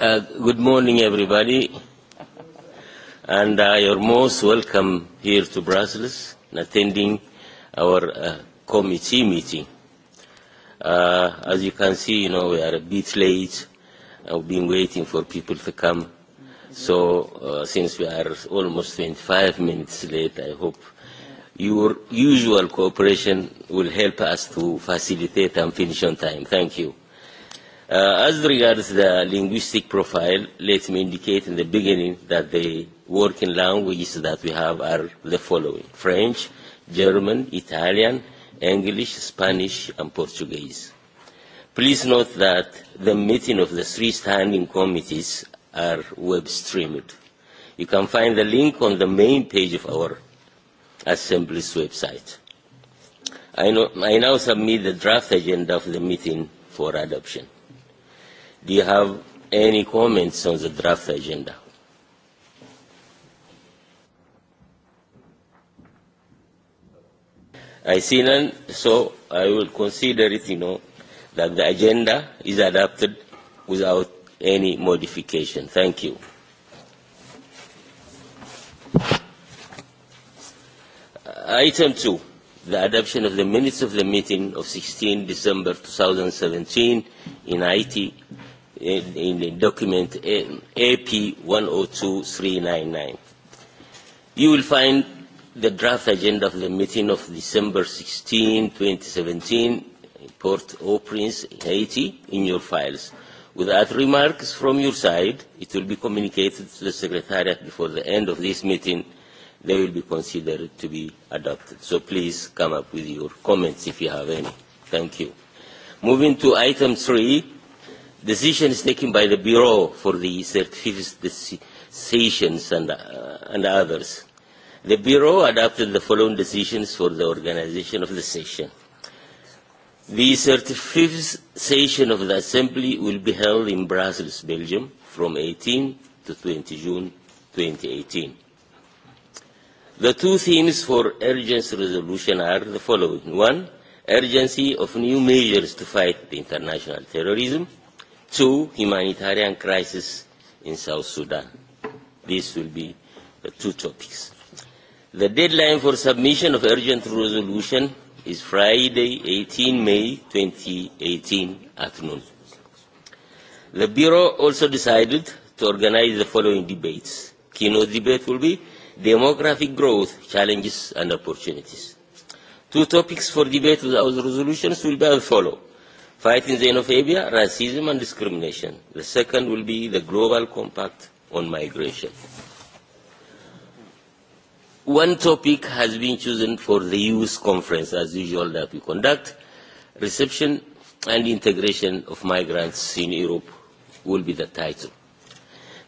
Uh, good morning, everybody. And I am most welcome here to Brussels, attending our committee meeting. Uh, as you can see, you know, we are a bit late. I've been waiting for people to come. So since we are almost 25 minutes late, I hope your usual cooperation will help us to facilitate and finish on time. Thank you. As regards the linguistic profile, let me indicate in the beginning that the working languages that we have are the following. French, German, Italian, English, Spanish, and Portuguese. Please note that the meeting of the three standing committees are web streamed. You can find the link on the main page of our Assembly's website. I now submit the draft agenda of the meeting for adoption. Do you have any comments on the draft agenda? I see none, so I will consider it, you know, that the agenda is adopted without any modification. Thank you. Item 2, the adoption of the minutes of the meeting of 16 December 2017 in Haiti in the document AP 102399. You will find the draft agenda of the meeting of December 16, 2017, Port-au-Prince, Haiti, in your files. Without remarks from your side, it will be communicated to the Secretariat before the end of this meeting. They will be considered to be adopted. So please come up with your comments if you have any. Thank you. Moving to item three decision is taken by the Bureau for the decisions and, and others. The Bureau adopted the following decisions for the organization of the session. The 35 session of the Assembly will be held in Brussels, Belgium, from 18 to 20 June 2018. The two themes for urgency resolution are the following. One, urgency of new measures to fight international terrorism two humanitarian crises in South Sudan. These will be the two topics. The deadline for submission of urgent resolution is Friday, 18 May 2018 at noon. The Bureau also decided to organize the following debates. Keynote debate will be demographic growth, challenges and opportunities. Two topics for debate without resolutions will be as follow fighting xenophobia, racism and discrimination. The second will be the Global Compact on Migration. One topic has been chosen for the youth conference, as usual, that we conduct. Reception and integration of migrants in Europe will be the title.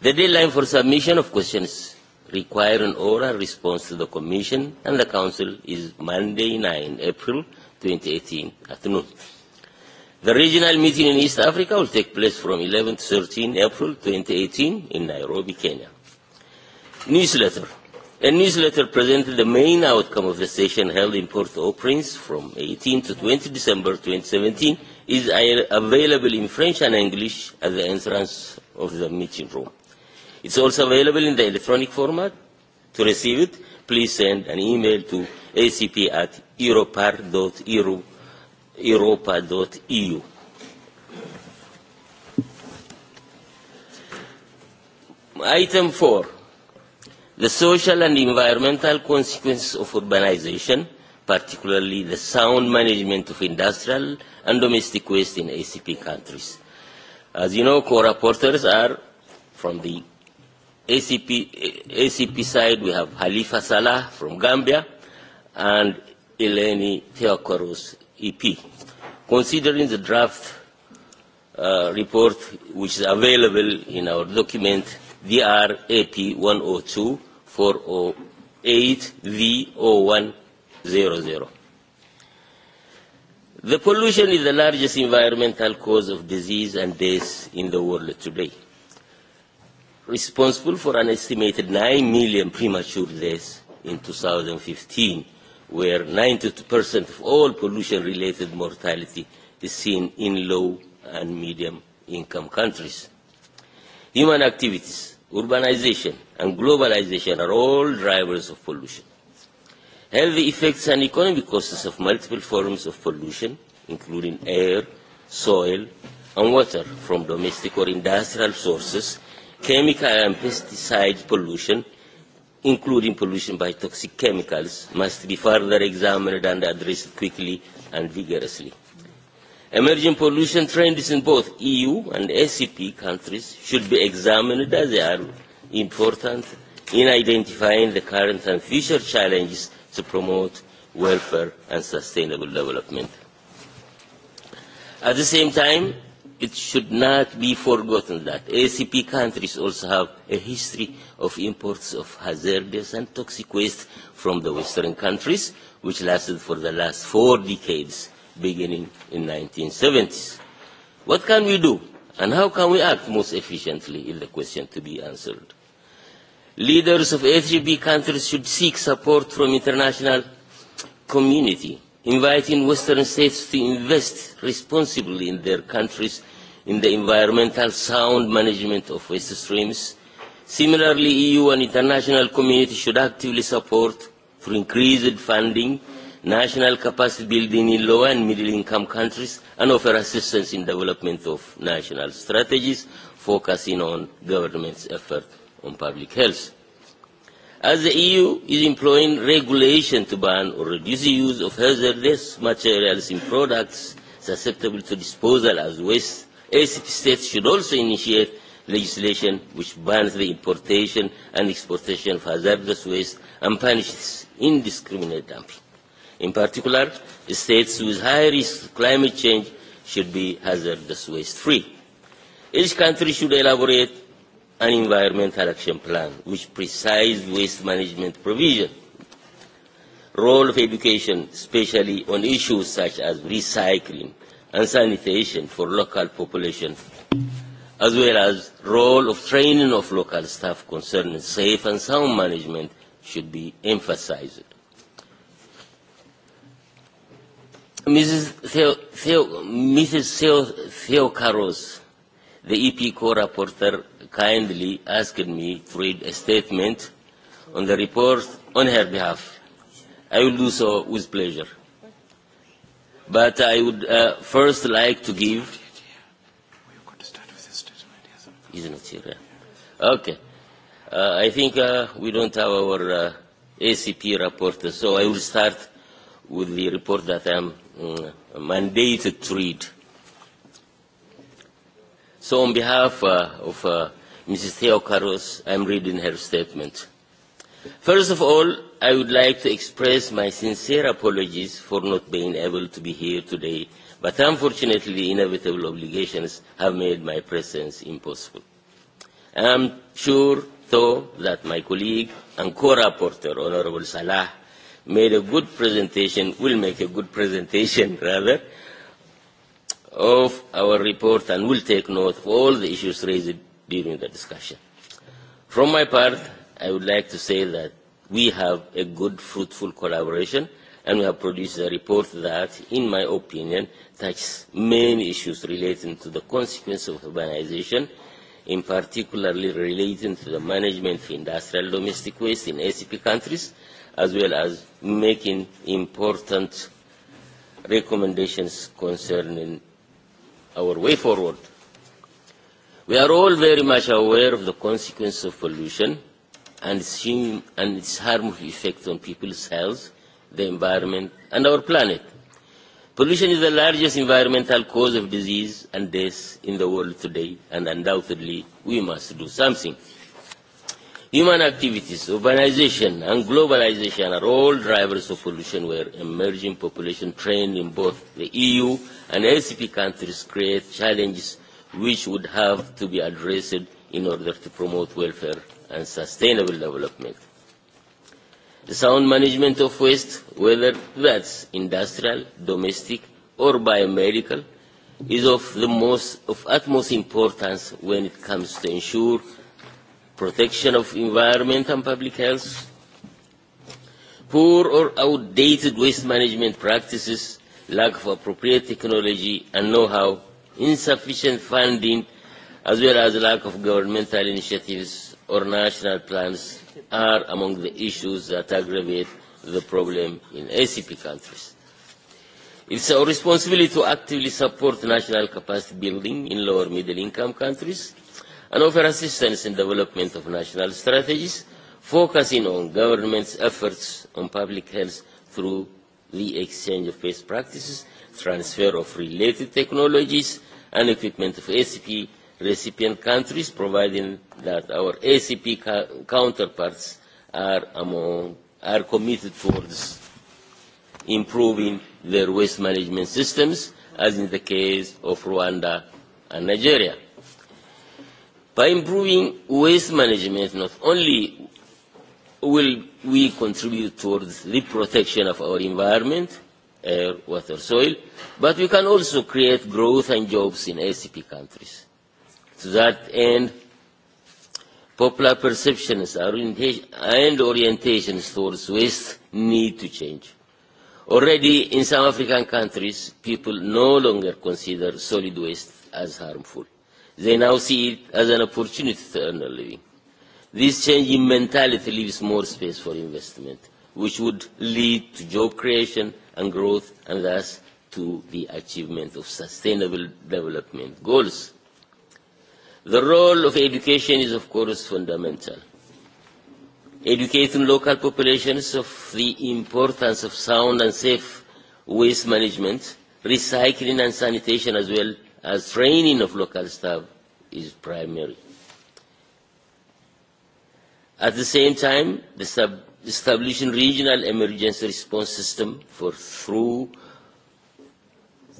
The deadline for submission of questions requiring oral response to the Commission and the Council is Monday 9 April 2018 at noon. The regional meeting in East Africa will take place from 11 to 13 April 2018 in Nairobi, Kenya. Newsletter. A newsletter presented the main outcome of the session held in Port-au-Prince from 18 to 20 December 2017 is available in French and English at the entrance of the meeting room. It's also available in the electronic format. To receive it, please send an email to acp at europar.eu europa.eu. Item 4. The social and environmental consequences of urbanization, particularly the sound management of industrial and domestic waste in ACP countries. As you know, co-rapporteurs are from the ACP, ACP side, we have Halifa Salah from Gambia and Eleni Theokoros, EP. Considering the draft report which is available in our document DRAP AP 102 408 V 0100. The pollution is the largest environmental cause of disease and death in the world today, responsible for an estimated 9 million premature deaths in 2015 where 90% of all pollution-related mortality is seen in low and medium-income countries. Human activities, urbanization, and globalization are all drivers of pollution. Health effects and economic causes of multiple forms of pollution, including air, soil, and water from domestic or industrial sources, chemical and pesticide pollution, including pollution by toxic chemicals, must be further examined and addressed quickly and vigorously. Emerging pollution trends in both EU and ACP countries should be examined as they are important in identifying the current and future challenges to promote welfare and sustainable development. At the same time, it should not be forgotten that ACP countries also have a history of imports of hazardous and toxic waste from the Western countries, which lasted for the last four decades, beginning in 1970s. What can we do, and how can we act most efficiently is the question to be answered. Leaders of ACP countries should seek support from international community inviting Western states to invest responsibly in their countries in the environmental sound management of waste streams. Similarly, EU and international community should actively support, through increased funding, national capacity building in low and middle income countries and offer assistance in development of national strategies focusing on government's effort on public health. As the EU is employing regulation to ban or reduce the use of hazardous materials in products susceptible to disposal as waste, ACP states should also initiate legislation which bans the importation and exportation of hazardous waste and punishes indiscriminate dumping. In particular, states with high risk of climate change should be hazardous waste free. Each country should elaborate an environmental action plan which precise waste management provision, role of education, especially on issues such as recycling and sanitation for local population, as well as role of training of local staff concerning safe and sound management should be emphasized. Mrs. Theo, Mrs. The EP co-rapporteur kindly asked me to read a statement on the report on her behalf. I will do so with pleasure. But I would first like to give... He's not here. Okay. I think we don't have our ACP report, so I will start with the report that I am mandated to read. So on behalf of Mrs. Theo Karos, I am reading her statement. First of all, I would like to express my sincere apologies for not being able to be here today, but unfortunately inevitable obligations have made my presence impossible. I am sure, though, that my colleague and co-rapporteur, Honorable Salah, made a good presentation, will make a good presentation, rather, of our report and will take note of all the issues raised during the discussion. From my part, I would like to say that we have a good, fruitful collaboration and we have produced a report that, in my opinion, touches many issues relating to the consequences of urbanization, in particularly relating to the management of industrial domestic waste in ACP countries, as well as making important recommendations concerning our way forward. We are all very much aware of the consequences of pollution and its harmful effects on people's health, the environment, and our planet. Pollution is the largest environmental cause of disease and death in the world today, and undoubtedly we must do something. Human activities, urbanization and globalization are all drivers of pollution where emerging population trained in both the EU and ACP countries create challenges which would have to be addressed in order to promote welfare and sustainable development. The sound management of waste, whether that's industrial, domestic or biomedical, is of the most of utmost importance when it comes to ensure protection of environment and public health, poor or outdated waste management practices, lack of appropriate technology and know-how, insufficient funding, as well as lack of governmental initiatives or national plans are among the issues that aggravate the problem in ACP countries. It's our responsibility to actively support national capacity building in lower middle income countries and offer assistance in development of national strategies focusing on governments' efforts on public health through the exchange of best practices, transfer of related technologies and equipment of ACP recipient countries, providing that our ACP counterparts are among are committed towards improving their waste management systems, as in the case of Rwanda and Nigeria. By improving waste management, not only will we contribute towards the protection of our environment, air, water, soil, but we can also create growth and jobs in ACP countries. To that end, popular perceptions and orientations towards waste need to change. Already, in some African countries, people no longer consider solid waste as harmful. They now see it as an opportunity to earn a living. This change in mentality leaves more space for investment, which would lead to job creation and growth and thus to the achievement of sustainable development goals. The role of education is of course fundamental. Educating local populations of the importance of sound and safe waste management, recycling and sanitation as well as training of local staff is primary. At the same time, the establishing regional emergency response system for through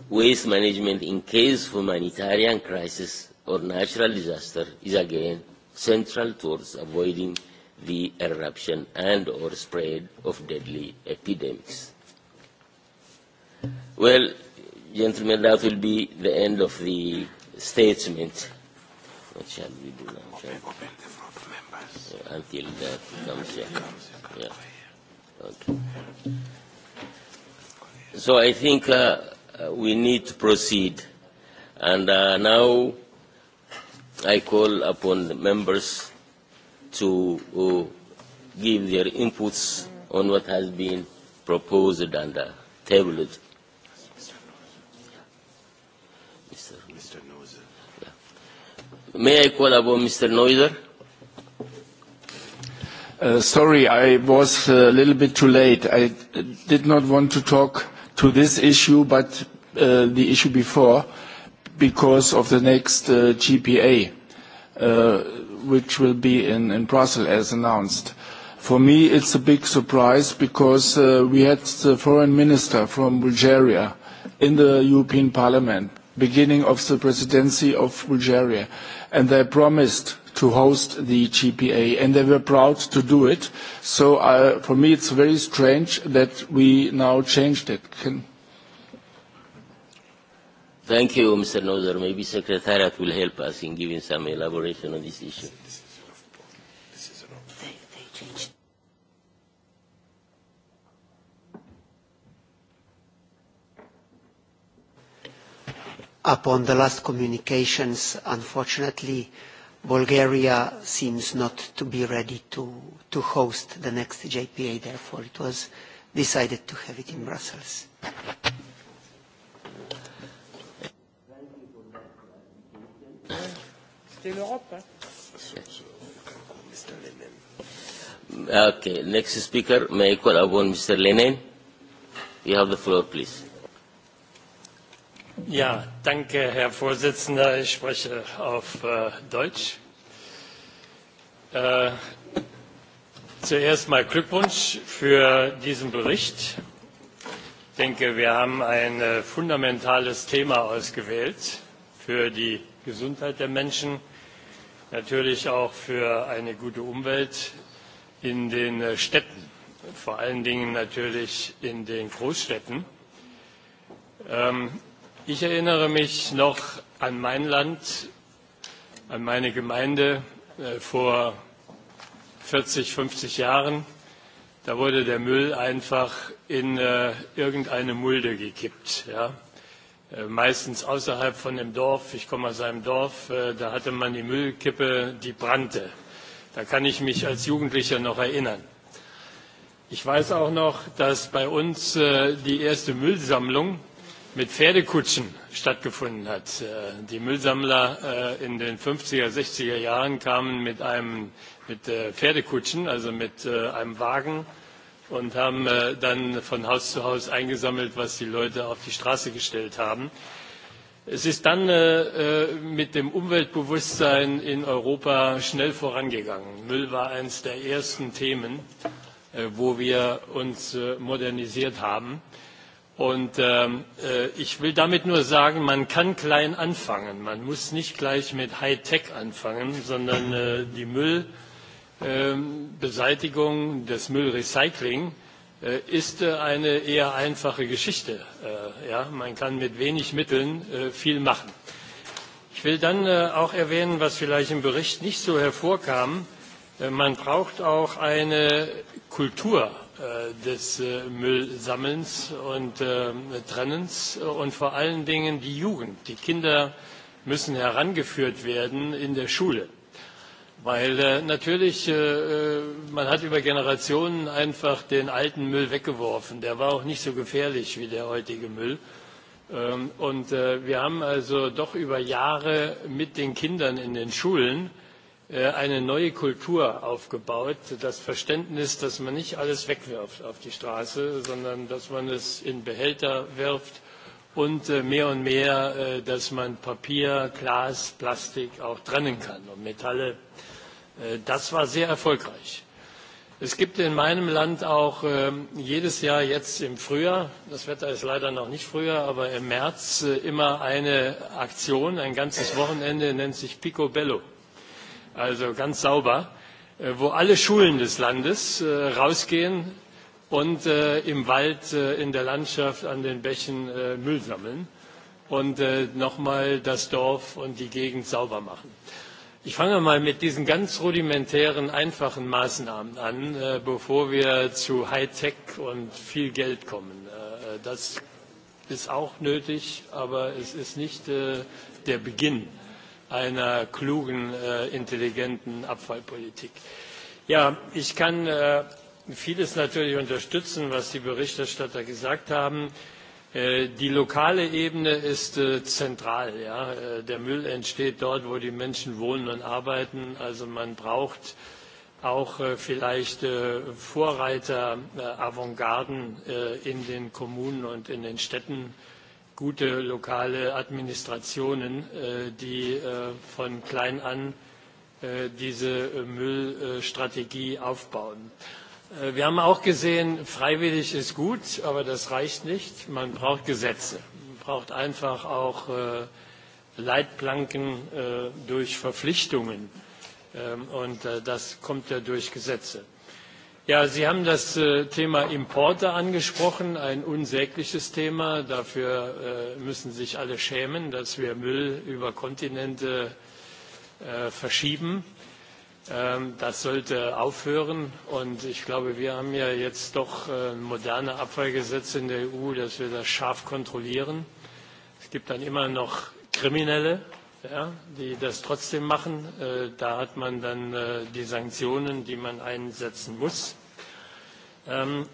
waste management in case of humanitarian crisis or natural disaster is again central towards avoiding the eruption and or spread of deadly epidemics. Well, Gentlemen, that will be the end of the statement. What shall we do now? Open, open the members. Until that comes here. Yeah. Okay. So I think we need to proceed. And now I call upon the members to give their inputs on what has been proposed and uh, tabled. May I call upon Mr. Neuser? Sorry, I was a little bit too late. I did not want to talk to this issue, but the issue before, because of the next GPA, which will be in Brussels as announced. For me, it's a big surprise because we had the foreign minister from Bulgaria in the European Parliament beginning of the presidency of Bulgaria. And they promised to host the GPA, and they were proud to do it. So for me, it's very strange that we now changed it. Thank you, Mr. Nozer. Maybe Secretariat will help us in giving some elaboration on this issue. Upon the last communications, unfortunately, Bulgaria seems not to be ready to host the next JPA. Therefore, it was decided to have it in Brussels. Okay, next speaker, may I call upon Mr. Lenin? You have the floor, please danke, Herr Vorsitzender. Ich spreche auf Deutsch. Zuerst mal Glückwunsch für diesen Bericht. Ich denke, wir haben ein fundamentales Thema ausgewählt für die Gesundheit der Menschen, natürlich auch für eine gute Umwelt in den Städten, vor allen Dingen natürlich in den Großstädten. Ich erinnere mich noch an mein Land, an meine Gemeinde vor 40, 50 Jahren. Da wurde der Müll einfach in irgendeine Mulde gekippt. Meistens außerhalb von dem Dorf. Ich komme aus einem Dorf, da hatte man die Müllkippe, die brannte. Da kann ich mich als Jugendlicher noch erinnern. Ich weiß auch noch, dass bei uns die erste Müllsammlung mit Pferdekutschen stattgefunden hat. Die Müllsammler in den 50er, 60er Jahren kamen mit einem mit Pferdekutschen, also mit einem Wagen und haben dann von Haus zu Haus eingesammelt, was die Leute auf die Straße gestellt haben. Es ist dann mit dem Umweltbewusstsein in Europa schnell vorangegangen. Müll war eines der ersten Themen, wo wir uns modernisiert haben. Und ich will damit nur sagen, man kann klein anfangen. Man muss nicht gleich mit Hightech anfangen, sondern die Müllbeseitigung, das Müllrecycling ist eine eher einfache Geschichte. Man kann mit wenig Mitteln viel machen. Ich will dann auch erwähnen, was vielleicht im Bericht nicht so hervorkam. Man braucht auch eine Kultur des Müllsammelns und Trennens und vor allen Dingen die Jugend. Die Kinder müssen herangeführt werden in der Schule. Weil natürlich, man hat über Generationen einfach den alten Müll weggeworfen. Der war auch nicht so gefährlich wie der heutige Müll. Und wir haben also doch über Jahre mit den Kindern in den Schulen eine neue Kultur aufgebaut, das Verständnis, dass man nicht alles wegwirft auf die Straße, sondern dass man es in Behälter wirft und mehr und mehr, dass man Papier, Glas, Plastik auch trennen kann und Metalle. Das war sehr erfolgreich. Es gibt in meinem Land auch jedes Jahr jetzt im Frühjahr, das Wetter ist leider noch nicht früher, aber im März immer eine Aktion, ein ganzes Wochenende, nennt sich Picobello also ganz sauber, wo alle Schulen des Landes rausgehen und im Wald, in der Landschaft, an den Bächen Müll sammeln und nochmal das Dorf und die Gegend sauber machen. Ich fange mal mit diesen ganz rudimentären, einfachen Maßnahmen an, bevor wir zu Hightech und viel Geld kommen. Das ist auch nötig, aber es ist nicht der Beginn einer klugen, intelligenten Abfallpolitik. Ja, ich kann vieles natürlich unterstützen, was die Berichterstatter gesagt haben. Die lokale Ebene ist zentral. Der Müll entsteht dort, wo die Menschen wohnen und arbeiten. Also man braucht auch vielleicht Vorreiter, Avantgarden in den Kommunen und in den Städten gute lokale Administrationen, die von klein an diese Müllstrategie aufbauen. Wir haben auch gesehen, freiwillig ist gut, aber das reicht nicht. Man braucht Gesetze. Man braucht einfach auch Leitplanken durch Verpflichtungen. Und das kommt ja durch Gesetze. Sie haben das Thema Importe angesprochen, ein unsägliches Thema. Dafür müssen sich alle schämen, dass wir Müll über Kontinente verschieben. Das sollte aufhören. Und ich glaube, wir haben ja jetzt doch moderne Abfallgesetze in der EU, dass wir das scharf kontrollieren. Es gibt dann immer noch Kriminelle, die das trotzdem machen. Da hat man dann die Sanktionen, die man einsetzen muss.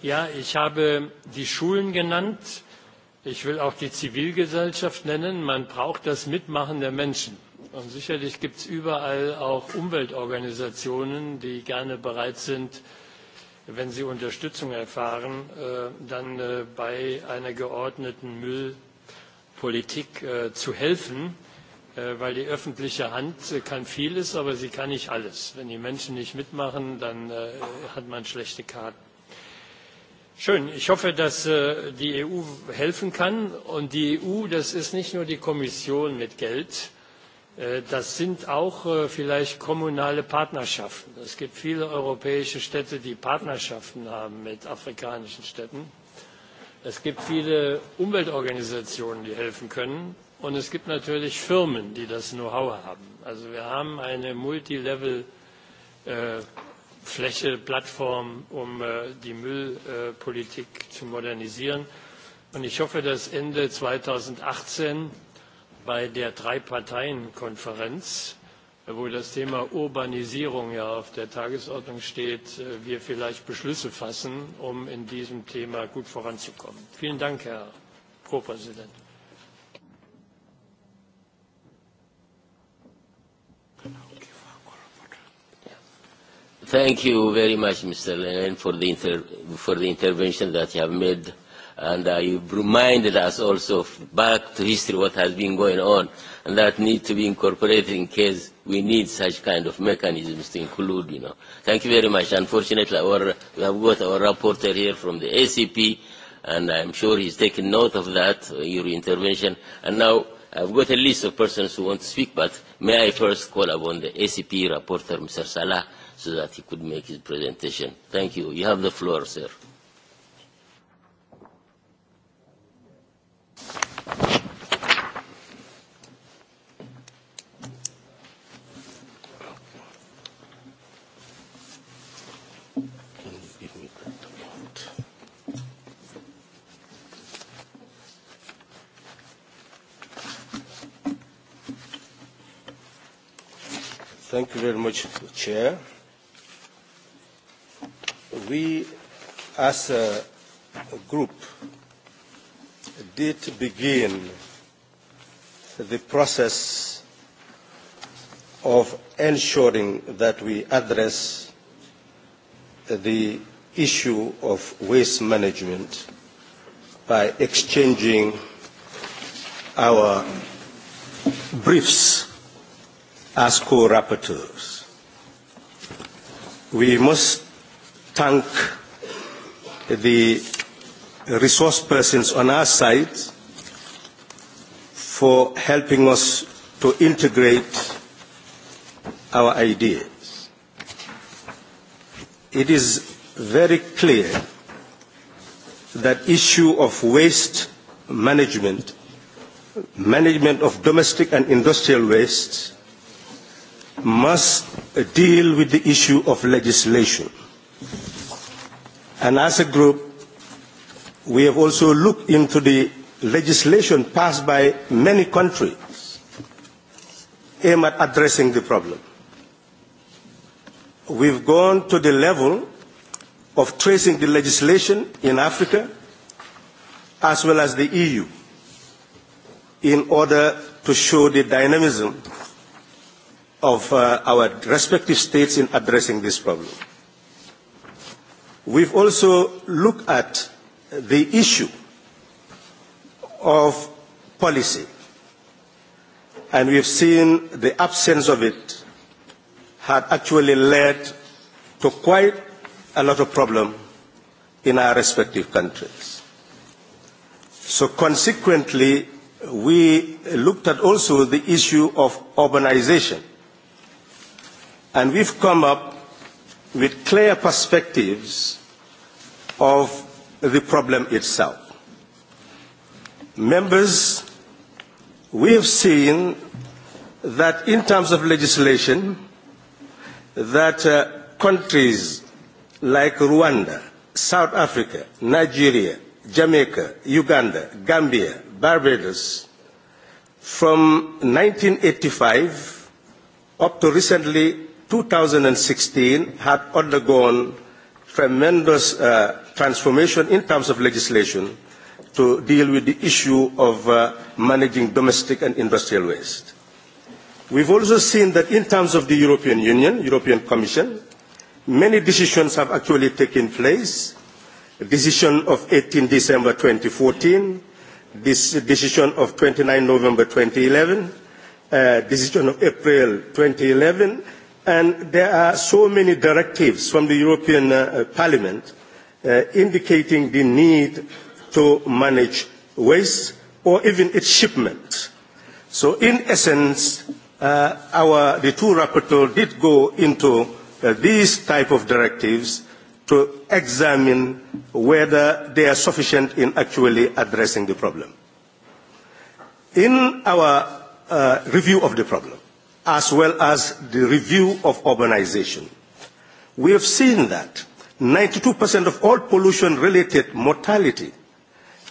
Ja, ich habe die Schulen genannt. Ich will auch die Zivilgesellschaft nennen. Man braucht das Mitmachen der Menschen. Und sicherlich gibt es überall auch Umweltorganisationen, die gerne bereit sind, wenn sie Unterstützung erfahren, dann bei einer geordneten Müllpolitik zu helfen, weil die öffentliche Hand kann vieles, aber sie kann nicht alles. Wenn die Menschen nicht mitmachen, dann hat man schlechte Karten. Schön. Ich hoffe, dass die EU helfen kann. Und die EU, das ist nicht nur die Kommission mit Geld, das sind auch vielleicht kommunale Partnerschaften. Es gibt viele europäische Städte, die Partnerschaften haben mit afrikanischen Städten. Es gibt viele Umweltorganisationen, die helfen können. Und es gibt natürlich Firmen, die das Know-how haben. Also wir haben eine Multilevel Fläche, Plattform, um die Müllpolitik zu modernisieren. Und ich hoffe, dass Ende 2018 bei der Drei-Parteien-Konferenz, wo das Thema Urbanisierung ja auf der Tagesordnung steht, wir vielleicht Beschlüsse fassen, um in diesem Thema gut voranzukommen. Vielen Dank, Herr Co-Präsident. Thank you very much, Mr. Lenin, for the, for the intervention that you have made. And uh, you reminded us also back to history what has been going on. And that need to be incorporated in case we need such kind of mechanisms to include, you know. Thank you very much. Unfortunately, our, we have got our reporter here from the ACP, and I'm sure he's taking note of that, your intervention. And now I've got a list of persons who want to speak, but may I first call upon the ACP reporter, Mr. Salah, so that he could make his presentation. Thank you. You have the floor, sir. Thank you very much, Chair we as a group did begin the process of ensuring that we address the issue of waste management by exchanging our briefs as co-rapporteurs. We must thank the resource persons on our side for helping us to integrate our ideas. It is very clear that issue of waste management, management of domestic and industrial waste, must deal with the issue of legislation. And as a group, we have also looked into the legislation passed by many countries aimed at addressing the problem. We've gone to the level of tracing the legislation in Africa as well as the EU in order to show the dynamism of our respective states in addressing this problem. We've also looked at the issue of policy, and we've seen the absence of it had actually led to quite a lot of problems in our respective countries. So consequently, we looked at also the issue of urbanization, and we've come up with clear perspectives of the problem itself. Members, we have seen that in terms of legislation, that countries like Rwanda, South Africa, Nigeria, Jamaica, Uganda, Gambia, Barbados, from 1985 up to recently 2016 had undergone tremendous transformation in terms of legislation to deal with the issue of managing domestic and industrial waste. We've also seen that in terms of the European Union, European Commission, many decisions have actually taken place. The decision of 18 December 2014, this decision of 29 November 2011, decision of April 2011, And there are so many directives from the European Parliament indicating the need to manage waste or even its shipment. So in essence, our the two rapporteurs did go into these type of directives to examine whether they are sufficient in actually addressing the problem. In our review of the problem, as well as the review of urbanization. We have seen that 92% of all pollution-related mortality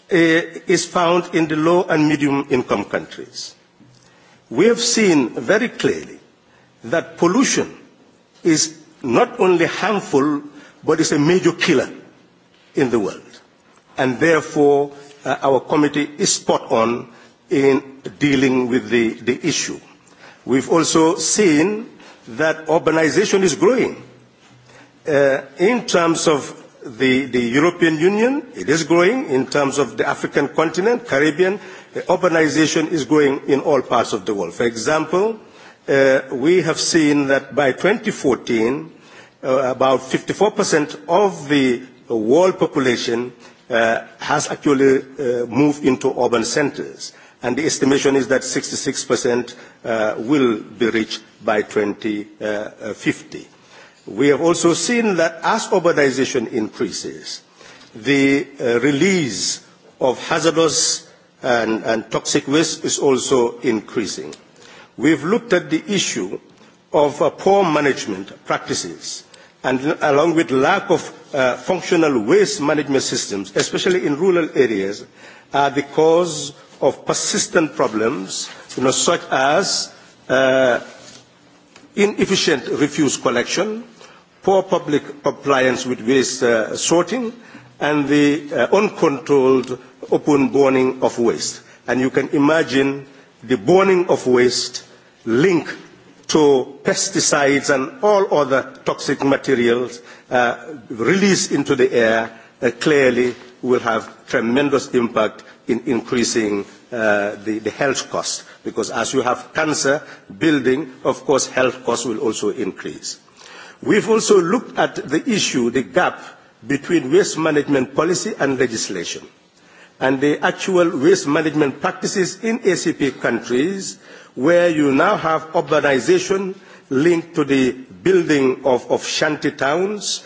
is found in the low and medium-income countries. We have seen very clearly that pollution is not only harmful, but is a major killer in the world. And therefore, our committee is spot on in dealing with the issue. We've also seen that urbanization is growing. In terms of the European Union, it is growing. In terms of the African continent, Caribbean, urbanization is growing in all parts of the world. For example, we have seen that by 2014, about 54% of the world population has actually moved into urban centers and the estimation is that 66% will be reached by 2050. We have also seen that as urbanization increases, the release of hazardous and toxic waste is also increasing. We've looked at the issue of poor management practices and along with lack of functional waste management systems, especially in rural areas, are the cause of persistent problems, such as inefficient refuse collection, poor public compliance with waste sorting, and the uncontrolled open burning of waste. And you can imagine the burning of waste linked to pesticides and all other toxic materials released into the air clearly will have tremendous impact in increasing the health cost, because as you have cancer building, of course, health costs will also increase. We've also looked at the issue, the gap between waste management policy and legislation, and the actual waste management practices in ACP countries, where you now have urbanization linked to the building of shanty towns,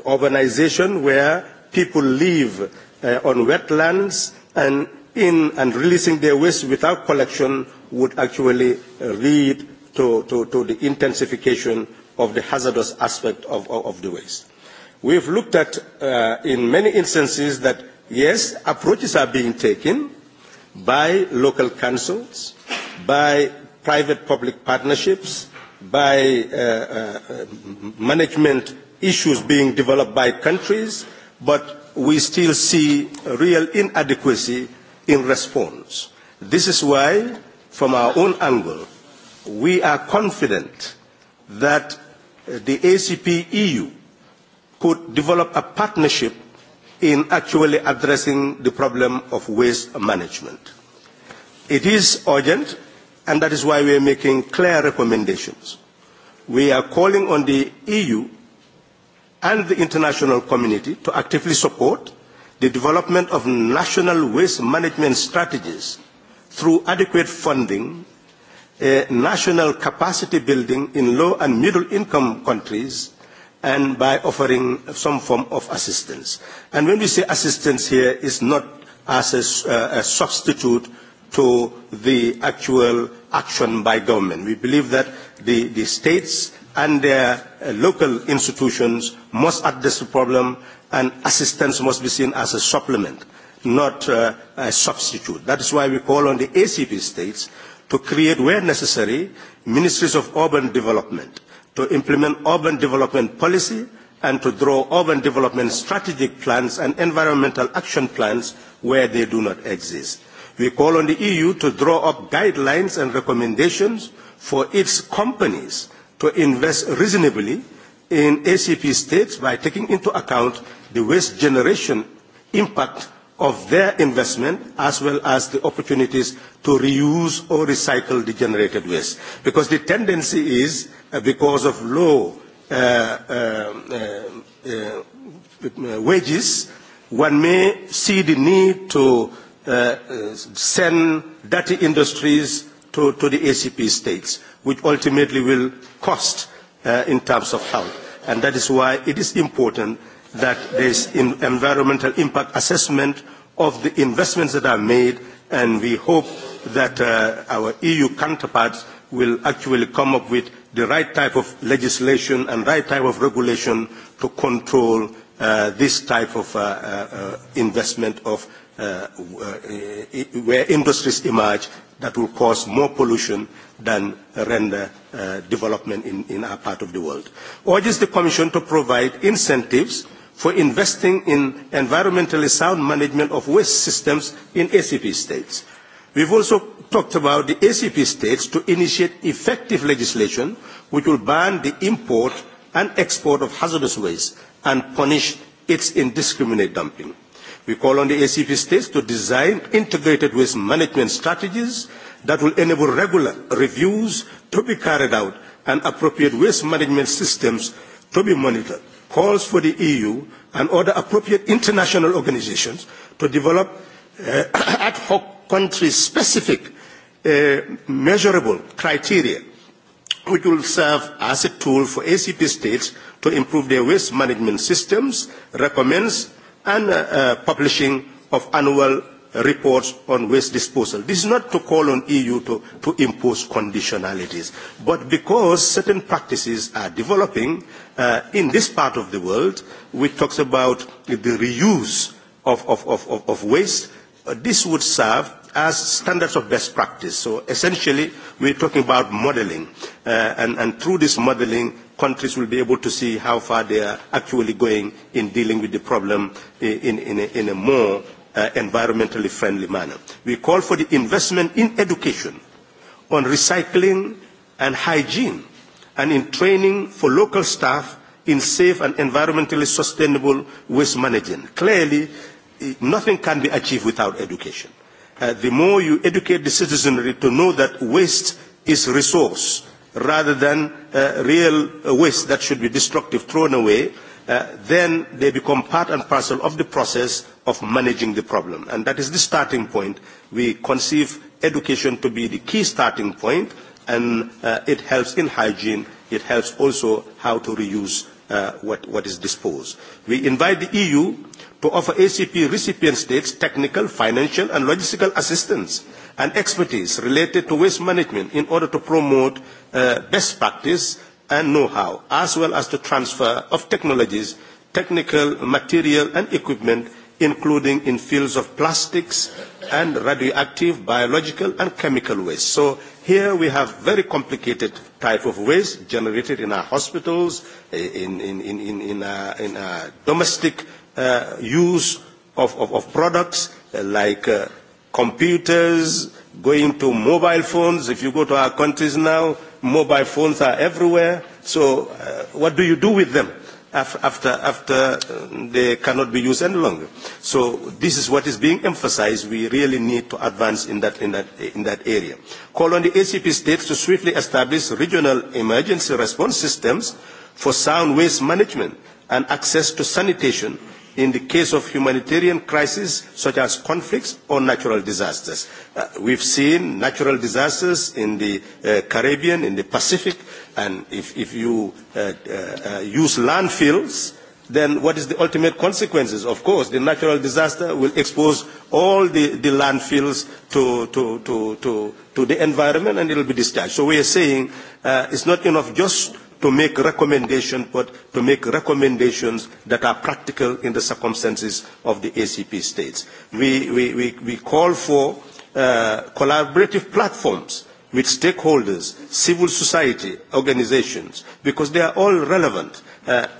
urbanization where people live on wetlands and in and releasing their waste without collection would actually lead to, to, to the intensification of the hazardous aspect of, of, the waste. We've looked at in many instances that yes, approaches are being taken by local councils, by private-public partnerships, by management issues being developed by countries, but we still see real inadequacy in response. This is why, from our own angle, we are confident that the ACP EU could develop a partnership in actually addressing the problem of waste management. It is urgent, and that is why we are making clear recommendations. We are calling on the EU and the international community to actively support the development of national waste management strategies through adequate funding, national capacity building in low and middle income countries, and by offering some form of assistance. And when we say assistance here, it's not as a substitute to the actual action by government. We believe that the, states and their local institutions must address the problem and assistance must be seen as a supplement, not a substitute. That is why we call on the ACP states to create, where necessary, ministries of urban development, to implement urban development policy and to draw urban development strategic plans and environmental action plans where they do not exist. We call on the EU to draw up guidelines and recommendations for its companies to invest reasonably in ACP states by taking into account the waste generation impact of their investment as well as the opportunities to reuse or recycle the generated waste. Because the tendency is, because of low wages, one may see the need to send dirty industries to the ACP states, which ultimately will cost in terms of health. And that is why it is important that there is environmental impact assessment of the investments that are made, and we hope that our EU counterparts will actually come up with the right type of legislation and right type of regulation to control this type of investment of where industries emerge that will cause more pollution than render development in our part of the world. Urges the Commission to provide incentives for investing in environmentally sound management of waste systems in ACP states. We've also talked about the ACP states to initiate effective legislation which will ban the import and export of hazardous waste and punish its indiscriminate dumping. We call on the ACP states to design integrated waste management strategies that will enable regular reviews to be carried out and appropriate waste management systems to be monitored. Calls for the EU and other appropriate international organizations to develop ad hoc country-specific measurable criteria which will serve as a tool for ACP states to improve their waste management systems, recommends and publishing of annual reports on waste disposal. This is not to call on EU to impose conditionalities, but because certain practices are developing in this part of the world, which talks about the reuse of waste, this would serve as standards of best practice. So essentially, we're talking about modeling, and through this modeling, countries will be able to see how far they are actually going in dealing with the problem in a more environmentally friendly manner. We call for the investment in education, on recycling and hygiene, and in training for local staff in safe and environmentally sustainable waste management. Clearly, nothing can be achieved without education. The more you educate the citizenry to know that waste is resource rather than real waste that should be destructive thrown away, then they become part and parcel of the process of managing the problem. And that is the starting point. We conceive education to be the key starting point, and it helps in hygiene. It helps also how to reuse what is disposed. We invite the EU to offer ACP recipient states technical, financial and logistical assistance and expertise related to waste management in order to promote best practice and know-how, as well as the transfer of technologies, technical material and equipment, including in fields of plastics and radioactive, biological and chemical waste. So here we have very complicated type of waste generated in our hospitals, in, our, domestic use of products like computers, going to mobile phones. If you go to our countries now, mobile phones are everywhere. So what do you do with them after, after they cannot be used any longer? So this is what is being emphasized. We really need to advance in that, in that area. Call on the ACP states to swiftly establish regional emergency response systems for sound waste management and access to sanitation in the case of humanitarian crises such as conflicts or natural disasters. We've seen natural disasters in the Caribbean, in the Pacific, and if you use landfills, then what is the ultimate consequences? Of course, the natural disaster will expose all the landfills to the environment and it will be discharged. So we are saying it's not enough just to make recommendations, but to make recommendations that are practical in the circumstances of the ACP states. We we we call for collaborative platforms with stakeholders, civil society organizations, because they are all relevant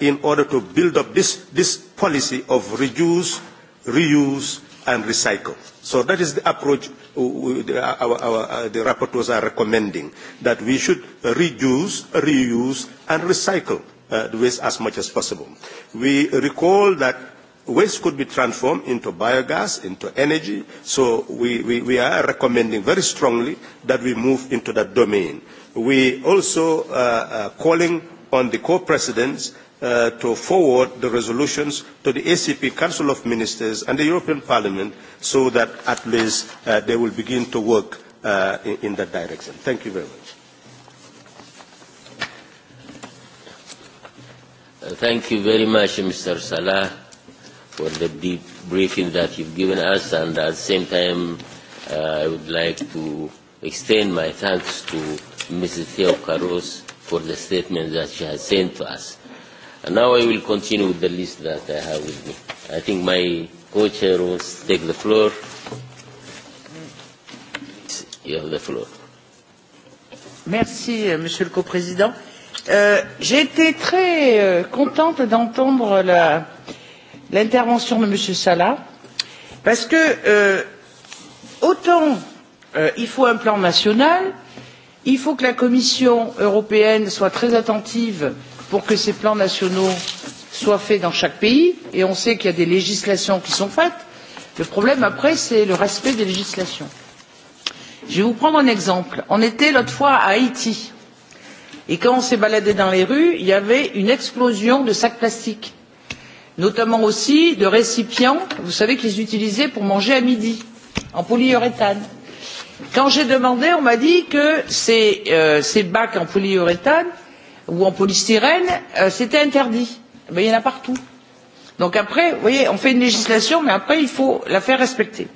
in order to build up this this policy of reduce, reuse and recycle. So that is the approach the rapporteurs are recommending, that we should reduce, reuse, and recycle the waste as much as possible. We recall that waste could be transformed into biogas, into energy, so we are recommending very strongly that we move into that domain. We also calling on the co-presidents to forward the resolutions to the ACP Council of Ministers and the European Parliament so that at least they will begin to work in that direction. Thank you very much. Thank you very much, Mr. Salah, for the deep briefing that you've given us, and at the same time, I would like to extend my thanks to Mrs. Theo Caros for the statement that she has sent to us. And now I will continue with the list that I have with me. I think my co-chair wants to take the floor. You have the floor. Merci, Monsieur le Co-président. J'ai été très contente d'entendre l'intervention de Monsieur Salah, parce que autant il faut un plan national, il faut que la Commission européenne soit très attentive pour que ces plans nationaux soient faits dans chaque pays et on sait qu'il y a des législations qui sont faites. Le problème après, c'est le respect des législations. Je vais vous prendre un exemple. On était l'autre fois à Haïti et quand on s'est baladé dans les rues, il y avait une explosion de sacs plastiques, notamment aussi de récipients, vous savez, qu'ils utilisaient pour manger à midi, en polyuréthane. Quand j'ai demandé, on m'a dit que ces bacs en polyuréthane ou en polystyrène, c'était interdit. Mais il y en a partout. Donc après, vous voyez, on fait une législation, mais après, il faut la faire respecter.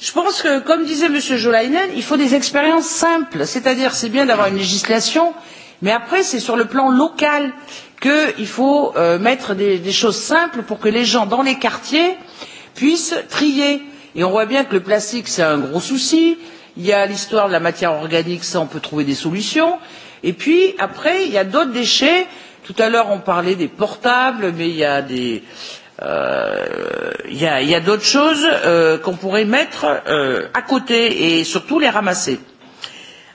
Je pense que, comme disait M. Jolainen, il faut des expériences simples. C'est-à-dire, c'est bien d'avoir une législation, mais après, c'est sur le plan local qu'il faut mettre des choses simples pour que les gens dans les quartiers puissent trier. Et on voit bien que le plastique, c'est un gros souci. Il y a l'histoire de la matière organique, ça, on peut trouver des solutions Et puis, après, il y a d'autres déchets. Tout à l'heure, on parlait des portables, mais il y a des. Il y a d'autres choses qu'on pourrait mettre à côté et surtout les ramasser.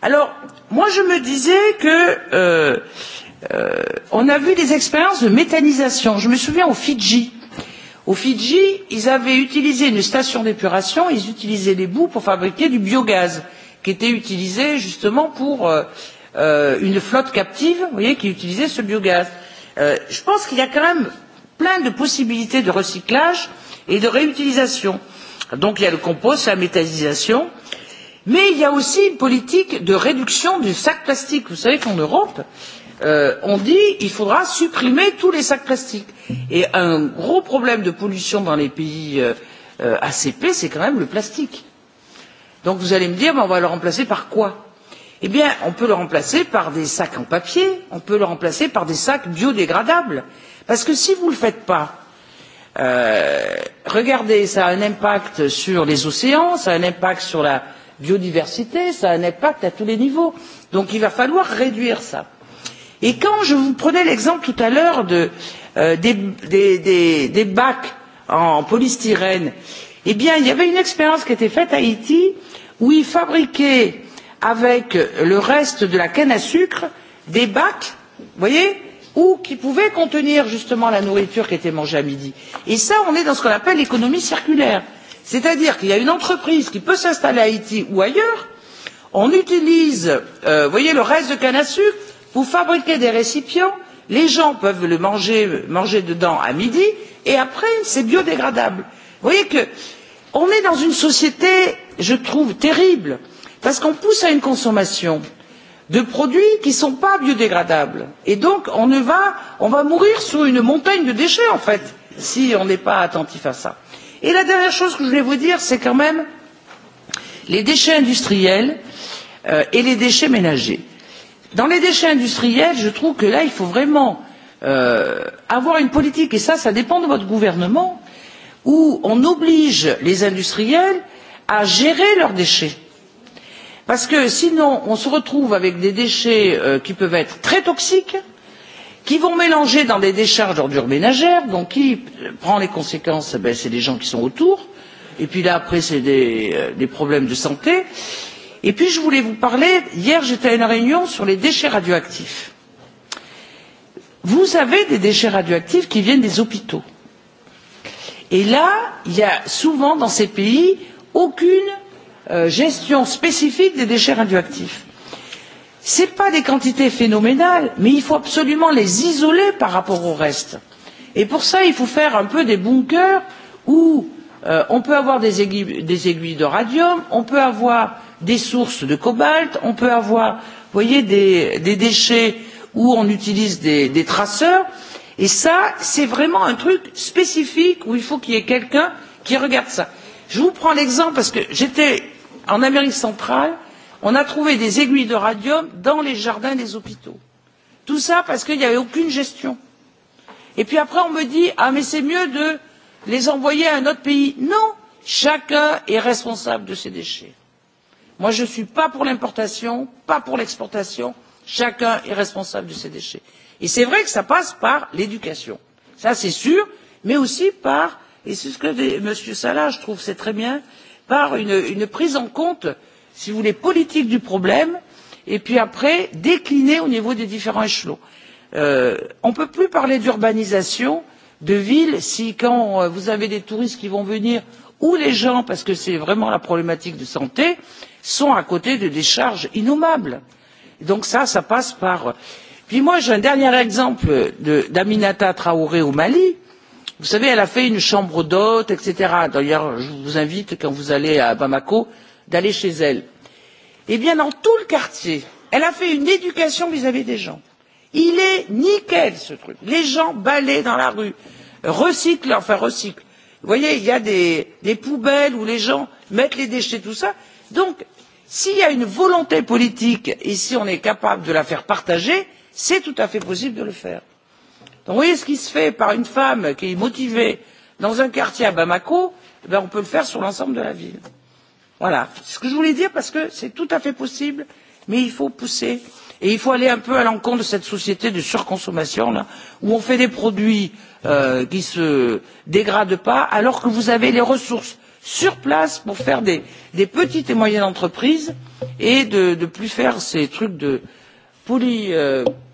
Alors, moi, je me disais que on a vu des expériences de méthanisation. Je me souviens au Fidji. Au Fidji, ils avaient utilisé une station d'épuration, ils utilisaient les boues pour fabriquer du biogaz, qui était utilisé justement pour une flotte captive vous voyez, qui utilisait ce biogaz. Je pense qu'il y a quand même plein de possibilités de recyclage et de réutilisation. Donc il y a le compost, la métallisation, mais il y a aussi une politique de réduction du sac plastique. Vous savez qu'en Europe, on dit qu'il faudra supprimer tous les sacs plastiques. Et un gros problème de pollution dans les pays ACP, c'est quand même le plastique. Donc vous allez me dire, on va le remplacer par quoi eh bien on peut le remplacer par des sacs en papier on peut le remplacer par des sacs biodégradables parce que si vous ne le faites pas regardez ça a un impact sur les océans ça a un impact sur la biodiversité ça a un impact à tous les niveaux donc il va falloir réduire ça. et quand je vous prenais l'exemple tout à l'heure des bacs en polystyrène eh bien il y avait une expérience qui était faite à haïti où ils fabriquaient avec le reste de la canne à sucre des bacs, vous voyez, ou qui pouvaient contenir justement la nourriture qui était mangée à midi. Et ça, on est dans ce qu'on appelle l'économie circulaire. C'est-à-dire qu'il y a une entreprise qui peut s'installer à Haïti ou ailleurs, on utilise, vous voyez, le reste de canne à sucre pour fabriquer des récipients, les gens peuvent le manger, dedans à midi, et après, c'est biodégradable. Vous voyez que on est dans une société, je trouve, terrible parce qu'on pousse à une consommation de produits qui ne sont pas biodégradables et donc on va mourir sous une montagne de déchets en fait si on n'est pas attentif à ça. Et la dernière chose que je voulais vous dire, c'est quand même les déchets industriels et les déchets ménagers. Dans les déchets industriels, je trouve que là, il faut vraiment avoir une politique, et ça, ça dépend de votre gouvernement, où on oblige les industriels à gérer leurs déchets parce que sinon on se retrouve avec des déchets qui peuvent être très toxiques qui vont mélanger dans des décharges d'ordures ménagères donc qui prend les conséquences c'est les gens qui sont autour et puis là après c'est des problèmes de santé et puis je voulais vous parler hier j'étais à une réunion sur les déchets radioactifs vous avez des déchets radioactifs qui viennent des hôpitaux et là il y a souvent dans ces pays aucune gestion spécifique des déchets radioactifs. Ce ne sont pas des quantités phénoménales, mais il faut absolument les isoler par rapport au reste. Et pour ça, il faut faire un peu des bunkers où on peut avoir des aiguilles de radium, on peut avoir des sources de cobalt, on peut avoir voyez, des déchets où on utilise des traceurs. Et ça, c'est vraiment un truc spécifique où il faut qu'il y ait quelqu'un qui regarde ça. Je vous prends l'exemple parce que j'étais en Amérique centrale, on a trouvé des aiguilles de radium dans les jardins des hôpitaux. Tout cela parce qu'il n'y avait aucune gestion. Et puis après, on me dit Ah, mais c'est mieux de les envoyer à un autre pays. Non, chacun est responsable de ses déchets. Moi, je ne suis pas pour l'importation, pas pour l'exportation. Chacun est responsable de ses déchets. Et c'est vrai que ça passe par l'éducation. Ça, c'est sûr, mais aussi par, et c'est ce que dit M. Salah, je trouve, c'est très bien, par une prise en compte si vous voulez politique du problème et puis après déclinée au niveau des différents échelons. on ne peut plus parler d'urbanisation de ville si quand vous avez des touristes qui vont venir ou les gens parce que c'est vraiment la problématique de santé sont à côté de décharges innommables. donc ça ça passe par. puis moi j'ai un dernier exemple d'aminata traoré au mali Vous savez, elle a fait une chambre d'hôte, etc. D'ailleurs, je vous invite, quand vous allez à Bamako, d'aller chez elle. Eh bien, dans tout le quartier, elle a fait une éducation vis-à-vis des gens. Il est nickel, ce truc. Les gens balaient dans la rue, recyclent, enfin recyclent. Vous voyez, il y a des poubelles où les gens mettent les déchets, tout ça. Donc, s'il y a une volonté politique, et si on est capable de la faire partager, c'est tout à fait possible de le faire Donc vous voyez ce qui se fait par une femme qui est motivée dans un quartier à Bamako, on peut le faire sur l'ensemble de la ville. Voilà, ce que je voulais dire parce que c'est tout à fait possible, mais il faut pousser. Et il faut aller un peu à l'encontre de cette société de surconsommation où on fait des produits qui ne se dégradent pas alors que vous avez les ressources sur place pour faire des petites et moyennes entreprises et de ne plus faire ces trucs de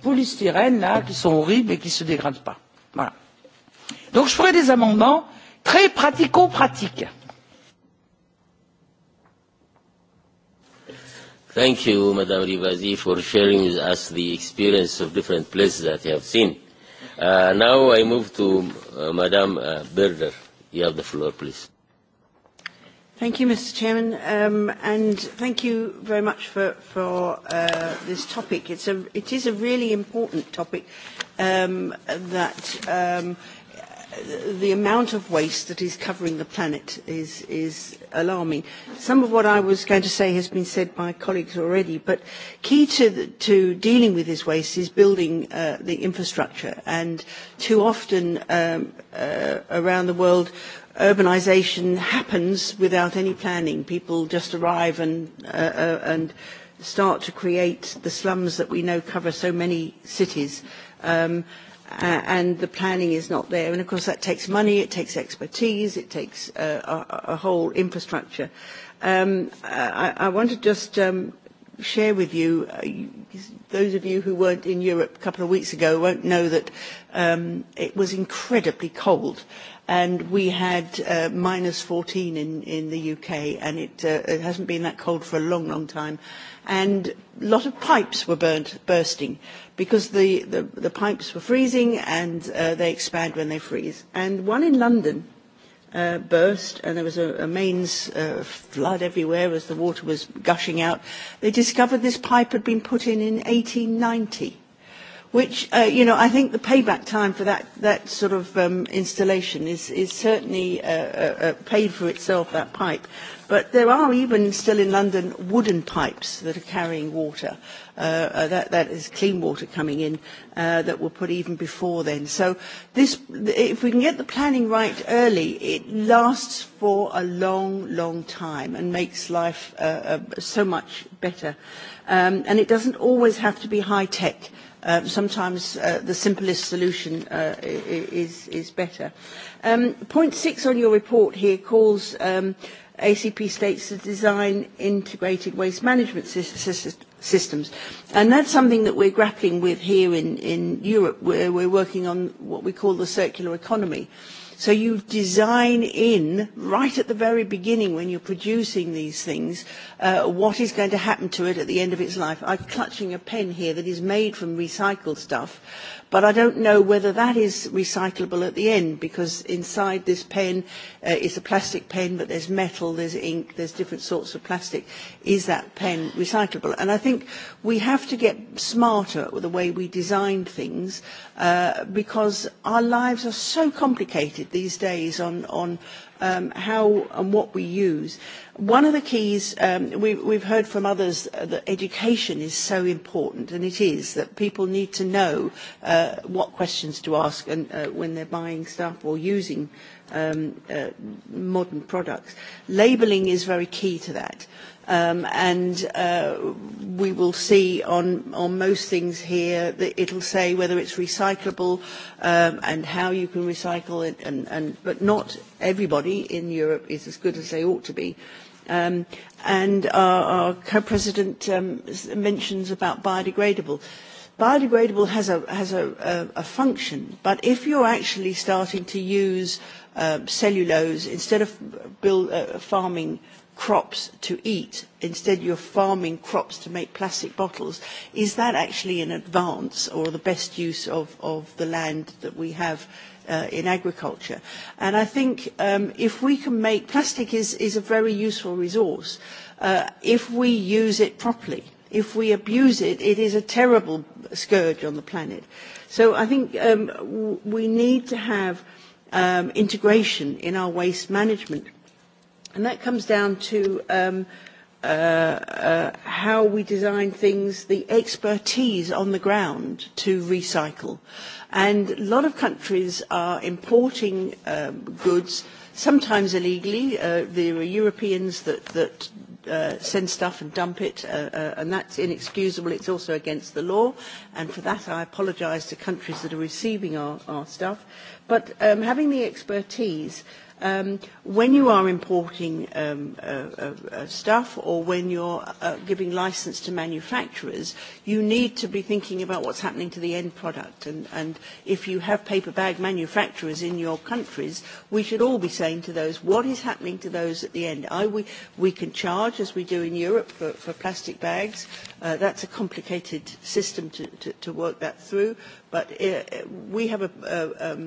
polystyrène là qui sont horribles et qui ne se dégradent pas. Voilà. Donc je ferai des amendements très pratico pratiques. Thank you, Madame Rivazi, for sharing with us the experience of different places that you have seen. Uh, now I move to uh, Madame uh, Berder. You have the floor, please. Thank you, Mr. Chairman, and thank you very much for for this topic. It's a it is a really important topic that the amount of waste that is covering the planet is is alarming. Some of what I was going to say has been said by colleagues already, but key to to dealing with this waste is building the infrastructure. And too often around the world urbanisation happens without any planning. People just arrive and start to create the slums that we know cover so many cities and the planning is not there. And of course that takes money, it takes expertise, it takes a whole infrastructure. I want to just share with you, those of you who weren't in Europe a couple of weeks ago won't know that it was incredibly cold and we had minus 14 in in the UK and it it hasn't been that cold for a long long time and a lot of pipes were burnt bursting because the the pipes were freezing and they expand when they freeze and one in London burst and there was a mains flood everywhere as the water was gushing out they discovered this pipe had been put in in 1890 which you know i think the payback time for that that sort of installation is is certainly paid for itself that pipe but there are even still in london wooden pipes that are carrying water that that is clean water coming in that were put even before then so this if we can get the planning right early it lasts for a long long time and makes life so much better and it doesn't always have to be high tech sometimes the simplest solution is better. Point six on your report here calls ACP states to design integrated waste management systems. And that's something that we're grappling with here in Europe, where we're working on what we call the circular economy So you design in, right at the very beginning when you're producing these things, what is going to happen to it at the end of its life. I'm clutching a pen here that is made from recycled stuff, but I don't know whether that is recyclable at the end, because inside this pen is a plastic pen, but there's metal, there's ink, there's different sorts of plastic. Is that pen recyclable? And I think we have to get smarter with the way we design things, because our lives are so complicated these days on how and what we use. One of the keys, we've heard from others that education is so important, and it is, that people need to know what questions to ask when they're buying stuff or using modern products. Labelling is very key to that and we will see on most things here that it'll say whether it's recyclable and how you can recycle it and but not everybody in Europe is as good as they ought to be and our co-president mentions about biodegradable biodegradable has a has a function but if you're actually starting to use cellulose instead of farming crops to eat instead are farming crops to make plastic bottles is that actually an advance or the best use of the land that we have in agriculture and i think if we can make plastic is a very useful resource if we use it properly if we abuse it it is a terrible scourge on the planet so i think we need to have integration in our waste management And that comes down to how we design things, the expertise on the ground to recycle. And a lot of countries are importing goods, sometimes illegally. There are Europeans that send stuff and dump it, and that's inexcusable. It's also against the law, and for that I apologize to countries that are receiving our stuff. But having the expertise When you are importing stuff or when you're giving license to manufacturers, you need to be thinking about what's happening to the end product. And if you have paper bag manufacturers in your countries, we should all be saying to those, what is happening to those at the end? We can charge, as we do in Europe, for plastic bags. That's a complicated system to work that through. But we have a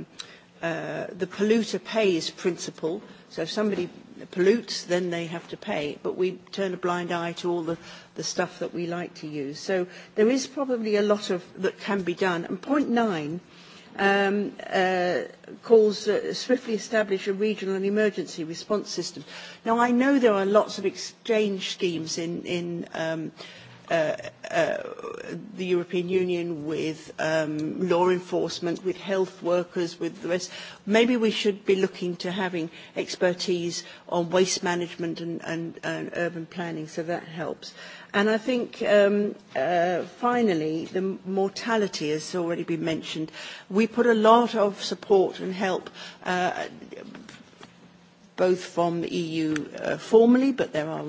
the polluter pays principle. So if somebody pollutes, then they have to pay. But we turn a blind eye to all the, the stuff that we like to use. So there is probably a lot of that can be done. And point nine calls swiftly establish a regional and emergency response system. Now I know there are lots of exchange schemes in, in the European Union, with law enforcement, with health workers, with the rest. Maybe we should be looking to having expertise on waste management and urban planning, so that helps. And I think finally, the mortality has already been mentioned. We put a lot of support and help both from the EU formally, but there are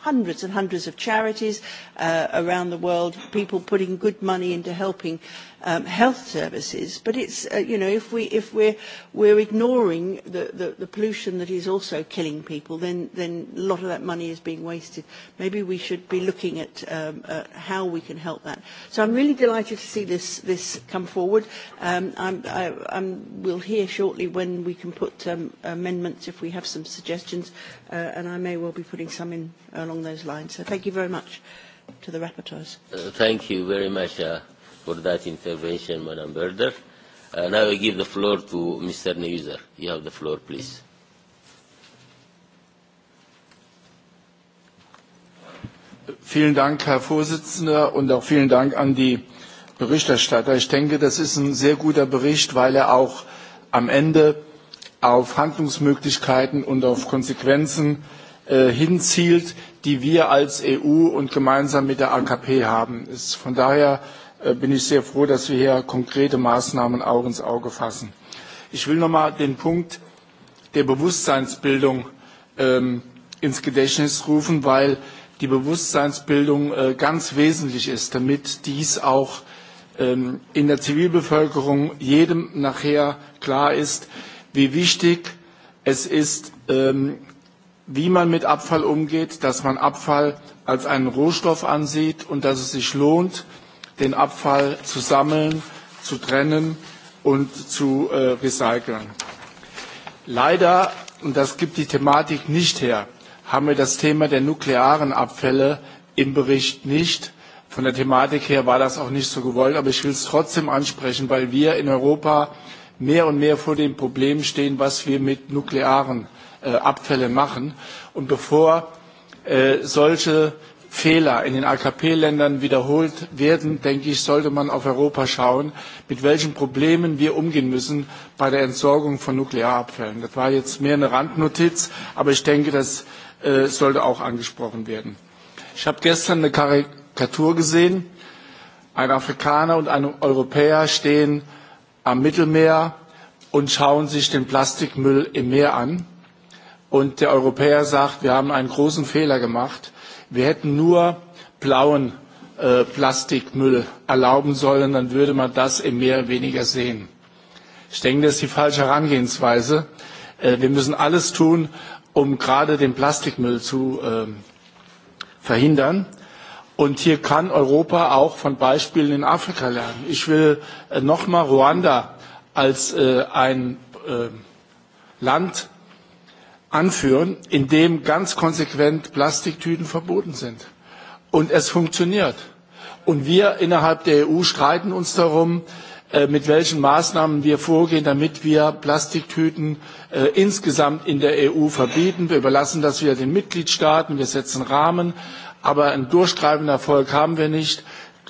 hundreds and hundreds of charities around the world, people putting good money into helping health services. But it's, you know, if we if we're we're ignoring the the pollution that is also killing people, then then a lot of that money is being wasted. Maybe we should be looking at how we can help that. So I'm really delighted to see this this come forward. I'm We'll hear shortly when we can put amendments if we have some suggestions, and I may well be putting some in along those lines. So thank you very much to the rapporteurs. Thank you very much for that intervention, Madam Berder. Now I give the floor to Mr. Neuser. You have the floor, please. Vielen Dank, Herr Vorsitzender, und auch vielen Dank an die Berichterstatter. Ich denke, das ist ein sehr guter Bericht, weil er auch am Ende auf Handlungsmöglichkeiten und auf Konsequenzen hinzielt, die wir als EU und gemeinsam mit der AKP haben. ist von daher bin ich sehr froh, dass wir hier konkrete Maßnahmen auch ins Auge fassen. Ich will noch mal den Punkt der Bewusstseinsbildung ins Gedächtnis rufen, weil die Bewusstseinsbildung ganz wesentlich ist, damit dies auch in der Zivilbevölkerung jedem nachher klar ist, wie wichtig es ist, wie man mit Abfall umgeht, dass man Abfall als einen Rohstoff ansieht und dass es sich lohnt, den Abfall zu sammeln, zu trennen und zu recyceln. Leider, und das gibt die Thematik nicht her, haben wir das Thema der nuklearen Abfälle im Bericht nicht. Von der Thematik her war das auch nicht so gewollt, aber ich will es trotzdem ansprechen, weil wir in Europa mehr und mehr vor dem Problem stehen, was wir mit nuklearen Abfällen machen. Und bevor solche Fehler in den AKP-Ländern wiederholt werden, denke ich, sollte man auf Europa schauen, mit welchen Problemen wir umgehen müssen bei der Entsorgung von Nuklearabfällen. Das war jetzt mehr eine Randnotiz, aber ich denke, das sollte auch angesprochen werden. Ich habe gestern eine Karikatur gesehen. Ein Afrikaner und ein Europäer stehen am Mittelmeer und schauen sich den Plastikmüll im Meer an. Und der Europäer sagt, wir haben einen großen Fehler gemacht. Wir hätten nur blauen Plastikmüll erlauben sollen, dann würde man das im Meer weniger sehen. Ich denke, das ist die falsche Herangehensweise. Wir müssen alles tun, um gerade den Plastikmüll zu verhindern. Und hier kann Europa auch von Beispielen in Afrika lernen. Ich will nochmal Ruanda als ein Land anführen, in dem ganz konsequent Plastiktüten verboten sind. Und es funktioniert. Und wir innerhalb der EU streiten uns darum, mit welchen Maßnahmen wir vorgehen, damit wir Plastiktüten insgesamt in der EU verbieten. Wir überlassen das wieder den Mitgliedstaaten, wir setzen Rahmen, aber einen durchstreibenden Erfolg haben wir nicht.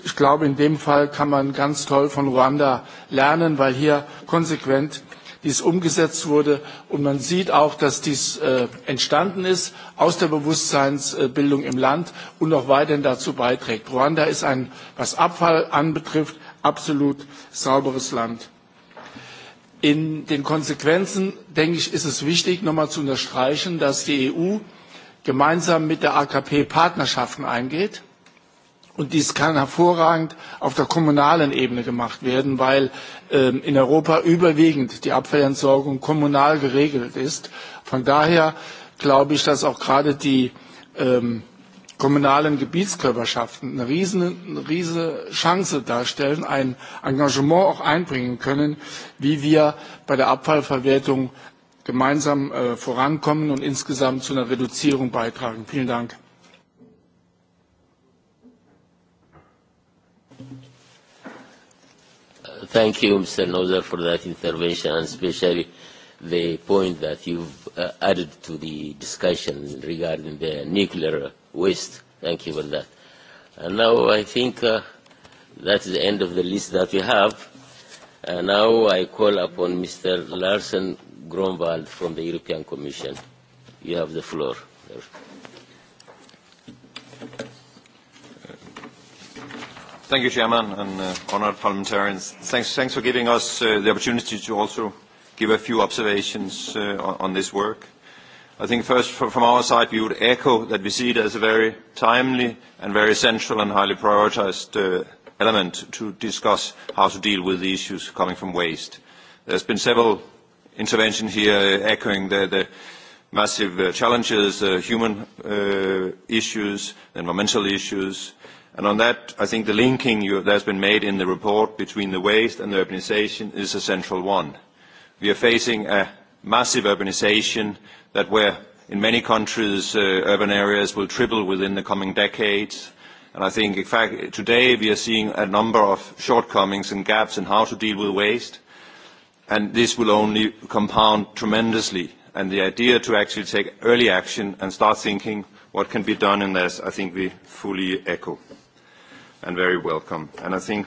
Ich glaube, in dem Fall kann man ganz toll von Ruanda lernen, weil hier konsequent dies umgesetzt wurde. Und man sieht auch, dass dies entstanden ist aus der Bewusstseinsbildung im Land und noch weiterhin dazu beiträgt. Ruanda ist ein, was Abfall anbetrifft, absolut sauberes Land. In den Konsequenzen, denke ich, ist es wichtig, noch nochmal zu unterstreichen, dass die EU gemeinsam mit der AKP Partnerschaften eingeht Und dies kann hervorragend auf der kommunalen Ebene gemacht werden, weil in Europa überwiegend die Abfallentsorgung kommunal geregelt ist. Von daher glaube ich, dass auch gerade die kommunalen Gebietskörperschaften eine riesige Chance darstellen, ein Engagement auch einbringen können, wie wir bei der Abfallverwertung gemeinsam vorankommen und insgesamt zu einer Reduzierung beitragen. Vielen Dank. Thank you, Mr. Nozer, for that intervention, and especially the point that you've added to the discussion regarding the nuclear waste. Thank you for that. And now I think that is the end of the list that we have. And now I call upon Mr. Larsen Gromwald from the European Commission. You have the floor. Thank you, Chairman, and uh, honored parliamentarians. Thanks, for giving us the opportunity to also give a few observations on this work. I think first from our side we would echo that we see it as a very timely and very central and highly prioritized element to discuss how to deal with the issues coming from waste. There's been several interventions here echoing the, the massive challenges, human uh, issues, environmental issues, And on that, I think the linking that's been made in the report between the waste and the urbanization is a central one. We are facing a massive urbanization that where in many countries urban areas will triple within the coming decades. And I think, in fact, today we are seeing a number of shortcomings and gaps in how to deal with waste. And this will only compound tremendously. And the idea to actually take early action and start thinking what can be done in this, I think we fully echo and very welcome. And I think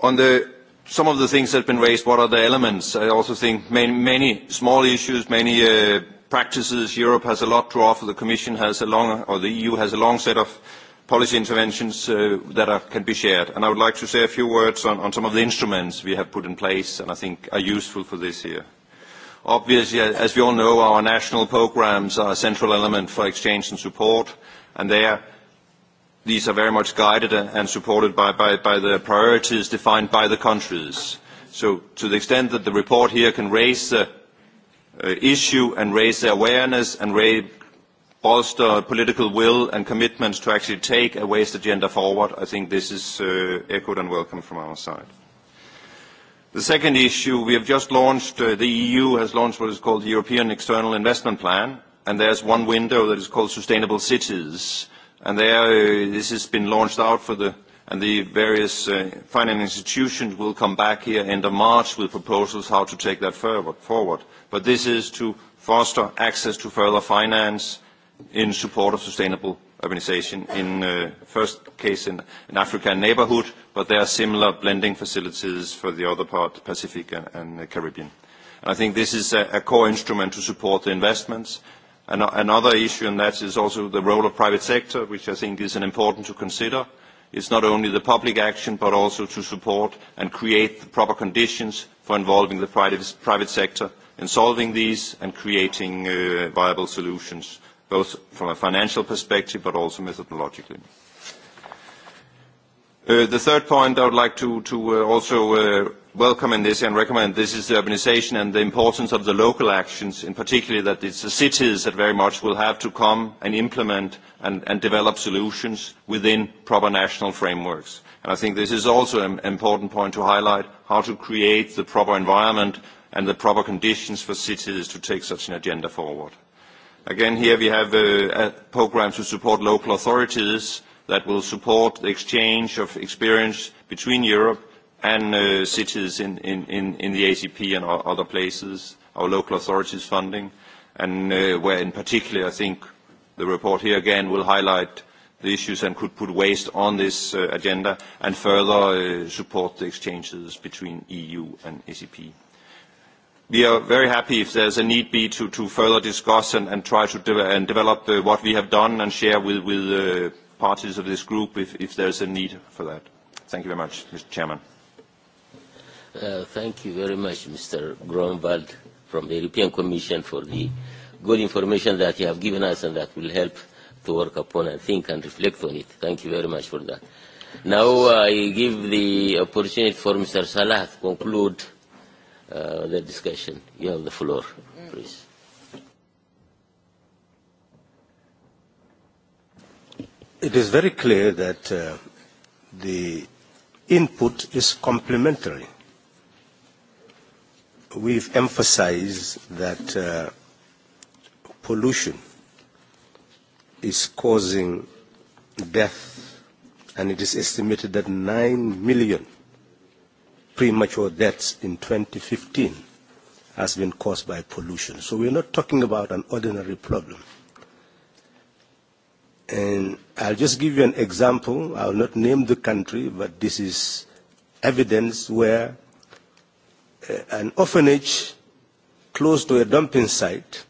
on the some of the things that have been raised, what are the elements? I also think many small issues, many practices. Europe has a lot to offer. The Commission has a long, or the EU has a long set of policy interventions that can be shared. And I would like to say a few words on some of the instruments we have put in place and I think are useful for this year. Obviously, as we all know, our national programs are a central element for exchange and support, and there these are very much guided and supported by the priorities defined by the countries. So to the extent that the report here can raise the issue and raise the awareness and bolster political will and commitments to actually take a waste agenda forward, I think this is echoed and welcome from our side. The second issue, we have just launched, the EU has launched what is called the European External Investment Plan, and there's one window that is called Sustainable Cities and there this has been launched out for the and the various financial institutions will come back here end of March with proposals how to take that forward. But this is to foster access to further finance in support of sustainable urbanization in first case in Africa African neighborhood, but there are similar blending facilities for the other part, Pacific and Caribbean. I think this is a core instrument to support the investments Another issue, and that is also the role of private sector, which I think is important to consider. is not only the public action, but also to support and create the proper conditions for involving the private sector in solving these and creating viable solutions, both from a financial perspective, but also methodologically. The third point I would like to also welcome in this and recommend this is the urbanisation and the importance of the local actions, in particular that it's the cities that very much will have to come and implement and develop solutions within proper national frameworks. And I think this is also an important point to highlight, how to create the proper environment and the proper conditions for cities to take such an agenda forward. Again, here we have a programs to support local authorities that will support the exchange of experience between Europe and cities in the ACP and other places, our local authorities funding, and where in particular I think the report here again will highlight the issues and could put waste on this agenda and further support the exchanges between EU and ACP. We are very happy if there is a need be to further discuss and try to develop what we have done and share with parties of this group if there is a need for that. Thank you very much, Mr. Chairman. Thank you very much, Mr. Gromwald, from the European Commission for the good information that you have given us and that will help to work upon and think and reflect on it. Thank you very much for that. Now I give the opportunity for Mr. Salah to conclude the discussion. You have the floor, please. It is very clear that the input is complementary. We've emphasized that pollution is causing death, and it is estimated that 9 million premature deaths in 2015 has been caused by pollution. So we're not talking about an ordinary problem. And I'll just give you an example. I'll not name the country, but this is evidence where an orphanage close to a dumping site,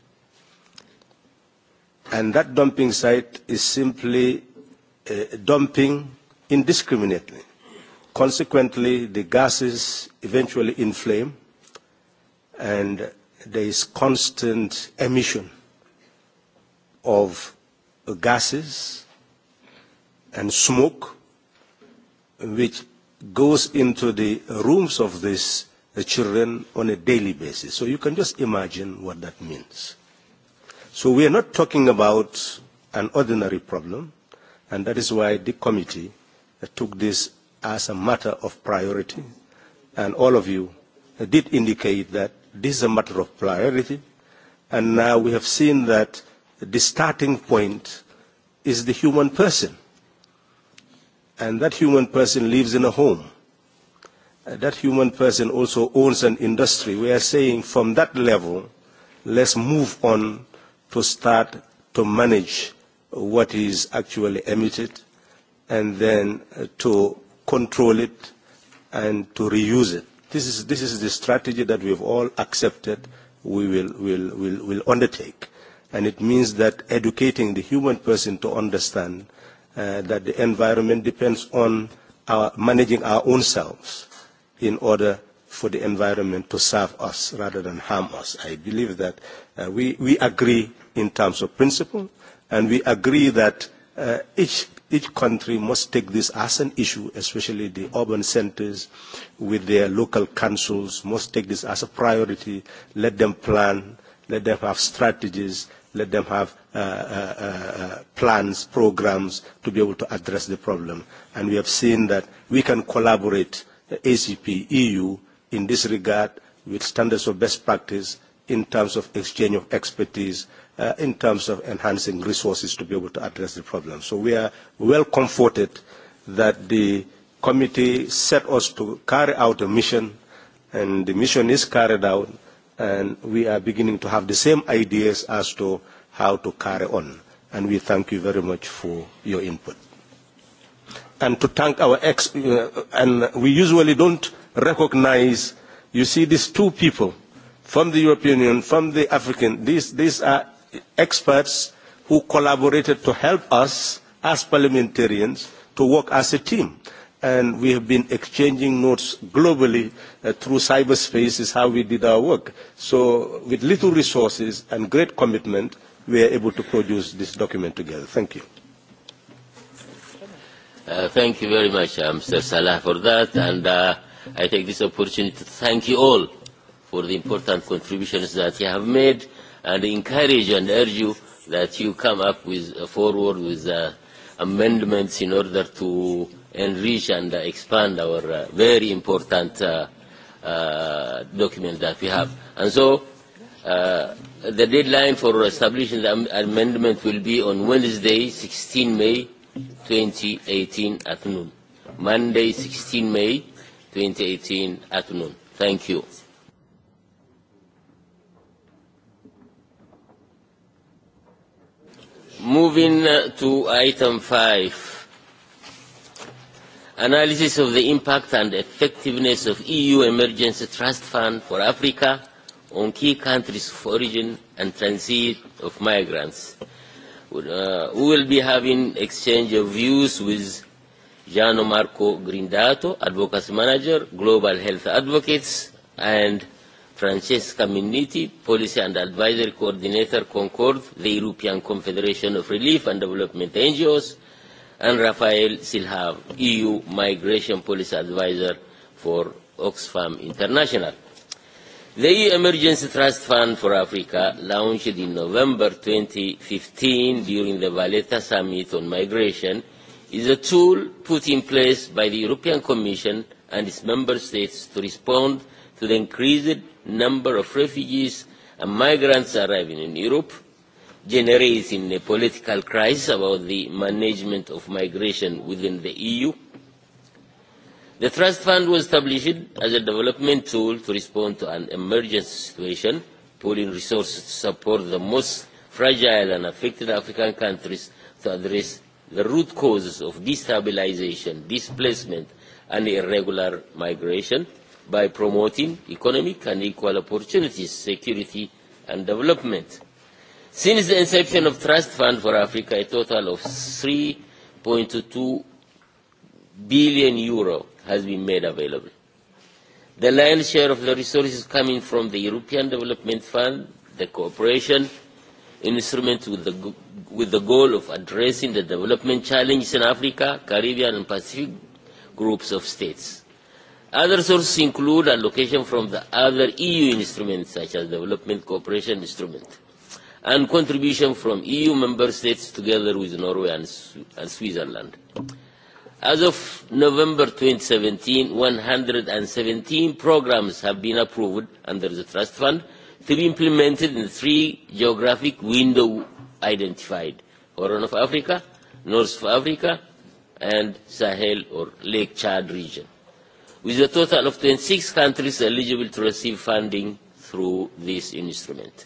and that dumping site is simply dumping indiscriminately. Consequently, the gases eventually inflame, and there is constant emission of gases and smoke which goes into the rooms of these children on a daily basis. So you can just imagine what that means. So we are not talking about an ordinary problem, and that is why the committee took this as a matter of priority, and all of you did indicate that this is a matter of priority, and now we have seen that the starting point is the human person. And that human person lives in a home. That human person also owns an industry. We are saying from that level, let's move on to start to manage what is actually emitted and then to control it and to reuse it. This is, this is the strategy that we have all accepted we will, will, will, will undertake and it means that educating the human person to understand that the environment depends on our managing our own selves in order for the environment to serve us rather than harm us. I believe that we we agree in terms of principle and we agree that each each country must take this as an issue, especially the urban centers with their local councils must take this as a priority, let them plan, let them have strategies let them have plans, programs to be able to address the problem. And we have seen that we can collaborate, ACP, EU, in this regard with standards of best practice in terms of exchange of expertise, in terms of enhancing resources to be able to address the problem. So we are well comforted that the committee set us to carry out a mission, and the mission is carried out and we are beginning to have the same ideas as to how to carry on. And we thank you very much for your input. And to thank our ex, and we usually don't recognize, you see, these two people from the European Union, from the African, these, these are experts who collaborated to help us as parliamentarians to work as a team and we have been exchanging notes globally through cyberspace is how we did our work. So with little resources and great commitment, we are able to produce this document together. Thank you. Thank you very much, Mr. Salah, for that. And I take this opportunity to thank you all for the important contributions that you have made and encourage and urge you that you come up with forward with amendments in order to enrich and expand our very important document that we have. And so the deadline for establishing the amendment will be on Wednesday, 16 May 2018 at noon. Monday, 16 May 2018 at noon. Thank you. Moving to item five analysis of the impact and effectiveness of EU Emergency Trust Fund for Africa on key countries of origin and transit of migrants. We will be having exchange of views with Gianno Marco Grindato, Advocacy Manager, Global Health Advocates, and Francesca Minniti, Policy and Advisory Coordinator, Concord, the European Confederation of Relief and Development NGOs, and Rafael Silhav, EU Migration Policy Advisor for Oxfam International. The EU Emergency Trust Fund for Africa, launched in November 2015 during the Valletta Summit on Migration, is a tool put in place by the European Commission and its member states to respond to the increased number of refugees and migrants arriving in Europe generating a political crisis about the management of migration within the EU. The Trust Fund was established as a development tool to respond to an emergency situation, pooling resources to support the most fragile and affected African countries to address the root causes of destabilization, displacement, and irregular migration by promoting economic and equal opportunities, security, and development. Since the inception of Trust Fund for Africa, a total of 3.2 billion euro has been made available. The lion's share of the resources coming from the European Development Fund, the cooperation instrument with the, with the goal of addressing the development challenges in Africa, Caribbean and Pacific groups of states. Other sources include allocation from the other EU instruments such as Development Cooperation Instrument and contribution from EU member states together with Norway and Switzerland. As of November 2017, 117 programs have been approved under the Trust Fund to be implemented in three geographic windows identified, Horn of Africa, North of Africa, and Sahel or Lake Chad region, with a total of 26 countries eligible to receive funding through this instrument.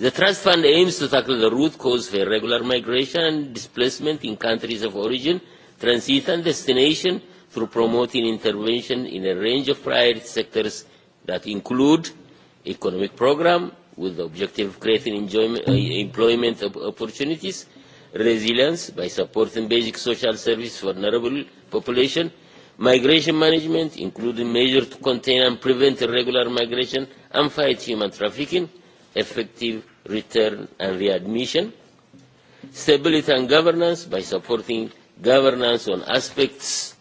The Trust Fund aims to tackle the root cause for irregular migration and displacement in countries of origin, transit and destination through promoting intervention in a range of priority sectors that include economic program with the objective of creating employment opportunities, resilience by supporting basic social services for vulnerable population, migration management, including measures to contain and prevent irregular migration and fight human trafficking, effective return and readmission, stability and governance by supporting governance on aspects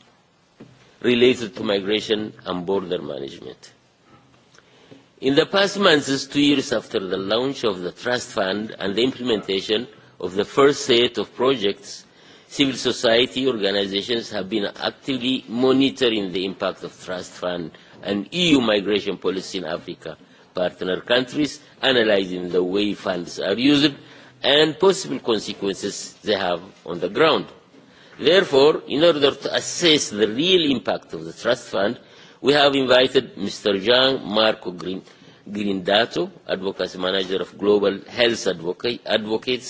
related to migration and border management. In the past months, two years after the launch of the Trust Fund and the implementation of the first set of projects, civil society organisations have been actively monitoring the impact of Trust Fund and EU migration policy in Africa partner countries, analyzing the way funds are used and possible consequences they have on the ground. Therefore, in order to assess the real impact of the Trust Fund, we have invited Mr. Jean Marco Grindato, Advocacy Manager of Global Health Advocates,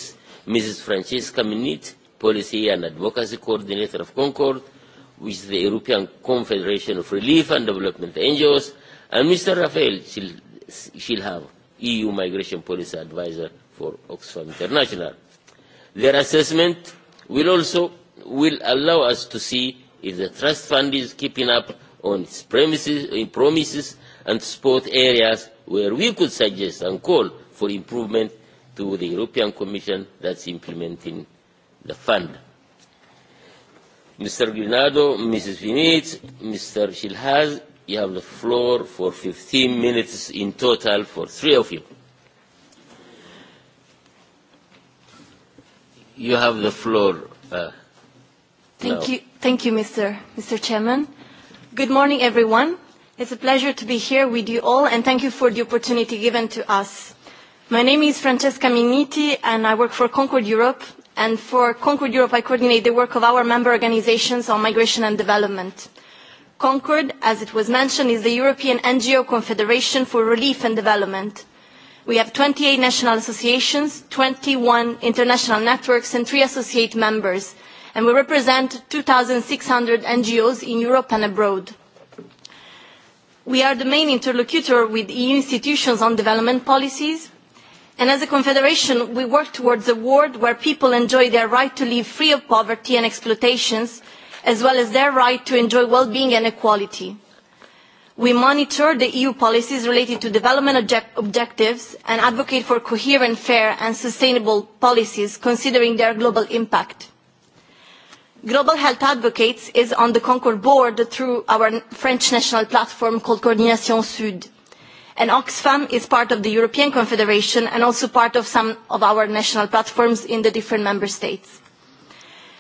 Mrs. Francesca Minit, Policy and Advocacy Coordinator of Concord, with the European Confederation of Relief and Development NGOs, and Mr. Rafael she'll have EU migration policy advisor for Oxfam International. Their assessment will also will allow us to see if the trust fund is keeping up on its premises, promises and support areas where we could suggest and call for improvement to the European Commission that's implementing the fund. Mr. Grinado, Mrs. Vinitz, Mr. Shilhaz You have the floor for 15 minutes in total for three of you. You have the floor. Thank you, thank you, Mr. Mr. Chairman. Good morning, everyone. It's a pleasure to be here with you all, and thank you for the opportunity given to us. My name is Francesca Minniti, and I work for Concord Europe. And for Concord Europe, I coordinate the work of our member organizations on migration and development. Concord, as it was mentioned, is the European NGO Confederation for Relief and Development. We have 28 national associations, 21 international networks, and three associate members, and we represent 2,600 NGOs in Europe and abroad. We are the main interlocutor with EU institutions on development policies, and as a confederation, we work towards a world where people enjoy their right to live free of poverty and exploitations as well as their right to enjoy well-being and equality. We monitor the EU policies related to development objectives and advocate for coherent, fair and sustainable policies considering their global impact. Global Health Advocates is on the Concord board through our French national platform called Coordination Sud. And Oxfam is part of the European Confederation and also part of some of our national platforms in the different member states.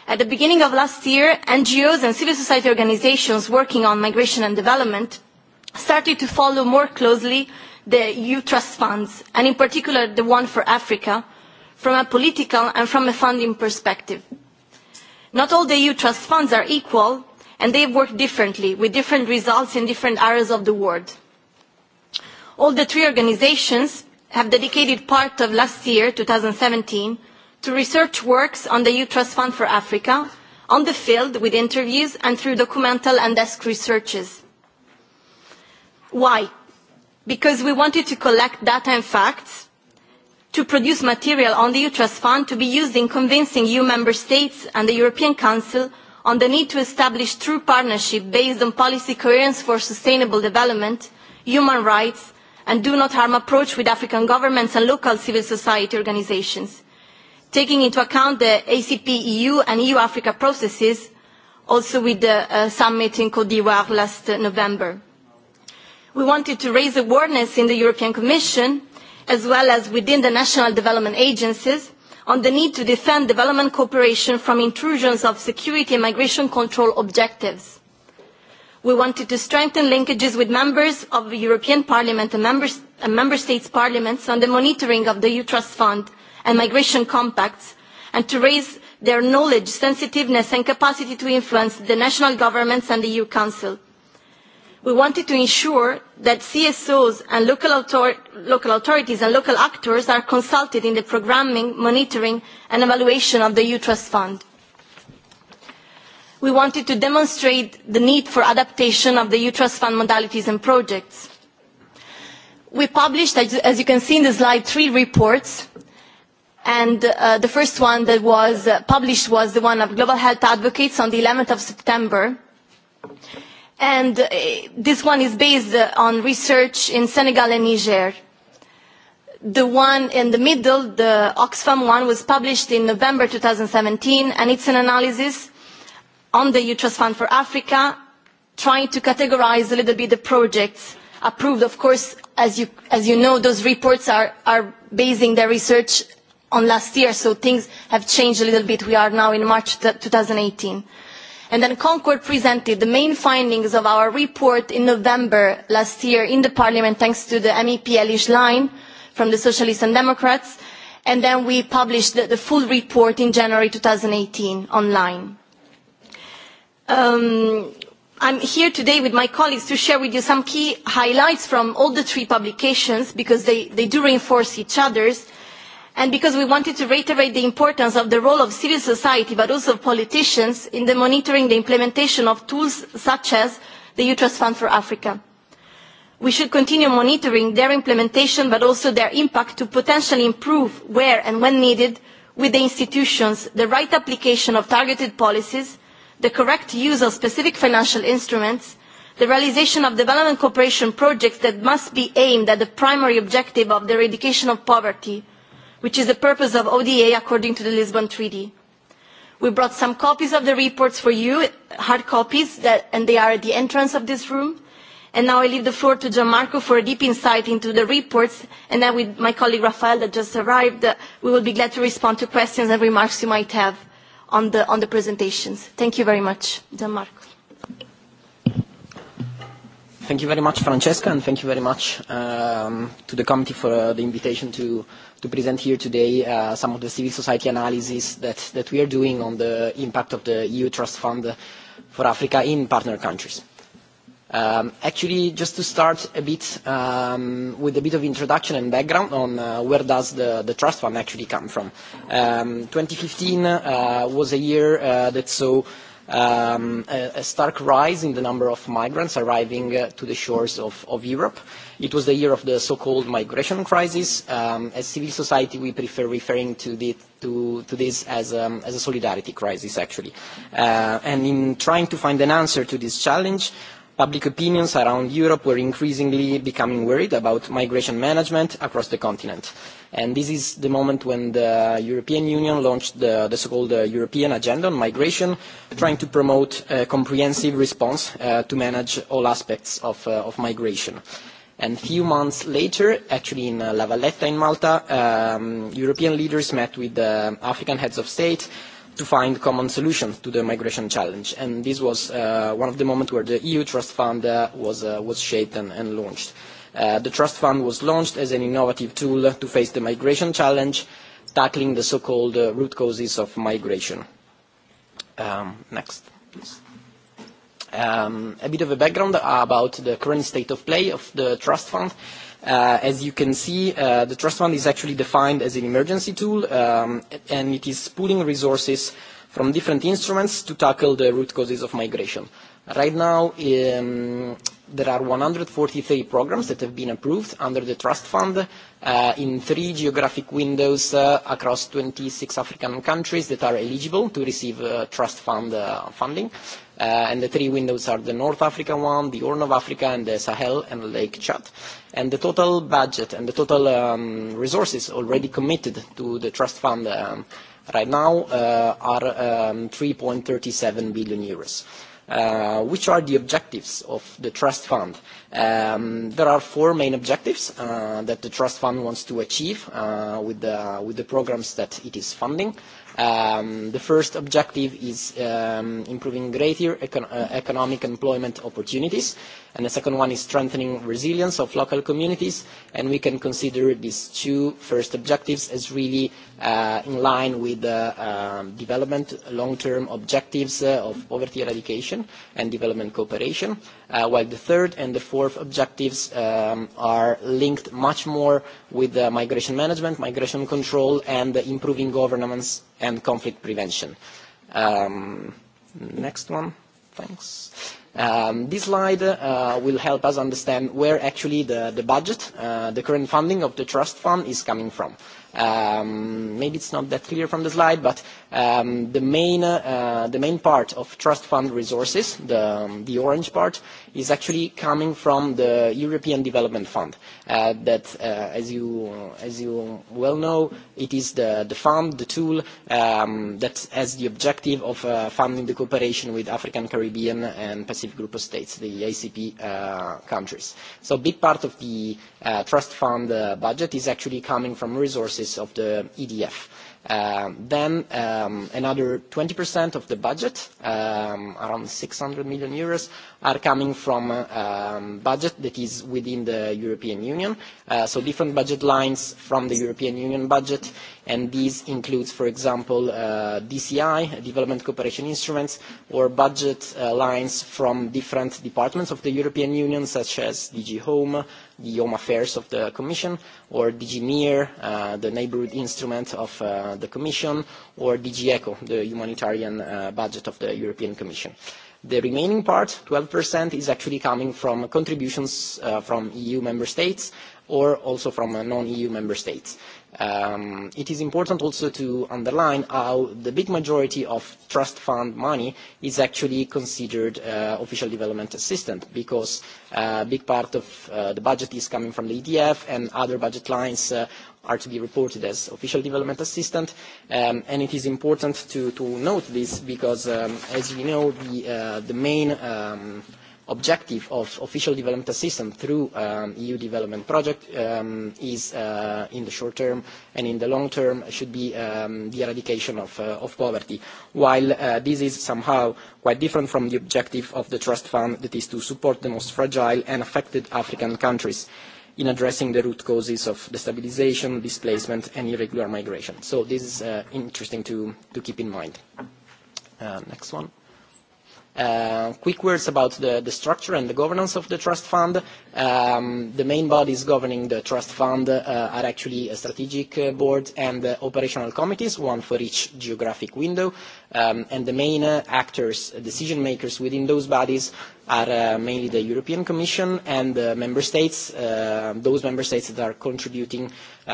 At the beginning of last year, NGOs and civil society organisations working on migration and development started to follow more closely the EU trust funds, and in particular the one for Africa, from a political and from a funding perspective. Not all the EU trust funds are equal, and they work differently, with different results in different areas of the world. All the three organisations have dedicated part of last year, 2017, to research works on the EU Trust Fund for Africa, on the field with interviews and through documental and desk researches. Why? Because we wanted to collect data and facts to produce material on the EU Trust Fund to be used in convincing EU Member States and the European Council on the need to establish true partnership based on policy coherence for sustainable development, human rights and do not harm approach with African governments and local civil society organisations taking into account the ACP EU and EU Africa processes, also with the summit in Côte d'Ivoire last November. We wanted to raise awareness in the European Commission, as well as within the national development agencies, on the need to defend development cooperation from intrusions of security and migration control objectives. We wanted to strengthen linkages with members of the European Parliament and member states' parliaments on the monitoring of the EU Trust Fund and migration compacts and to raise their knowledge, sensitiveness and capacity to influence the national governments and the EU Council. We wanted to ensure that CSOs and local authorities and local actors are consulted in the programming, monitoring and evaluation of the EU Trust Fund. We wanted to demonstrate the need for adaptation of the EU Trust Fund modalities and projects. We published, as you can see in the slide, three reports and the first one that was published was the one of global health advocates on the 11th of september and this one is based on research in senegal and niger the one in the middle the oxfam one was published in november 2017 and it's an analysis on the eu fund for africa trying to categorize a little bit the projects approved of course as you as you know those reports are are basing their research on last year, so things have changed a little bit. We are now in March 2018. And then Concord presented the main findings of our report in November last year in the Parliament, thanks to the MEP Elish Line from the Socialists and Democrats. And then we published the full report in January 2018 online. I'm here today with my colleagues to share with you some key highlights from all the three publications because they do reinforce each other's and because we wanted to reiterate the importance of the role of civil society but also of politicians in the monitoring the implementation of tools such as the eu trust fund for africa. we should continue monitoring their implementation but also their impact to potentially improve where and when needed with the institutions the right application of targeted policies the correct use of specific financial instruments the realisation of development cooperation projects that must be aimed at the primary objective of the eradication of poverty which is the purpose of ODA according to the Lisbon Treaty. We brought some copies of the reports for you, hard copies, and they are at the entrance of this room. And now I leave the floor to Gianmarco for a deep insight into the reports, and then with my colleague Rafael that just arrived, we will be glad to respond to questions and remarks you might have on the, on the presentations. Thank you very much, Gianmarco. Thank you very much, Francesca, and thank you very much um, to the committee for the invitation to to present here today some of the civil society analysis that we are doing on the impact of the EU Trust Fund for Africa in partner countries. Actually, just to start a bit with a bit of introduction and background on where does the trust fund actually come from. 2015 was a year that saw a stark rise in the number of migrants arriving to the shores of Europe. It was the year of the so-called migration crisis. As civil society, we prefer referring to this as a solidarity crisis, actually. And in trying to find an answer to this challenge, Public opinions around Europe were increasingly becoming worried about migration management across the continent. And this is the moment when the European Union launched the so-called European Agenda on Migration, trying to promote a comprehensive response to manage all aspects of migration. And a few months later, actually in La Valletta in Malta, European leaders met with African heads of state to find common solutions to the migration challenge. And this was one of the moments where the EU Trust Fund was shaped and launched. The Trust Fund was launched as an innovative tool to face the migration challenge, tackling the so-called root causes of migration. Next, please. A bit of a background about the current state of play of the Trust Fund. As you can see, the Trust Fund is actually defined as an emergency tool, and it is pooling resources from different instruments to tackle the root causes of migration. Right now, there are 143 programs that have been approved under the Trust Fund in three geographic windows across 26 African countries that are eligible to receive Trust Fund funding. And the three windows are the North African one, the Horn of Africa, and the Sahel and Lake Chad. And the total budget and the total resources already committed to the Trust Fund right now are 3.37 billion euros. Which are the objectives of the trust fund? There are four main objectives that the trust fund wants to achieve with the programs that it is funding. The first objective is improving greater economic employment opportunities. And the second one is strengthening resilience of local communities, and we can consider these two first objectives as really in line with the development long-term objectives of poverty eradication and development cooperation, while the third and the fourth objectives are linked much more with migration management, migration control, and improving governance and conflict prevention. Next one. Thanks. This slide will help us understand where actually the budget, the current funding of the trust fund is coming from. Maybe it's not that clear from the slide, but the main the main part of trust fund resources, the orange part, is actually coming from the European Development Fund. That, as you as you well know, it is the the fund, the tool that has the objective of funding the cooperation with African, Caribbean and Pacific Group of States, the ACP countries. So a big part of the trust fund budget is actually coming from resources of the EDF. Then another 20% of the budget, around 600 million euros, are coming from budget that is within the European Union, so different budget lines from the European Union budget, and these includes, for example, DCI, Development Cooperation Instruments, or budget lines from different departments of the European Union, such as DG Home the Home Affairs of the Commission, or DG NEAR, the neighbourhood instrument of the Commission, or DG ECHO, the humanitarian budget of the European Commission. The remaining part, 12%, is actually coming from contributions from EU member states or also from non-EU member states. It is important also to underline how the big majority of trust fund money is actually considered official development assistance because a big part of the budget is coming from the EDF and other budget lines are to be reported as official development assistance. And it is important to note this because, as you know, the main objective of official development assistance through EU development project is in the short term and in the long term should be the eradication of poverty, while this is somehow quite different from the objective of the Trust Fund that is to support the most fragile and affected African countries in addressing the root causes of destabilization, displacement and irregular migration. So this is interesting to keep in mind. Next one. Quick words about the structure and the governance of the trust fund. The main bodies governing the trust fund are actually a strategic board and operational committees, one for each geographic window. And the main actors, decision makers within those bodies are mainly the European Commission and the member states, those member states that are contributing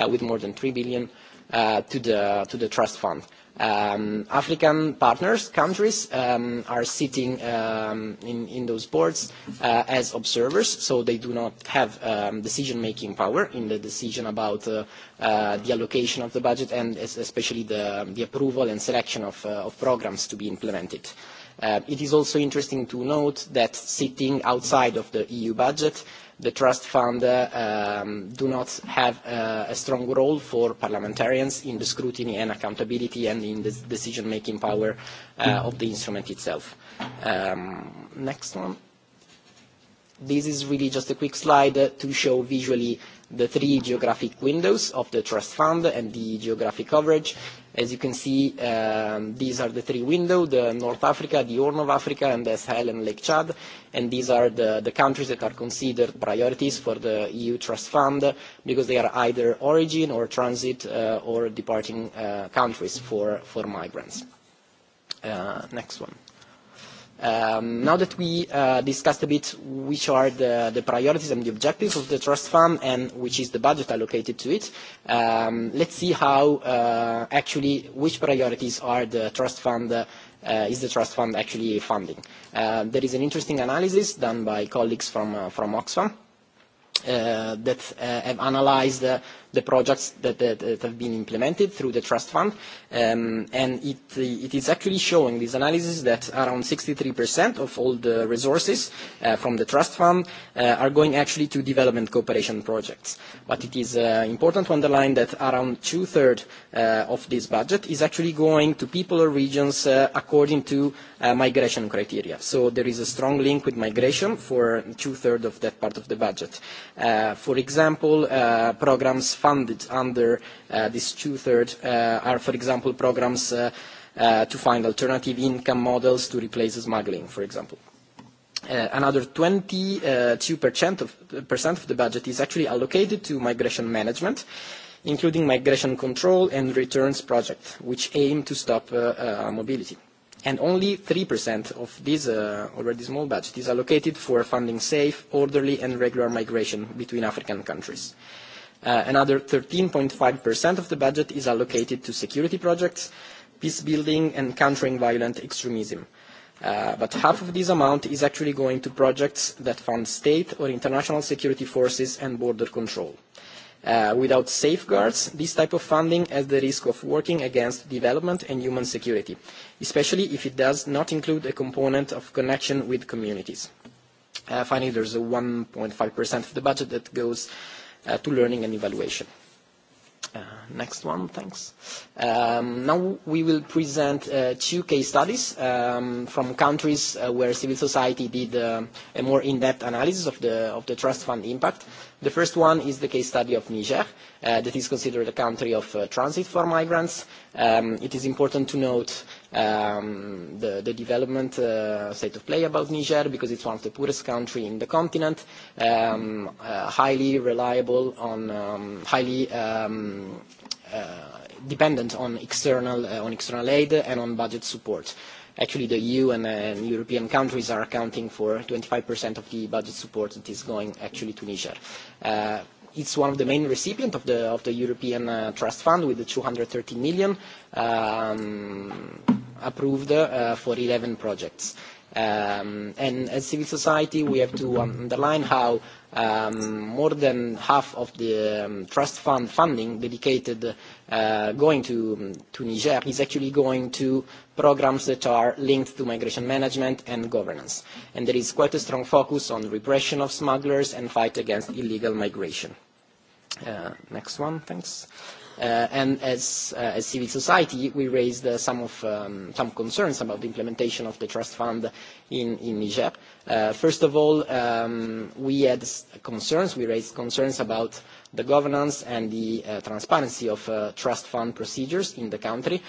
with more than 3 billion to the trust fund. African partners, countries, are sitting in those boards as observers, so they do not have decision-making power in the decision about the allocation of the budget and especially the approval and selection of programs to be implemented. It is also interesting to note that sitting outside of the EU budget, the trust fund do not have a strong role for parliamentarians in the scrutiny and accountability and in the decision making power of the instrument itself. Next one. This is really just a quick slide to show visually the three geographic windows of the trust fund and the geographic coverage. As you can see, these are the three windows, the North Africa, the Horn of Africa, and the Sahel and Lake Chad. And these are the countries that are considered priorities for the EU Trust Fund because they are either origin or transit or departing countries for migrants. Next one. Now that we discussed a bit which are the priorities and the objectives of the trust fund and which is the budget allocated to it, let's see how actually which priorities are the trust fund is the trust fund actually funding. There is an interesting analysis done by colleagues from Oxfam that have analyzed the projects that have been implemented through the trust fund. And it is actually showing this analysis that around 63% of all the resources from the trust fund are going actually to development cooperation projects. But it is important to underline that around two-thirds of this budget is actually going to people or regions according to migration criteria. So there is a strong link with migration for two-thirds of that part of the budget. For example, programs funded under this two-thirds are, for example, programs to find alternative income models to replace smuggling, for example. Another 22% of the budget is actually allocated to migration management, including migration control and returns projects, which aim to stop mobility and only 3% of this already small budget is allocated for funding safe, orderly and regular migration between African countries. Another 13.5% of the budget is allocated to security projects, peace building and countering violent extremism. But half of this amount is actually going to projects that fund state or international security forces and border control without safeguards this type of funding has the risk of working against development and human security, especially if it does not include a component of connection with communities. Finally, there is a 1.5% of the budget that goes to learning and evaluation. Next one, thanks. Now we will present two case studies from countries where civil society did a more in-depth analysis of the trust fund impact. The first one is the case study of Niger, that is considered a country of transit for migrants. It is important to note the development state of play about Niger, because it's one of the poorest countries in the continent, highly reliable on highly dependent on external aid and on budget support. Actually, the EU and European countries are accounting for 25% of the budget support that is going actually to Niger. It's one of the main recipients of the of the European Trust Fund with the 230 million approved for 11 projects. And as civil society, we have to underline how more than half of the trust fund funding dedicated going to Niger is actually going to programs that are linked to migration management and governance. And there is quite a strong focus on repression of smugglers and fight against illegal migration. Next one, thanks. And as civil society, we raised some of some concerns about the implementation of the trust fund in Niger. First of all, we had concerns, we raised concerns about the governance and the transparency of trust fund procedures in the country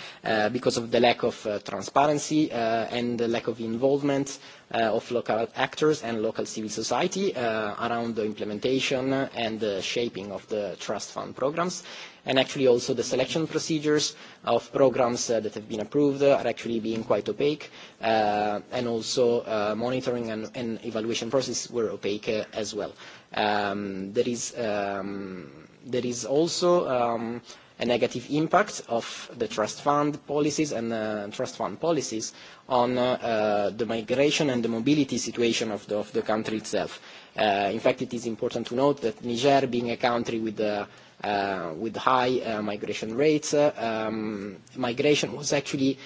because of the lack of transparency and the lack of involvement of local actors and local civil society around the implementation and the shaping of the trust fund programs and actually also the selection procedures of programs that have been approved are actually being quite opaque, and also monitoring and evaluation process were opaque as well. There is also a negative impact of the trust fund policies and trust fund policies on the migration and the mobility situation of the country itself. In fact, it is important to note that Niger, being a country with with high migration rates. Migration was actually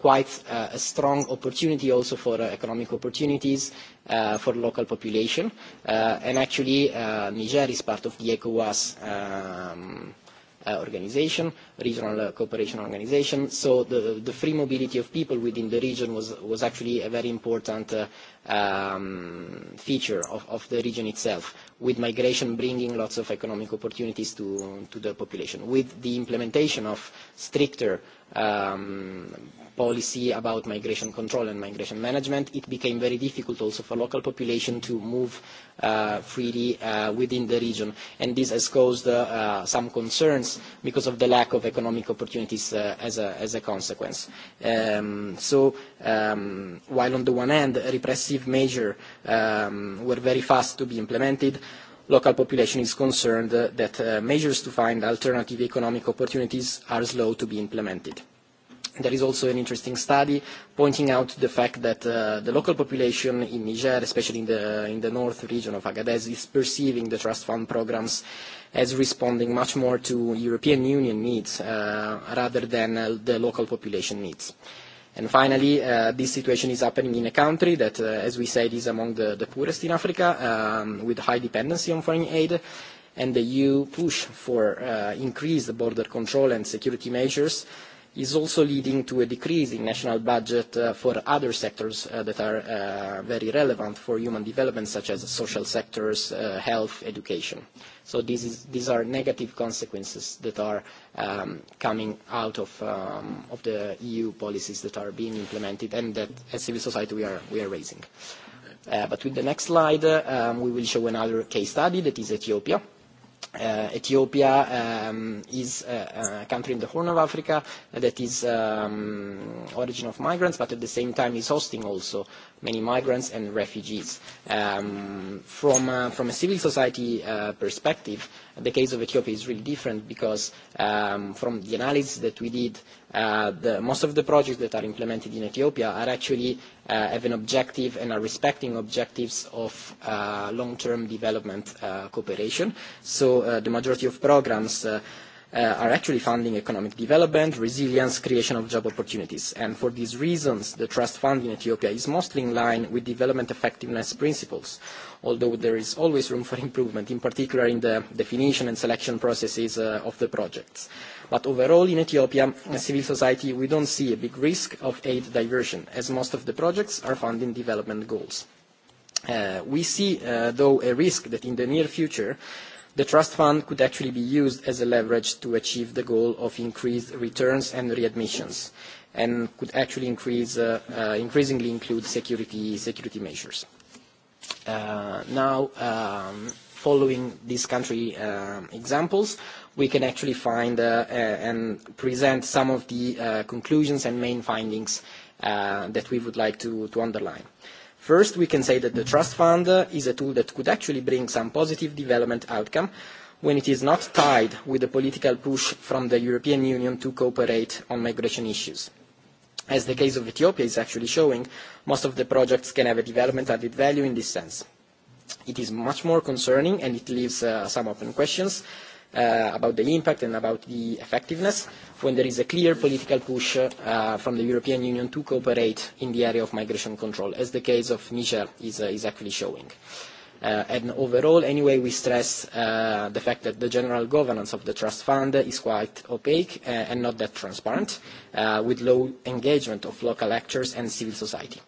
quite a strong opportunity also for economic opportunities for local population. And actually, Niger is part of the ECOWAS organization, regional cooperation organization. So the free mobility of people within the region was actually a very important feature of the region itself, with migration bringing lots of economic opportunities to the population. With the implementation of stricter policy about migration control and migration management, it became very difficult also for local population to move freely within the region. And this has caused some concerns because of the lack of economic opportunities as a consequence. So while on the one hand, repressive measures were very fast to be implemented, local population is concerned that measures to find alternative economic opportunities are slow to be implemented. There is also an interesting study pointing out the fact that the local population in Niger, especially in the north region of Agadez, is perceiving the trust fund programs as responding much more to European Union needs rather than the local population needs. And finally, this situation is happening in a country that, as we said, is among the poorest in Africa, with high dependency on foreign aid and the EU push for increased border control and security measures is also leading to a decrease in national budget for other sectors that are very relevant for human development, such as social sectors, health, education. So these are negative consequences that are coming out of the EU policies that are being implemented and that, as civil society, we are raising. But with the next slide, we will show another case study that is Ethiopia Ethiopia is a country in the Horn of Africa that is origin of migrants, but at the same time is hosting also many migrants and refugees. From a civil society perspective, The case of Ethiopia is really different because from the analysis that we did, most of the projects that are implemented in Ethiopia are actually have an objective and are respecting objectives of long-term development cooperation. So the majority of programs are actually funding economic development, resilience, creation of job opportunities. And for these reasons, the trust fund in Ethiopia is mostly in line with development effectiveness principles, although there is always room for improvement, in particular in the definition and selection processes of the projects. But overall, in Ethiopia, as civil society, we don't see a big risk of aid diversion, as most of the projects are funding development goals. We see, though, a risk that in the near future, The trust fund could actually be used as a leverage to achieve the goal of increased returns and readmissions, and could actually increasingly include security measures. Now, following these country examples, we can actually find and present some of the conclusions and main findings that we would like to underline. First, we can say that the Trust Fund is a tool that could actually bring some positive development outcome when it is not tied with the political push from the European Union to cooperate on migration issues. As the case of Ethiopia is actually showing, most of the projects can have a development added value in this sense. It is much more concerning, and it leaves some open questions about the impact and about the effectiveness when there is a clear political push from the European Union to cooperate in the area of migration control, as the case of Niger is actually showing. And overall, anyway, we stress the fact that the general governance of the trust fund is quite opaque and not that transparent, with low engagement of local actors and civil society.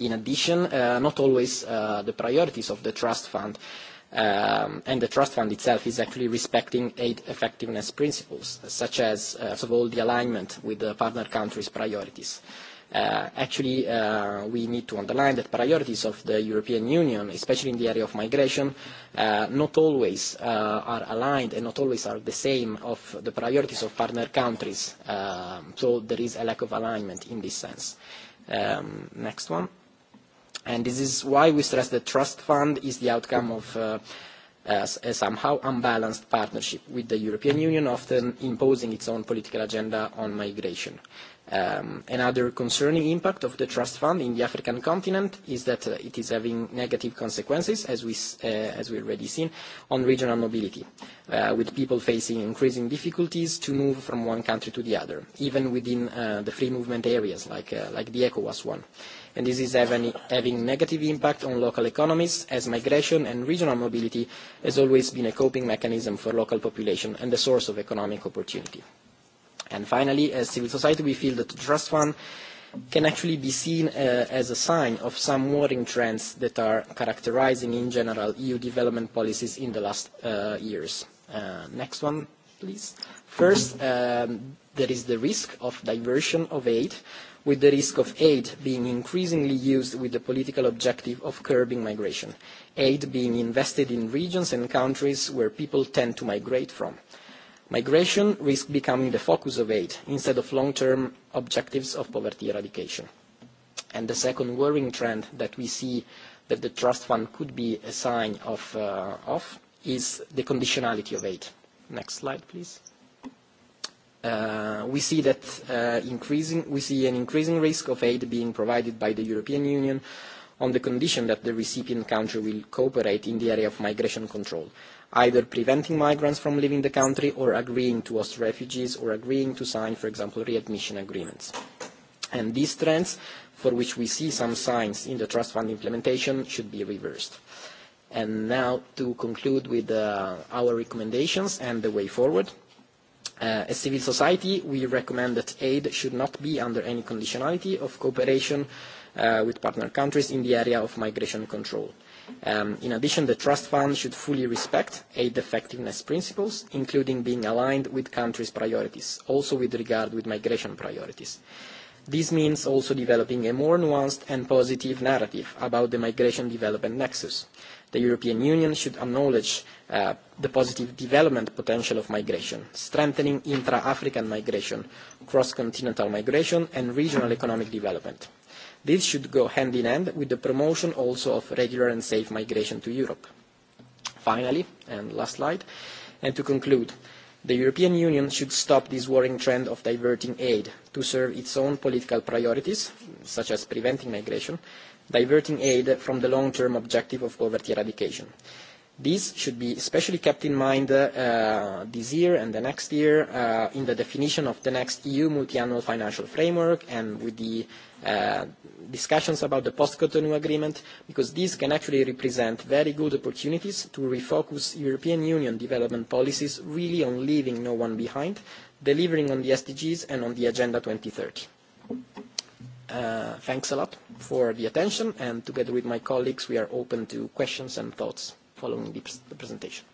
In addition, not always the priorities of the trust fund and the trust fund itself is actually respecting aid effectiveness principles, such as, first of all, the alignment with the partner countries' priorities. Actually, we need to underline that priorities of the European Union, especially in the area of migration, not always are aligned and not always are the same of the priorities of partner countries. So there is a lack of alignment in this sense. Next one. And this is why we stress that trust fund is the outcome of a somehow unbalanced partnership with the European Union, often imposing its own political agenda on migration. Another concerning impact of the trust fund in the African continent is that it is having negative consequences, as we already seen, on regional mobility, with people facing increasing difficulties to move from one country to the other, even within the free movement areas like the ECOWAS one and this is having negative impact on local economies, as migration and regional mobility has always been a coping mechanism for local population and a source of economic opportunity. And finally, as civil society, we feel that the trust fund can actually be seen as a sign of some worrying trends that are characterizing in general EU development policies in the last years. Next one, please. First, there is the risk of diversion of aid with the risk of aid being increasingly used with the political objective of curbing migration, aid being invested in regions and countries where people tend to migrate from. Migration risk becoming the focus of aid instead of long-term objectives of poverty eradication. And the second worrying trend that we see that the trust fund could be a sign of is the conditionality of aid. Next slide, please. We see that increasing we see an increasing risk of aid being provided by the European Union on the condition that the recipient country will cooperate in the area of migration control, either preventing migrants from leaving the country or agreeing to host refugees or agreeing to sign, for example, readmission agreements. And these trends, for which we see some signs in the Trust Fund implementation, should be reversed. And now to conclude with our recommendations and the way forward. As civil society, we recommend that aid should not be under any conditionality of cooperation with partner countries in the area of migration control. In addition, the Trust Fund should fully respect aid effectiveness principles, including being aligned with countries' priorities, also with regard with migration priorities. This means also developing a more nuanced and positive narrative about the migration development nexus The European Union should acknowledge the positive development potential of migration, strengthening intra-African migration, cross-continental migration and regional economic development. This should go hand in hand with the promotion also of regular and safe migration to Europe. Finally, and last slide, and to conclude, the European Union should stop this worrying trend of diverting aid to serve its own political priorities, such as preventing migration, diverting aid from the long-term objective of poverty eradication. This should be especially kept in mind this year and the next year in the definition of the next EU multi-annual financial framework and with the discussions about the post-Cotonou agreement, because these can actually represent very good opportunities to refocus European Union development policies really on leaving no one behind, delivering on the SDGs and on the Agenda 2030. Thanks a lot for the attention, and together with my colleagues, we are open to questions and thoughts following the presentation.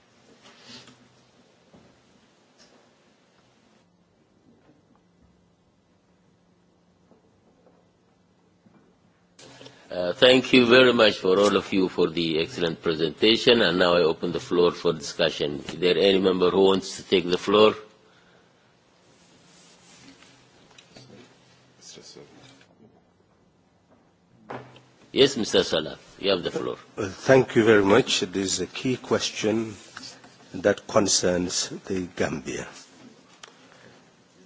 Thank you very much for all of you for the excellent presentation, and now I open the floor for discussion. Is there any member who wants to take the floor? Yes, Mr. Salah, you have the floor. Thank you very much. This is a key question that concerns the Gambia.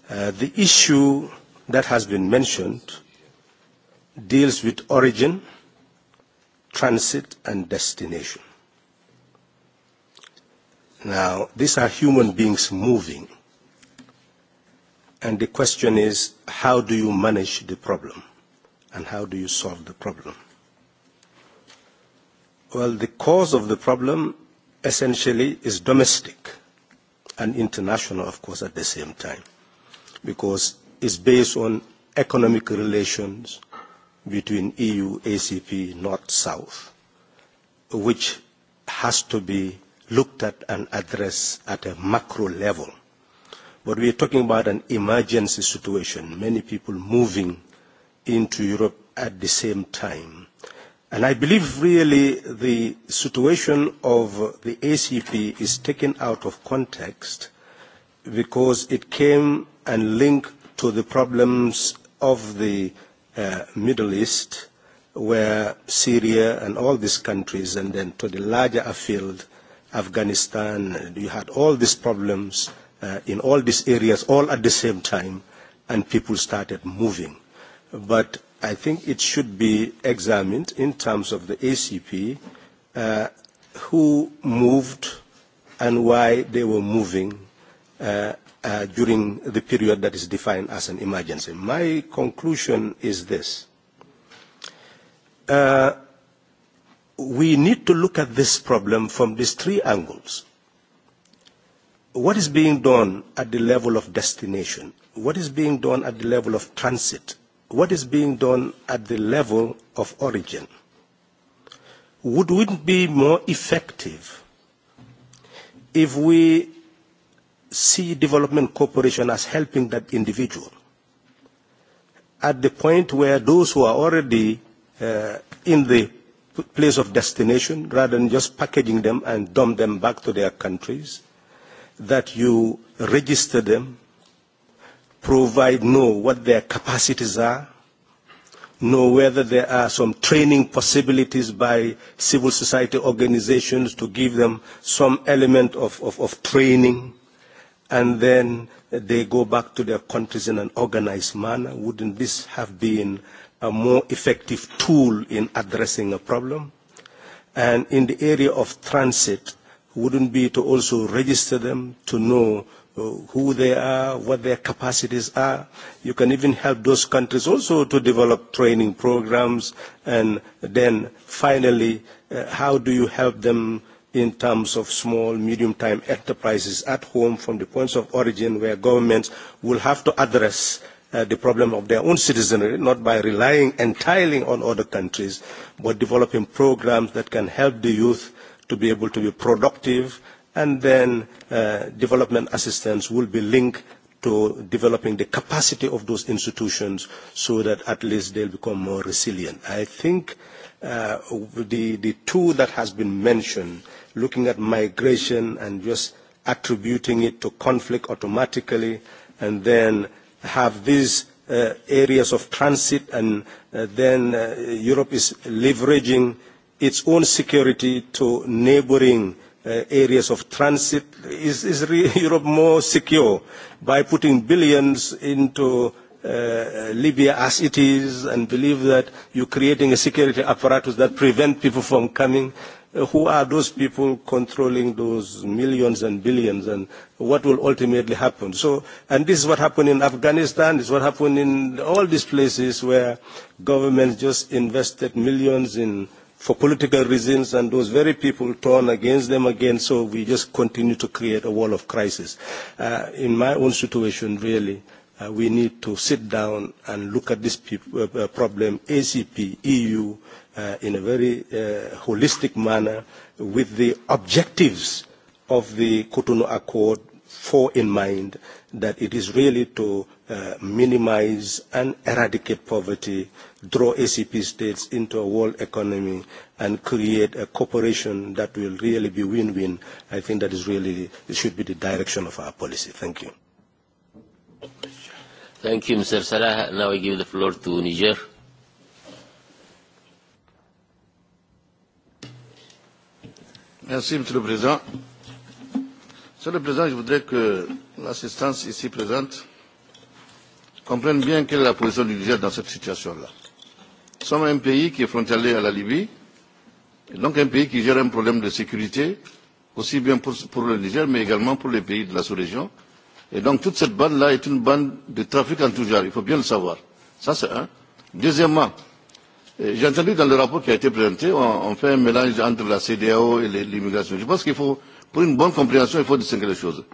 The issue that has been mentioned deals with origin, transit, and destination. Now, these are human beings moving. And the question is, how do you manage the problem? And how do you solve the problem? Well, the cause of the problem essentially is domestic and international, of course, at the same time, because it's based on economic relations between EU, ACP, North-South, which has to be looked at and addressed at a macro level. But we are talking about an emergency situation, many people moving into Europe at the same time And I believe really the situation of the ACP is taken out of context because it came and linked to the problems of the Middle East, where Syria and all these countries, and then to the larger field, Afghanistan, you had all these problems in all these areas all at the same time, and people started moving. But I think it should be examined in terms of the ACP, who moved and why they were moving during the period that is defined as an emergency. My conclusion is this. We need to look at this problem from these three angles. What is being done at the level of destination? What is being done at the level of transit? what is being done at the level of origin? Would it be more effective if we see development cooperation as helping that individual at the point where those who are already in the place of destination, rather than just packaging them and dump them back to their countries, that you register them provide know what their capacities are, know whether there are some training possibilities by civil society organizations to give them some element of training, and then they go back to their countries in an organized manner. Wouldn't this have been a more effective tool in addressing a problem? And in the area of transit, wouldn't be to also register them to know who they are, what their capacities are. You can even help those countries also to develop training programs. And then finally, how do you help them in terms of small, medium-time enterprises at home from the points of origin where governments will have to address the problem of their own citizenry, not by relying entirely on other countries, but developing programs that can help the youth to be able to be productive and then development assistance will be linked to developing the capacity of those institutions so that at least they'll become more resilient. I think the two that has been mentioned, looking at migration and just attributing it to conflict automatically, and then have these areas of transit, and then Europe is leveraging its own security to neighboring areas of transit is Europe more secure by putting billions into Libya as it is and believe that you're creating a security apparatus that prevent people from coming who are those people controlling those millions and billions and what will ultimately happen so and this is what happened in afghanistan this is what happened in all these places where governments just invested millions in for political reasons and those very people turn against them again so we just continue to create a wall of crisis. in my own situation really we need to sit down and look at this problem acp eu in a very holistic manner with the objectives of the cotonou accord for in mind that it is really to minimize and eradicate poverty draw ACP states into a world economy and create a cooperation that will really be win-win, I think that is really, should be the direction of our policy. Thank you. Thank you, Mr. Salah. Now I give the floor to Niger. Merci, Monsieur le Président. Monsieur le Président, je voudrais que l'assistance ici présente comprenne bien quelle est la position du Niger dans cette situation-là. Nous sommes un pays qui est frontalier à la Libye, et donc un pays qui gère un problème de sécurité, aussi bien pour, pour le Niger, mais également pour les pays de la sous-région. Et donc toute cette bande-là est une bande de trafic en tout genre, il faut bien le savoir. Ça, c'est un. Deuxièmement, j'ai entendu dans le rapport qui a été présenté, on, on fait un mélange entre la CDAO et l'immigration. Je pense qu'il faut, pour une bonne compréhension, il faut distinguer les choses.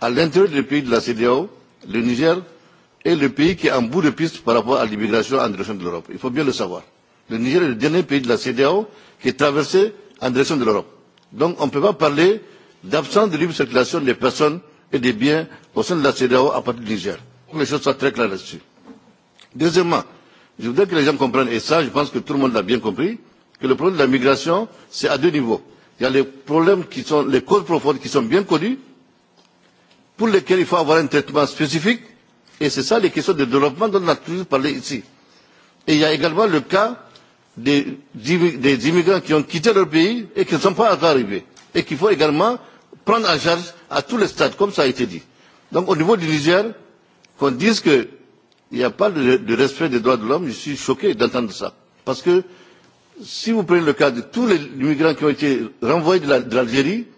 À l'intérieur des pays de la CDAO, le Niger est le pays qui est en bout de piste par rapport à l'immigration en direction de l'Europe. Il faut bien le savoir. Le Niger est le dernier pays de la CDAO qui est traversé en direction de l'Europe. Donc on ne peut pas parler d'absence de libre circulation des personnes et des biens au sein de la CDAO à partir du Niger. Pour que les choses soient très claires là-dessus. Deuxièmement, je voudrais que les gens comprennent, et ça je pense que tout le monde l'a bien compris, que le problème de la migration, c'est à deux niveaux. Il y a les problèmes qui sont, les causes profondes qui sont bien connues, pour lesquelles il faut avoir un traitement spécifique, Et c'est ça les questions de développement dont on a toujours parlé ici. Et il y a également le cas des, des immigrants qui ont quitté leur pays et qui ne sont pas encore arrivés. Et qu'il faut également prendre en charge à tous les stades, comme ça a été dit. Donc au niveau du Niger, qu'on dise qu'il n'y a pas de, respect des droits de l'homme, je suis choqué d'entendre ça. Parce que si vous prenez le cas de tous les immigrants qui ont été renvoyés de l'Algérie,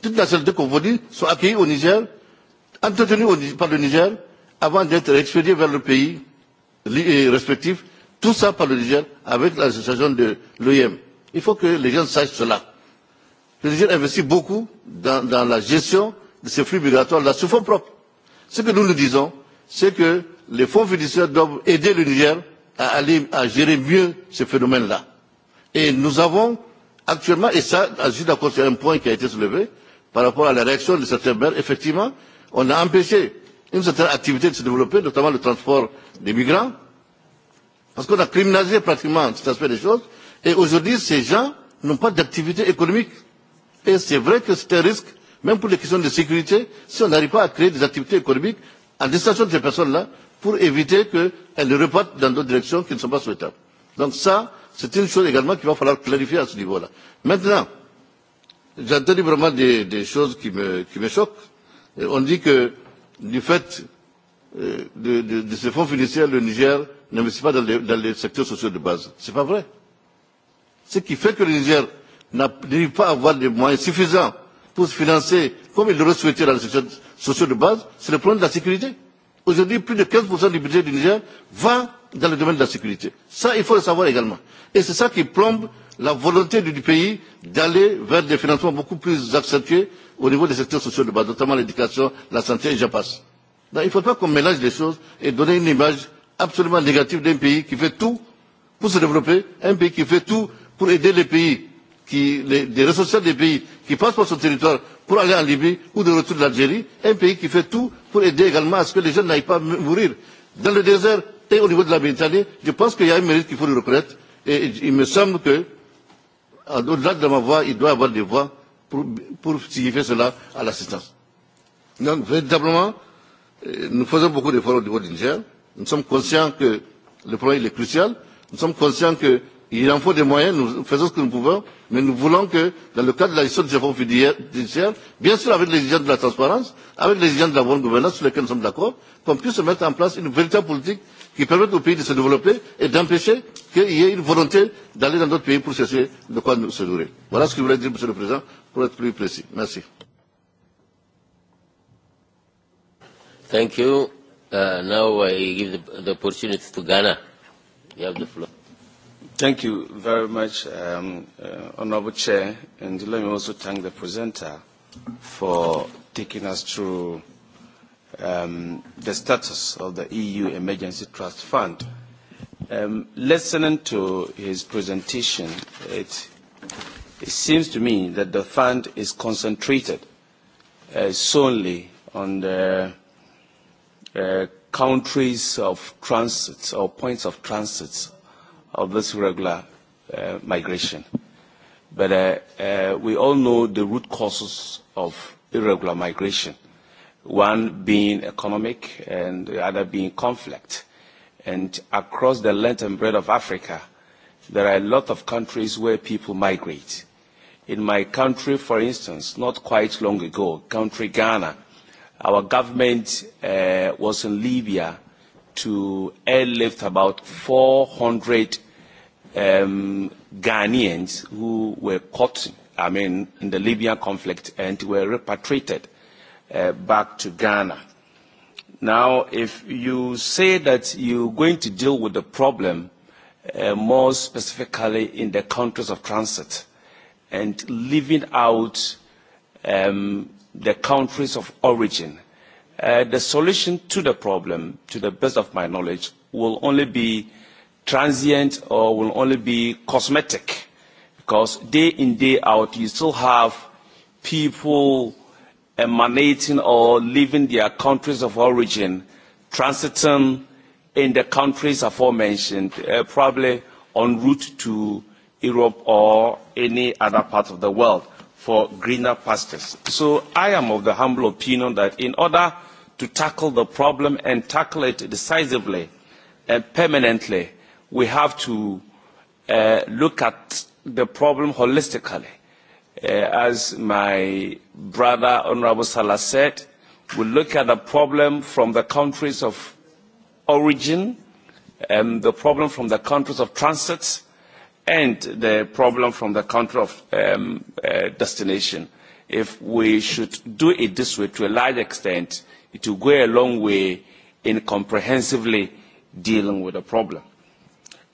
toutes les nationalités qu'on vous dit sont accueillies au Niger, entretenues par le Niger, avant d'être expédié vers le pays respectif, tout ça par le Niger avec l'association de l'OIM. Il faut que les gens sachent cela. Le Niger investit beaucoup dans, la gestion de ces flux migratoires là sous fonds propres. Ce que nous nous disons, c'est que les fonds fiduciaires doivent aider le Niger à aller à gérer mieux ce phénomène là. Et nous avons actuellement, et ça, juste d'accord sur un point qui a été soulevé, par rapport à la réaction de certains maires, effectivement, on a empêché une certaine activité de se développer, notamment le transport des migrants, parce qu'on a criminalisé pratiquement cet aspect des choses, et aujourd'hui, ces gens n'ont pas d'activité économique. Et c'est vrai que c'est un risque, même pour les questions de sécurité, si on n'arrive pas à créer des activités économiques à destination de ces personnes-là, pour éviter qu'elles ne repartent dans d'autres directions qui ne sont pas souhaitables. Donc ça, c'est une chose également qu'il va falloir clarifier à ce niveau-là. Maintenant, j'ai entendu vraiment des, choses qui me, qui me choquent. On dit que du fait de, de, de ce fonds financier, le Niger n'investit pas dans les, dans les secteurs sociaux de base. Ce n'est pas vrai. Ce qui fait que le Niger n'arrive pas à avoir des moyens suffisants pour se financer comme il l'aurait souhaité dans les secteurs sociaux de base, c'est le problème de la sécurité. Aujourd'hui, plus de 15% du budget du Niger va dans le domaine de la sécurité. Ça, il faut le savoir également. Et c'est ça qui plombe la volonté du pays d'aller vers des financements beaucoup plus accentués au niveau des secteurs sociaux de base, notamment l'éducation, la santé et j'en passe. Il ne faut pas qu'on mélange les choses et donner une image absolument négative d'un pays qui fait tout pour se développer, un pays qui fait tout pour aider les pays, qui, les, les ressources des pays qui passent par son territoire pour aller en Libye ou de retour de l'Algérie, un pays qui fait tout pour aider également à ce que les jeunes n'aillent pas mourir dans le désert et au niveau de la Méditerranée. Je pense qu'il y a un mérite qu'il faut le reconnaître et il me semble que au-delà de ma voix, il doit avoir des voix pour, signifier cela à l'assistance. Donc, véritablement, nous faisons beaucoup d'efforts au niveau du Niger. Nous sommes conscients que le problème il est crucial. Nous sommes conscients qu'il en faut des moyens. Nous faisons ce que nous pouvons. Mais nous voulons que, dans le cadre de la gestion des efforts fiduciaires, bien sûr avec l'exigence de la transparence, avec l'exigence de la bonne gouvernance sur laquelle nous sommes d'accord, qu'on puisse mettre en place une véritable politique qui permettent au pays de se développer et d'empêcher qu'il y ait une volonté d'aller dans d'autres pays pour chercher de quoi se nourrir. Voilà ce que je voulais dire, Monsieur le Président, pour être plus précis. Merci. Thank you. Uh, now I give the, the opportunity to Ghana. You have the floor. Thank you very much, um, uh, Honorable Chair, and let me also thank the presenter for taking us through the status of the EU Emergency Trust Fund. Listening to his presentation, it seems to me that the fund is concentrated solely on the countries of transit or points of transit of this irregular migration. But we all know the root causes of irregular migration one being economic and the other being conflict. And across the length and breadth of Africa, there are a lot of countries where people migrate. In my country, for instance, not quite long ago, country Ghana, our government was in Libya to airlift about 400 Ghanaians who were caught, I mean, in the Libyan conflict and were repatriated back to Ghana. Now, if you say that you're going to deal with the problem more specifically in the countries of transit and leaving out the countries of origin, the solution to the problem, to the best of my knowledge, will only be transient or will only be cosmetic because day in, day out, you still have people emanating or leaving their countries of origin, transiting in the countries aforementioned, probably en route to Europe or any other part of the world for greener pastures. So I am of the humble opinion that in order to tackle the problem and tackle it decisively and permanently, we have to look at the problem holistically as my brother Honorable Salah said, we look at the problem from the countries of origin, the problem from the countries of transit, and the problem from the country of destination. If we should do it this way to a large extent, it will go a long way in comprehensively dealing with the problem.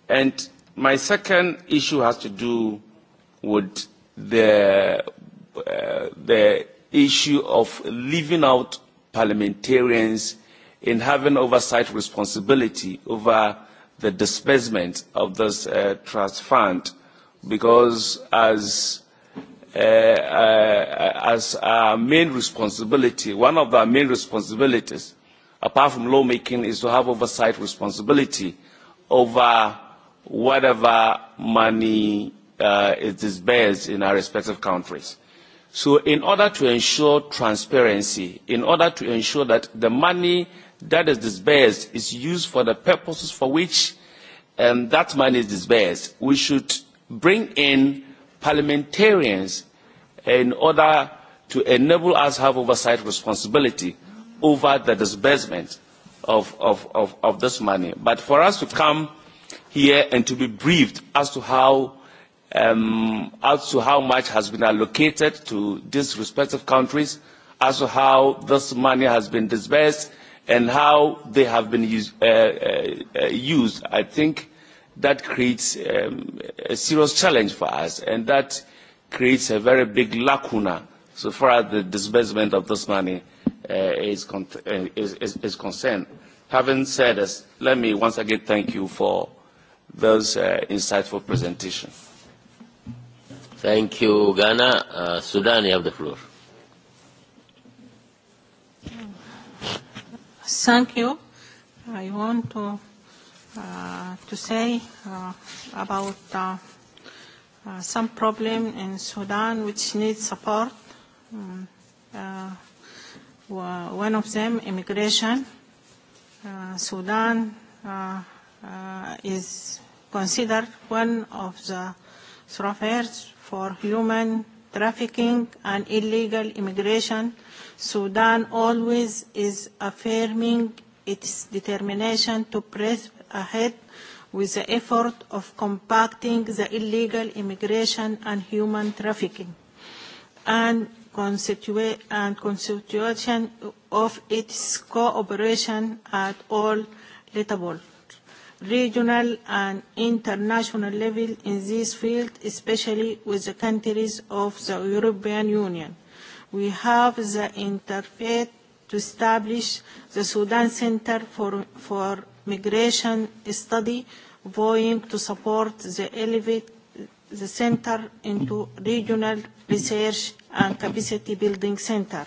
And my second issue has to do with the the issue of leaving out parliamentarians in having oversight responsibility over the disbursement of this trust fund because as as our main responsibility one of our main responsibilities apart from lawmaking is to have oversight responsibility over whatever money is disbursed in our respective countries. So in order to ensure transparency, in order to ensure that the money that is disbursed is used for the purposes for which that money is disbursed, we should bring in parliamentarians in order to enable us to have oversight responsibility over the disbursement of this money. But for us to come here and to be briefed as to how as to how much has been allocated to these respective countries, as to how this money has been disbursed and how they have been used. I think that creates a serious challenge for us and that creates a very big lacuna so far as the disbursement of this money is concerned. Having said this, let me once again thank you for those insightful presentations. Thank you, Ghana. Sudan, you have the floor. Thank you. I want to to say about some problem in Sudan which needs support. One of them, immigration. Sudan is considered one of the thoroughfares for human trafficking and illegal immigration, Sudan always is affirming its determination to press ahead with the effort of compacting the illegal immigration and human trafficking and constitution of its cooperation at all levels regional and international level in this field, especially with the countries of the European Union. We have the interface to establish the Sudan Center for Migration Study, going to support the elevate the center into regional research and capacity building center.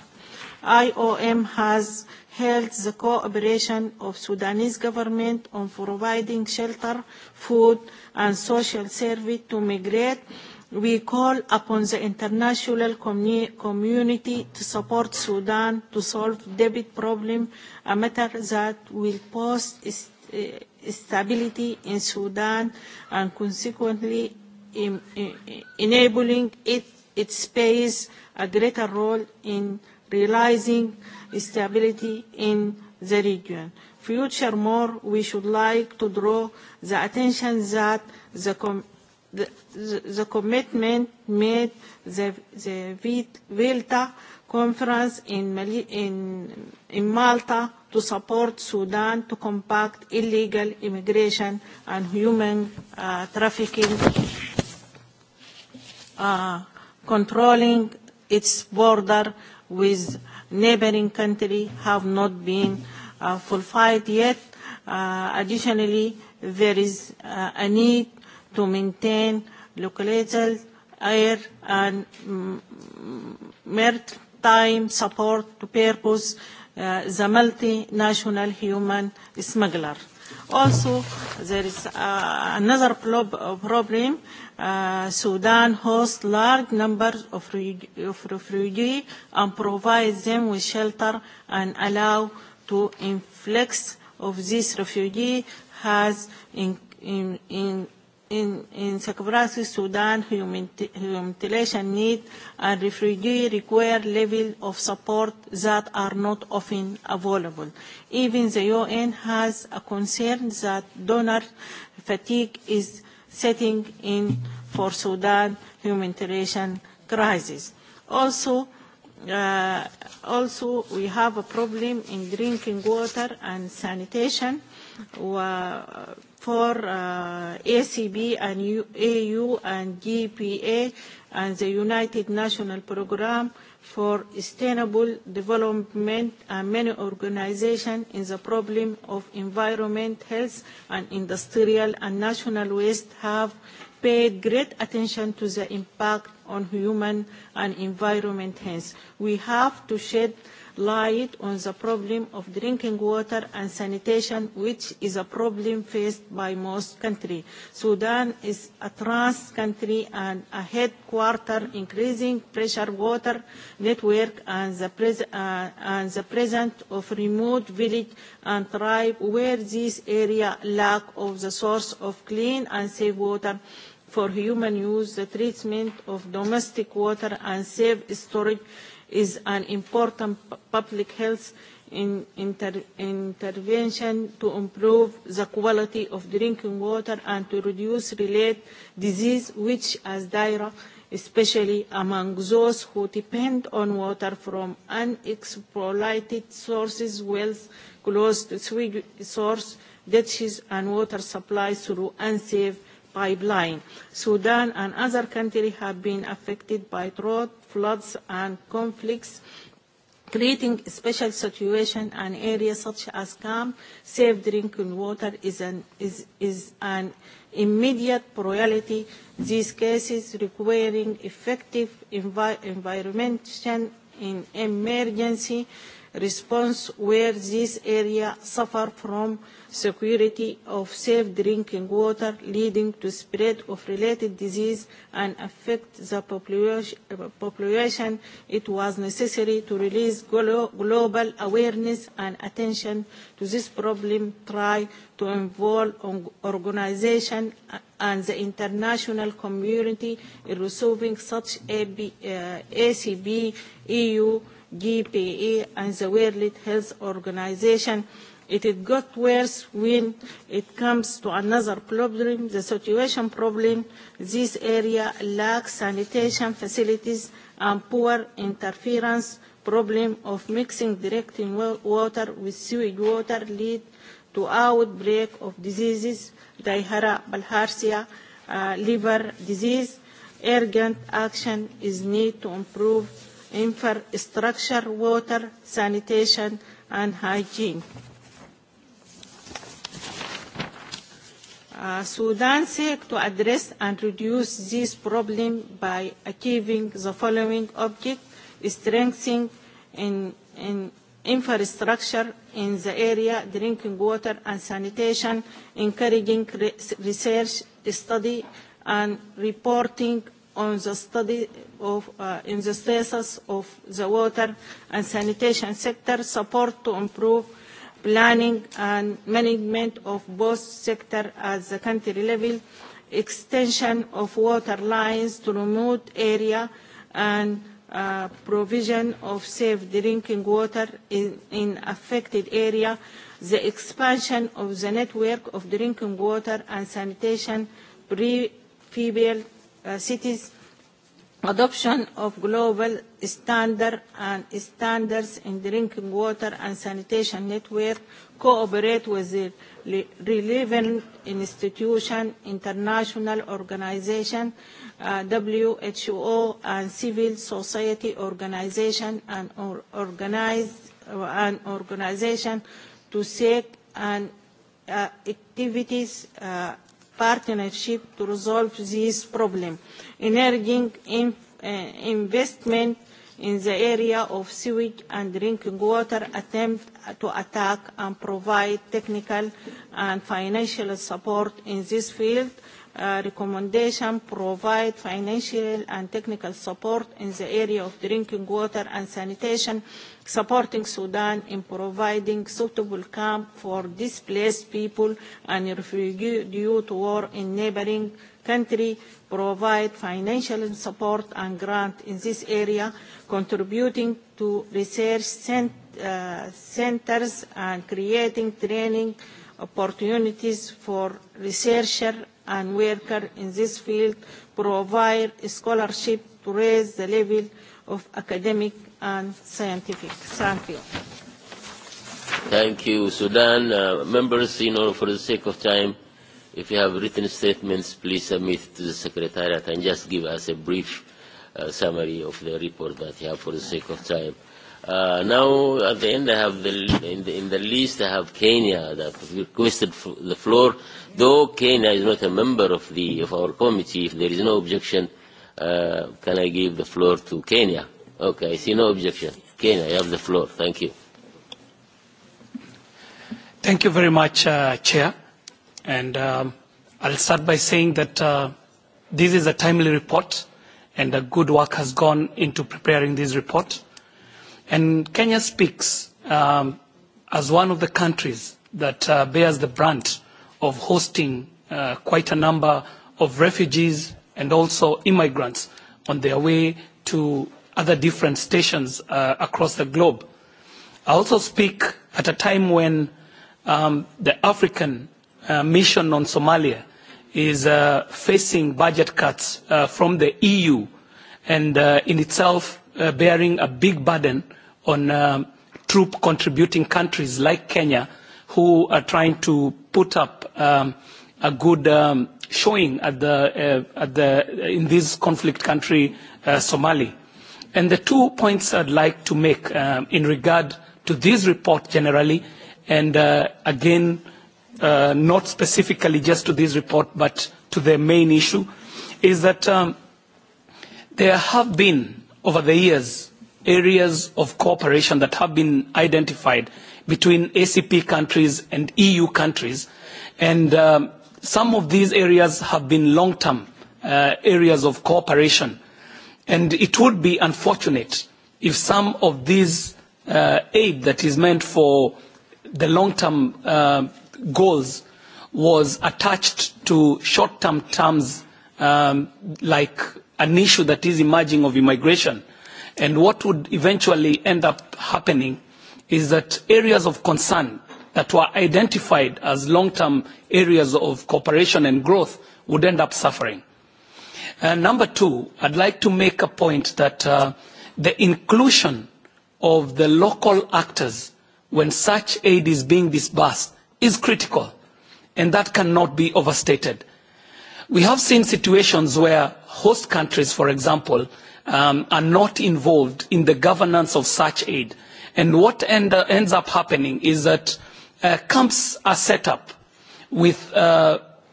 IOM has Held the cooperation of Sudanese government on providing shelter, food and social service to migrate. We call upon the international community to support Sudan to solve debit problem, a matter that will pose stability in Sudan and consequently enabling its space a greater role in realizing stability in the region. more, we should like to draw the attention that the commitment made the Vilta conference in Malta to support Sudan to combat illegal immigration and human trafficking, controlling its border with neighboring country have not been fulfilled yet. Additionally, there is a need to maintain local air and maritime support to purpose the multinational human smuggler. Also, there is another problem. Sudan hosts large numbers of refugees and provides them with shelter and allow to influx of these refugees has in in in in, in Sakabrasi, Sudan, humanitarian need and refugee require level of support that are not often available. Even the UN has a concern that donor fatigue is setting in for Sudan humanitarian crisis. Also, also we have a problem in drinking water and sanitation for ACB and AU and GPA and the United National Programme for Sustainable Development and many organizations in the problem of environment, health and industrial and national waste have paid great attention to the impact on human and environment. health. we have to shed light on the problem of drinking water and sanitation, which is a problem faced by most countries. Sudan is a trans country and a headquarter increasing pressure water network and the presence of remote village and tribe where this area lack of the source of clean and safe water for human use, the treatment of domestic water and safe storage is an important public health intervention to improve the quality of drinking water and to reduce related disease which as dire, especially among those who depend on water from unexploited sources wells close to source ditches and water supplies through unsafe pipeline. Sudan and other countries have been affected by drought floods and conflicts, creating special situation and areas such as camp, safe drinking water is an, is, is an immediate priority. These cases requiring effective environmental in emergency response where this area suffer from security of safe drinking water leading to spread of related disease and affect the population, it was necessary to release global awareness and attention to this problem, try to involve organizations and the international community in resolving such ACB EU GPE and the World Health Organization. It got worse when it comes to another problem, the situation problem. This area lacks sanitation facilities and poor interference problem of mixing direct water with sewage water lead to outbreak of diseases, dihara, balharsia, liver disease. Urgent action is need to improve infrastructure, water, sanitation and hygiene. Sudan seek to address and reduce this problem by achieving the following object, strengthening in infrastructure in the area, drinking water and sanitation, encouraging research, study and reporting on the study of in the status of the water and sanitation sector support to improve planning and management of both sector at the country level, extension of water lines to remote area and provision of safe drinking water in affected area, the expansion of the network of drinking water and sanitation pre cities, adoption of global standard and standards in drinking water and sanitation network, cooperate with the relevant institution, international organization, WHO and civil society organization and organized an organization to seek and activities partnership to resolve this problem, enabling investment in the area of sewage and drinking water attempt to attack and provide technical and financial support in this field recommendation provide financial and technical support in the area of drinking water and sanitation, supporting Sudan in providing suitable camp for displaced people and refugees due to war in neighboring country, provide financial support and grant in this area, contributing to research centers and creating training opportunities for researchers and workers in this field provide scholarship to raise the level of academic and scientific. Thank you. Thank you, Sudan. Members, you know, for the sake of time, if you have written statements, please submit to the Secretariat and just give us a brief summary of the report that you have for the sake of time. Now, at the end, I have in the list, I have Kenya that requested the floor. Though Kenya is not a member of the of our committee, if there is no objection, can I give the floor to Kenya? Okay, I see no objection. Kenya, you have the floor. Thank you. Thank you very much, Chair. And I'll start by saying that this is a timely report, and good work has gone into preparing this report And Kenya speaks as one of the countries that bears the brunt of hosting quite a number of refugees and also immigrants on their way to other different stations across the globe. I also speak at a time when the African mission on Somalia is facing budget cuts from the EU and in itself bearing a big burden on troop contributing countries like Kenya who are trying to put up a good showing in this conflict country Somalia. And the two points I'd like to make in regard to this report generally and again not specifically just to this report but to the main issue is that there have been over the years areas of cooperation that have been identified between ACP countries and EU countries. And some of these areas have been long-term areas of cooperation. And it would be unfortunate if some of this aid that is meant for the long-term goals was attached to short-term terms like an issue that is emerging of immigration. And what would eventually end up happening is that areas of concern that were identified as long-term areas of cooperation and growth would end up suffering. Number two, I'd like to make a point that the inclusion of the local actors when such aid is being disbursed is critical, and that cannot be overstated. We have seen situations where host countries, for example, are not involved in the governance of such aid. And what ends up happening is that camps are set up with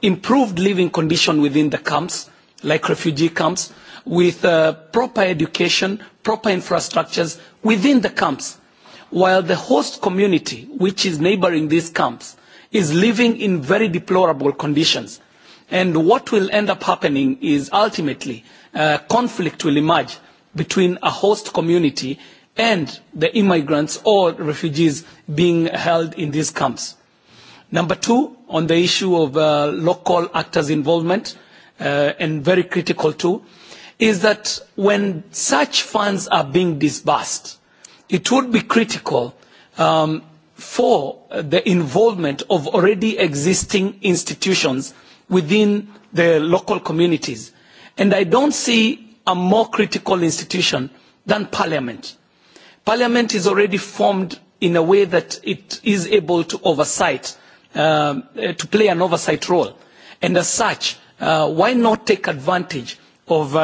improved living conditions within the camps, like refugee camps, with proper education, proper infrastructures within the camps, while the host community, which is neighbouring these camps, is living in very deplorable conditions And what will end up happening is ultimately conflict will emerge between a host community and the immigrants or refugees being held in these camps. Number two, on the issue of local actors' involvement, and very critical too, is that when such funds are being disbursed, it would be critical for the involvement of already existing institutions within the local communities. And I don't see a more critical institution than Parliament. Parliament is already formed in a way that it is able to oversight, to play an oversight role. And as such, why not take advantage of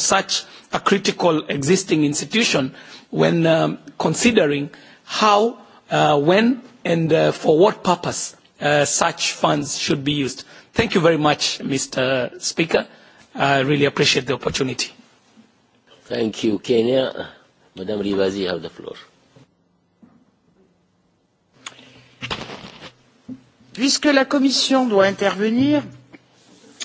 such a critical existing institution when considering how, when and for what purpose such funds should be used. Thank you very much, Mr. Speaker. I really appreciate the opportunity. Thank you, Kenya. Madam Rivazi, you have the floor. Puisque la Commission doit intervenir,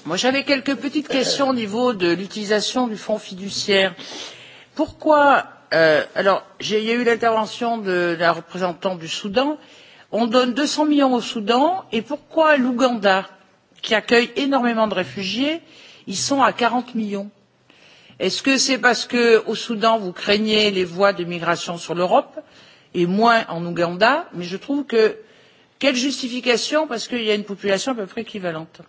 moi j'avais quelques petites questions au niveau de l'utilisation du fonds fiduciaire. Pourquoi, alors, il y a eu l'intervention de la représentante du Soudan, on donne 200 millions au soudan et pourquoi l'ouganda qui accueille énormément de réfugiés ils sont à 40 millions? est ce que c'est parce qu'au soudan vous craignez les voies de migration sur l'europe et moins en ouganda? mais je trouve que quelle justification parce qu'il y a une population à peu près équivalente.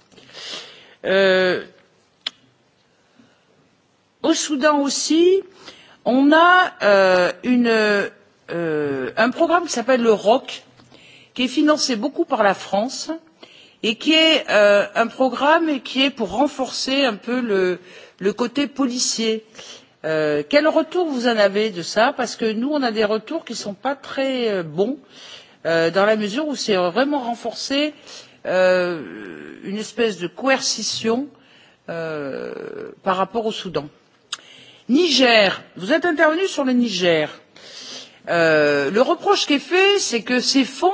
au soudan aussi on a un programme qui s'appelle le roc qui est financé beaucoup par la France et qui est un programme qui est pour renforcer un peu le côté policier. Quel retour vous en avez de ça Parce que nous, on a des retours qui ne sont pas très bons, dans la mesure où c'est vraiment renforcé une espèce de coercition par rapport au Soudan. Niger, vous êtes intervenu sur le Niger. Le reproche qui est fait, c'est que ces fonds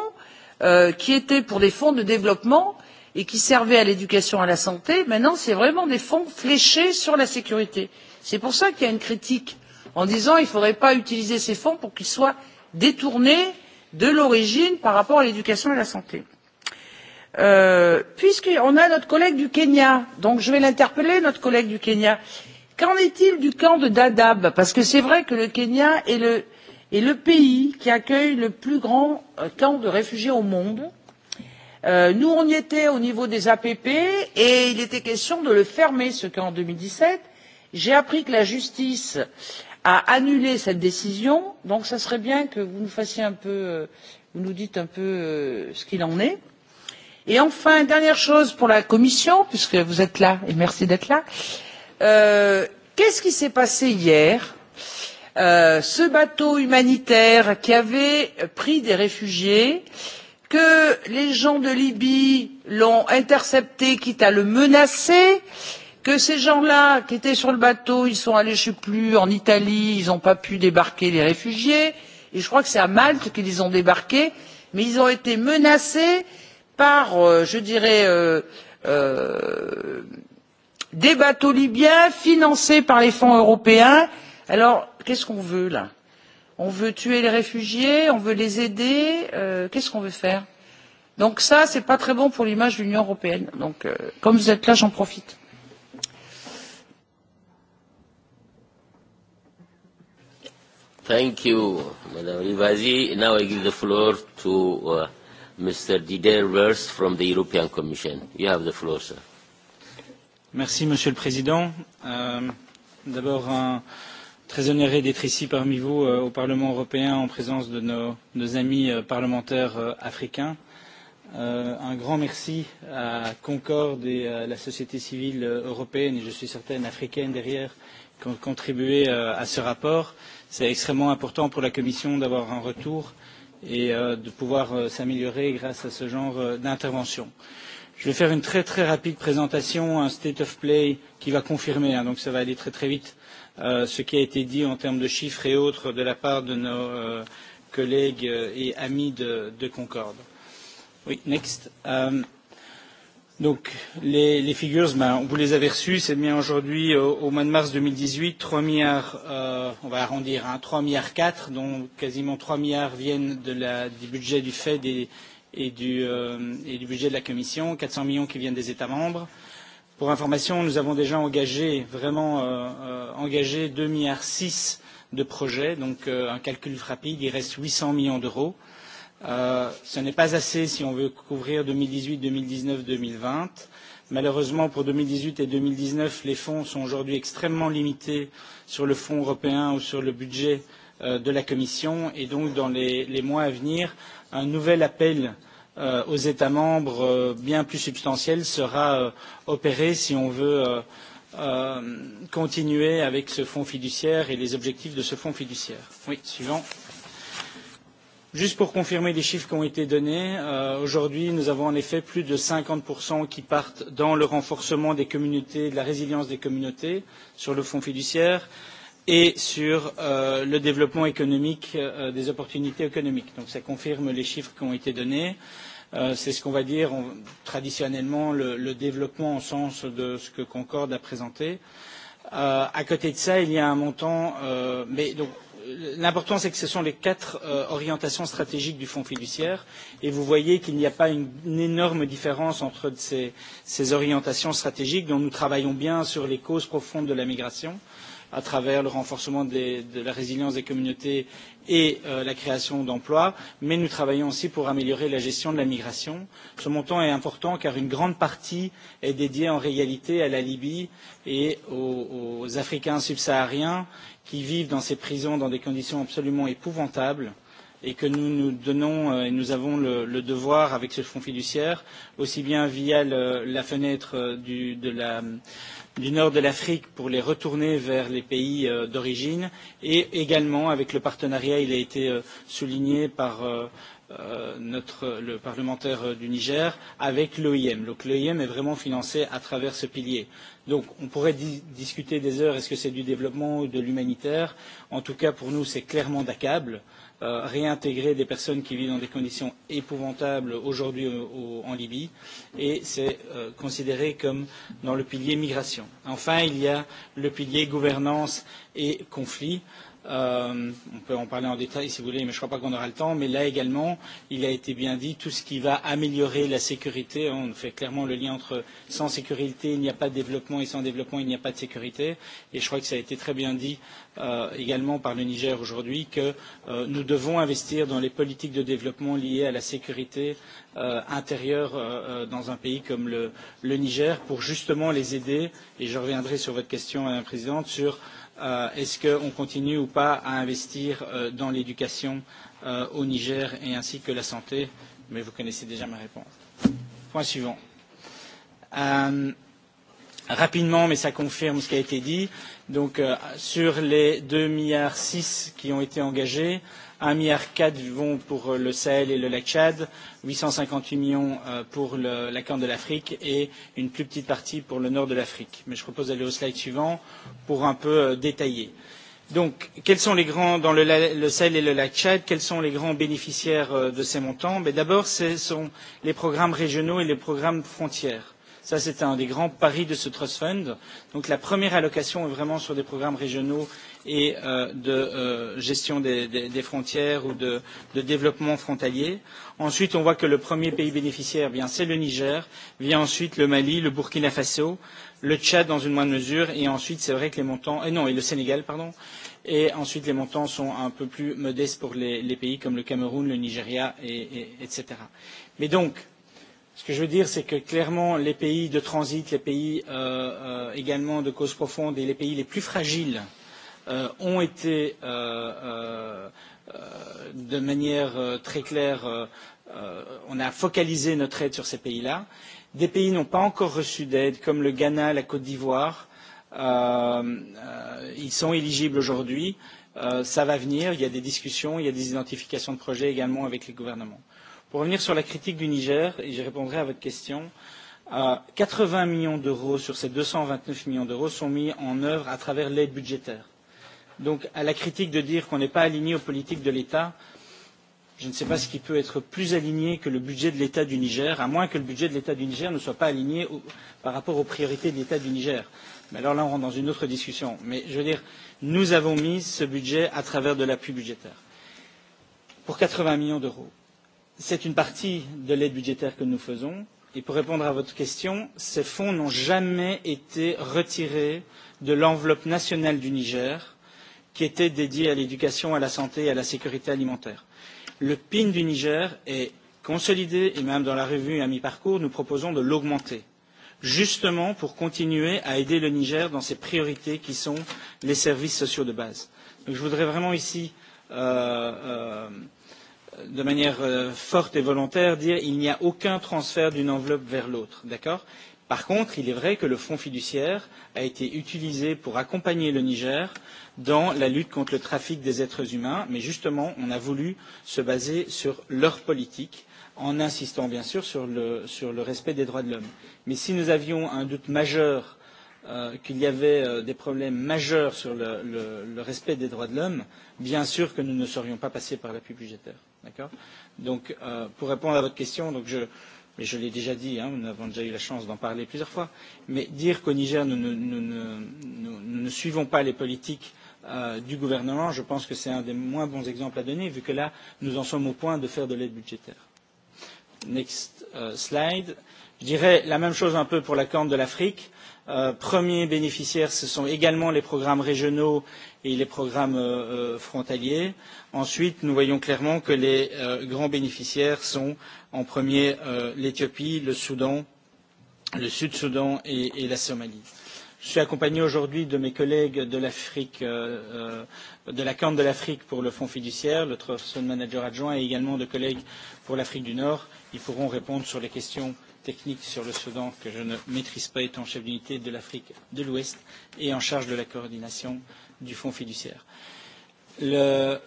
qui étaient pour des fonds de développement et qui servaient à l'éducation et à la santé maintenant c'est vraiment des fonds fléchés sur la sécurité. c'est pour cela qu'il y a une critique en disant qu'il ne faudrait pas utiliser ces fonds pour qu'ils soient détournés de l'origine par rapport à l'éducation et à la santé. puisqu'on a notre collègue du kenya donc je vais l'interpeller notre collègue du kenya qu'en est il du camp de dadaab parce que c'est vrai que le kenya est le est le pays qui accueille le plus grand camp de réfugiés au monde. Nous, on y était au niveau des APP et il était question de le fermer, ce camp en 2017. J'ai appris que la justice a annulé cette décision, donc ce serait bien que vous nous fassiez un peu, vous nous dites un peu ce qu'il en est. Et enfin, dernière chose pour la Commission, puisque vous êtes là, et merci d'être là. Qu'est-ce qui s'est passé hier ce bateau humanitaire qui avait pris des réfugiés que les gens de libye l'ont intercepté quitte à le menacer que ces gens là qui étaient sur le bateau ils sont allés je ne sais plus en italie ils n'ont pas pu débarquer les réfugiés et je crois que c'est à malte qu'ils ont débarqué mais ils ont été menacés par je dirais des bateaux libyens financés par les fonds européens Alors, qu'est-ce qu'on veut là On veut tuer les réfugiés, on veut les aider, qu'est-ce qu'on veut faire Donc ça, ce n'est pas très bon pour l'image de l'Union européenne. Donc, comme vous êtes là, j'en profite. Thank you, Madame Rivasi. Now I give the floor to Mr. Didier Wurst from the European Commission. You have the floor, sir. Merci, Monsieur le Président. D'abord, un très honoré d'être ici parmi vous au Parlement européen en présence de nos amis parlementaires africains. Un grand merci à Concorde et à la société civile européenne et je suis certaine africaine derrière qui ont contribué à ce rapport. C'est extrêmement important pour la Commission d'avoir un retour et de pouvoir s'améliorer grâce à ce genre d'intervention. Je vais faire une très très rapide présentation, un state of play qui va confirmer, donc ça va aller très très vite ce qui a été dit en termes de chiffres et autres de la part de nos collègues et amis de Concorde. Oui, next. Donc, les figures, vous les avez reçues, c'est bien aujourd'hui, au mois de mars 2018, 3 milliards, on va arrondir, 3 milliards 4, dont quasiment 3 milliards viennent du budget du FED et du budget de la Commission, 400 millions qui viennent des États membres. Pour information, nous avons déjà engagé, vraiment engagé 2,6 milliards de projets, donc un calcul rapide, il reste 800 millions d'euros. Ce n'est pas assez si on veut couvrir 2018, 2019, 2020. Malheureusement, pour 2018 et 2019, les fonds sont aujourd'hui extrêmement limités sur le Fonds européen ou sur le budget de la Commission. Et donc, dans les mois à venir, un nouvel appel aux États membres bien plus substantielle sera opérée si on veut continuer avec ce fonds fiduciaire et les objectifs de ce fonds fiduciaire. Oui, suivant. Juste pour confirmer les chiffres qui ont été donnés, aujourd'hui nous avons en effet plus de 50% qui partent dans le renforcement des communautés, de la résilience des communautés sur le fonds fiduciaire et sur le développement économique des opportunités économiques. Donc ça confirme les chiffres qui ont été donnés. C'est ce qu'on va dire traditionnellement le développement au sens de ce que Concorde a présenté. À côté de ça, il y a un montant. Mais donc l'important c'est que ce sont les quatre orientations stratégiques du fonds fiduciaire et vous voyez qu'il n'y a pas une énorme différence entre ces orientations stratégiques dont nous travaillons bien sur les causes profondes de la migration à travers le renforcement de la résilience des communautés et la création d'emplois, mais nous travaillons aussi pour améliorer la gestion de la migration. Ce montant est important car une grande partie est dédiée en réalité à la Libye et aux Africains subsahariens qui vivent dans ces prisons dans des conditions absolument épouvantables et que nous nous donnons et nous avons le devoir avec ce fonds fiduciaire, aussi bien via la fenêtre de la du nord de l'Afrique pour les retourner vers les pays d'origine et également avec le partenariat, il a été souligné par le parlementaire du Niger, avec l'OIM. Donc l'OIM est vraiment financé à travers ce pilier. Donc on pourrait discuter des heures, est-ce que c'est du développement ou de l'humanitaire En tout cas, pour nous, c'est clairement d'accable réintégrer des personnes qui vivent dans des conditions épouvantables aujourd'hui en Libye et c'est considéré comme dans le pilier migration. Enfin, il y a le pilier gouvernance et conflits On peut en parler en détail si vous voulez, mais je ne crois pas qu'on aura le temps. Mais là également, il a été bien dit, tout ce qui va améliorer la sécurité, on fait clairement le lien entre sans sécurité, il n'y a pas de développement, et sans développement, il n'y a pas de sécurité. Et je crois que ça a été très bien dit également par le Niger aujourd'hui, que nous devons investir dans les politiques de développement liées à la sécurité intérieure dans un pays comme le Niger pour justement les aider. Et je reviendrai sur votre question, Madame la Présidente, sur est-ce qu'on continue ou pas à investir dans l'éducation au Niger et ainsi que la santé Mais vous connaissez déjà ma réponse. Point suivant rapidement, mais ça confirme ce qui a été dit. sur les 2,6 milliards qui ont été engagés, 1,4 milliard vont pour le Sahel et le lac Tchad, 858 millions pour la Corne de l'Afrique et une plus petite partie pour le nord de l'Afrique. Mais je propose d'aller au slide suivant pour un peu détailler. Donc, quels sont les grands, dans le Sahel et le lac Tchad, quels sont les grands bénéficiaires de ces montants D'abord, ce sont les programmes régionaux et les programmes frontières Ça, c'est un des grands paris de ce Trust Fund. Donc la première allocation est vraiment sur des programmes régionaux et de gestion des frontières ou de développement frontalier. Ensuite, on voit que le premier pays bénéficiaire, c'est le Niger, vient ensuite le Mali, le Burkina Faso, le Tchad dans une moindre mesure, et ensuite, c'est vrai que les montants, et non, et le Sénégal, pardon, et ensuite les montants sont un peu plus modestes pour les pays comme le Cameroun, le Nigeria, etc. Mais donc, Ce que je veux dire, c'est que clairement, les pays de transit, les pays également de cause profonde et les pays les plus fragiles ont été de manière très claire, on a focalisé notre aide sur ces pays-là. Des pays n'ont pas encore reçu d'aide, comme le Ghana, la Côte d'Ivoire. Ils sont éligibles aujourd'hui. Ça va venir. Il y a des discussions, il y a des identifications de projets également avec les gouvernements. Pour revenir sur la critique du Niger, et je répondrai à votre question, 80 millions d'euros sur ces 229 millions d'euros sont mis en œuvre à travers l'aide budgétaire. Donc, à la critique de dire qu'on n'est pas aligné aux politiques de l'État, je ne sais pas ce qui peut être plus aligné que le budget de l'État du Niger, à moins que le budget de l'État du Niger ne soit pas aligné par rapport aux priorités de l'État du Niger. Mais alors là, on rentre dans une autre discussion. Mais je veux dire, nous avons mis ce budget à travers de l'appui budgétaire. Pour 80 millions d'euros c'est une partie de l'aide budgétaire que nous faisons et pour répondre à votre question ces fonds n'ont jamais été retirés de l'enveloppe nationale du niger qui était dédiée à l'éducation à la santé et à la sécurité alimentaire. le pin du niger est consolidé et même dans la revue à mi parcours nous proposons de l'augmenter justement pour continuer à aider le niger dans ses priorités qui sont les services sociaux de base. je voudrais vraiment ici de manière forte et volontaire dire qu'il n'y a aucun transfert d'une enveloppe vers l'autre par contre il est vrai que le fonds fiduciaire a été utilisé pour accompagner le niger dans la lutte contre le trafic des êtres humains mais justement on a voulu se baser sur leur politique en insistant bien sûr sur le respect des droits de l'homme mais si nous avions un doute majeur qu'il y avait des problèmes majeurs sur le respect des droits de l'homme, bien sûr que nous ne serions pas passés par l'appui budgétaire. Donc, pour répondre à votre question, donc je mais je l'ai déjà dit, nous avons déjà eu la chance d'en parler plusieurs fois, mais dire qu'au Niger, nous ne suivons pas les politiques du gouvernement, je pense que c'est un des moins bons exemples à donner, vu que là, nous en sommes au point de faire de l'aide budgétaire. Next slide. Je dirais la même chose un peu pour la Corne de l'Afrique. Premiers bénéficiaires, ce sont également les programmes régionaux et les programmes frontaliers. Ensuite, nous voyons clairement que les grands bénéficiaires sont en premier l'Éthiopie, le Soudan, le Sud-Soudan et la Somalie. Je suis accompagné aujourd'hui de mes collègues de de la Corne de l'Afrique pour le Fonds fiduciaire, le Trust Manager adjoint et également de collègues pour l'Afrique du Nord. Ils pourront répondre sur les questions technique sur le Soudan que je ne maîtrise pas étant chef d'unité de l'Afrique de l'Ouest et en charge de la coordination du fonds fiduciaire. Le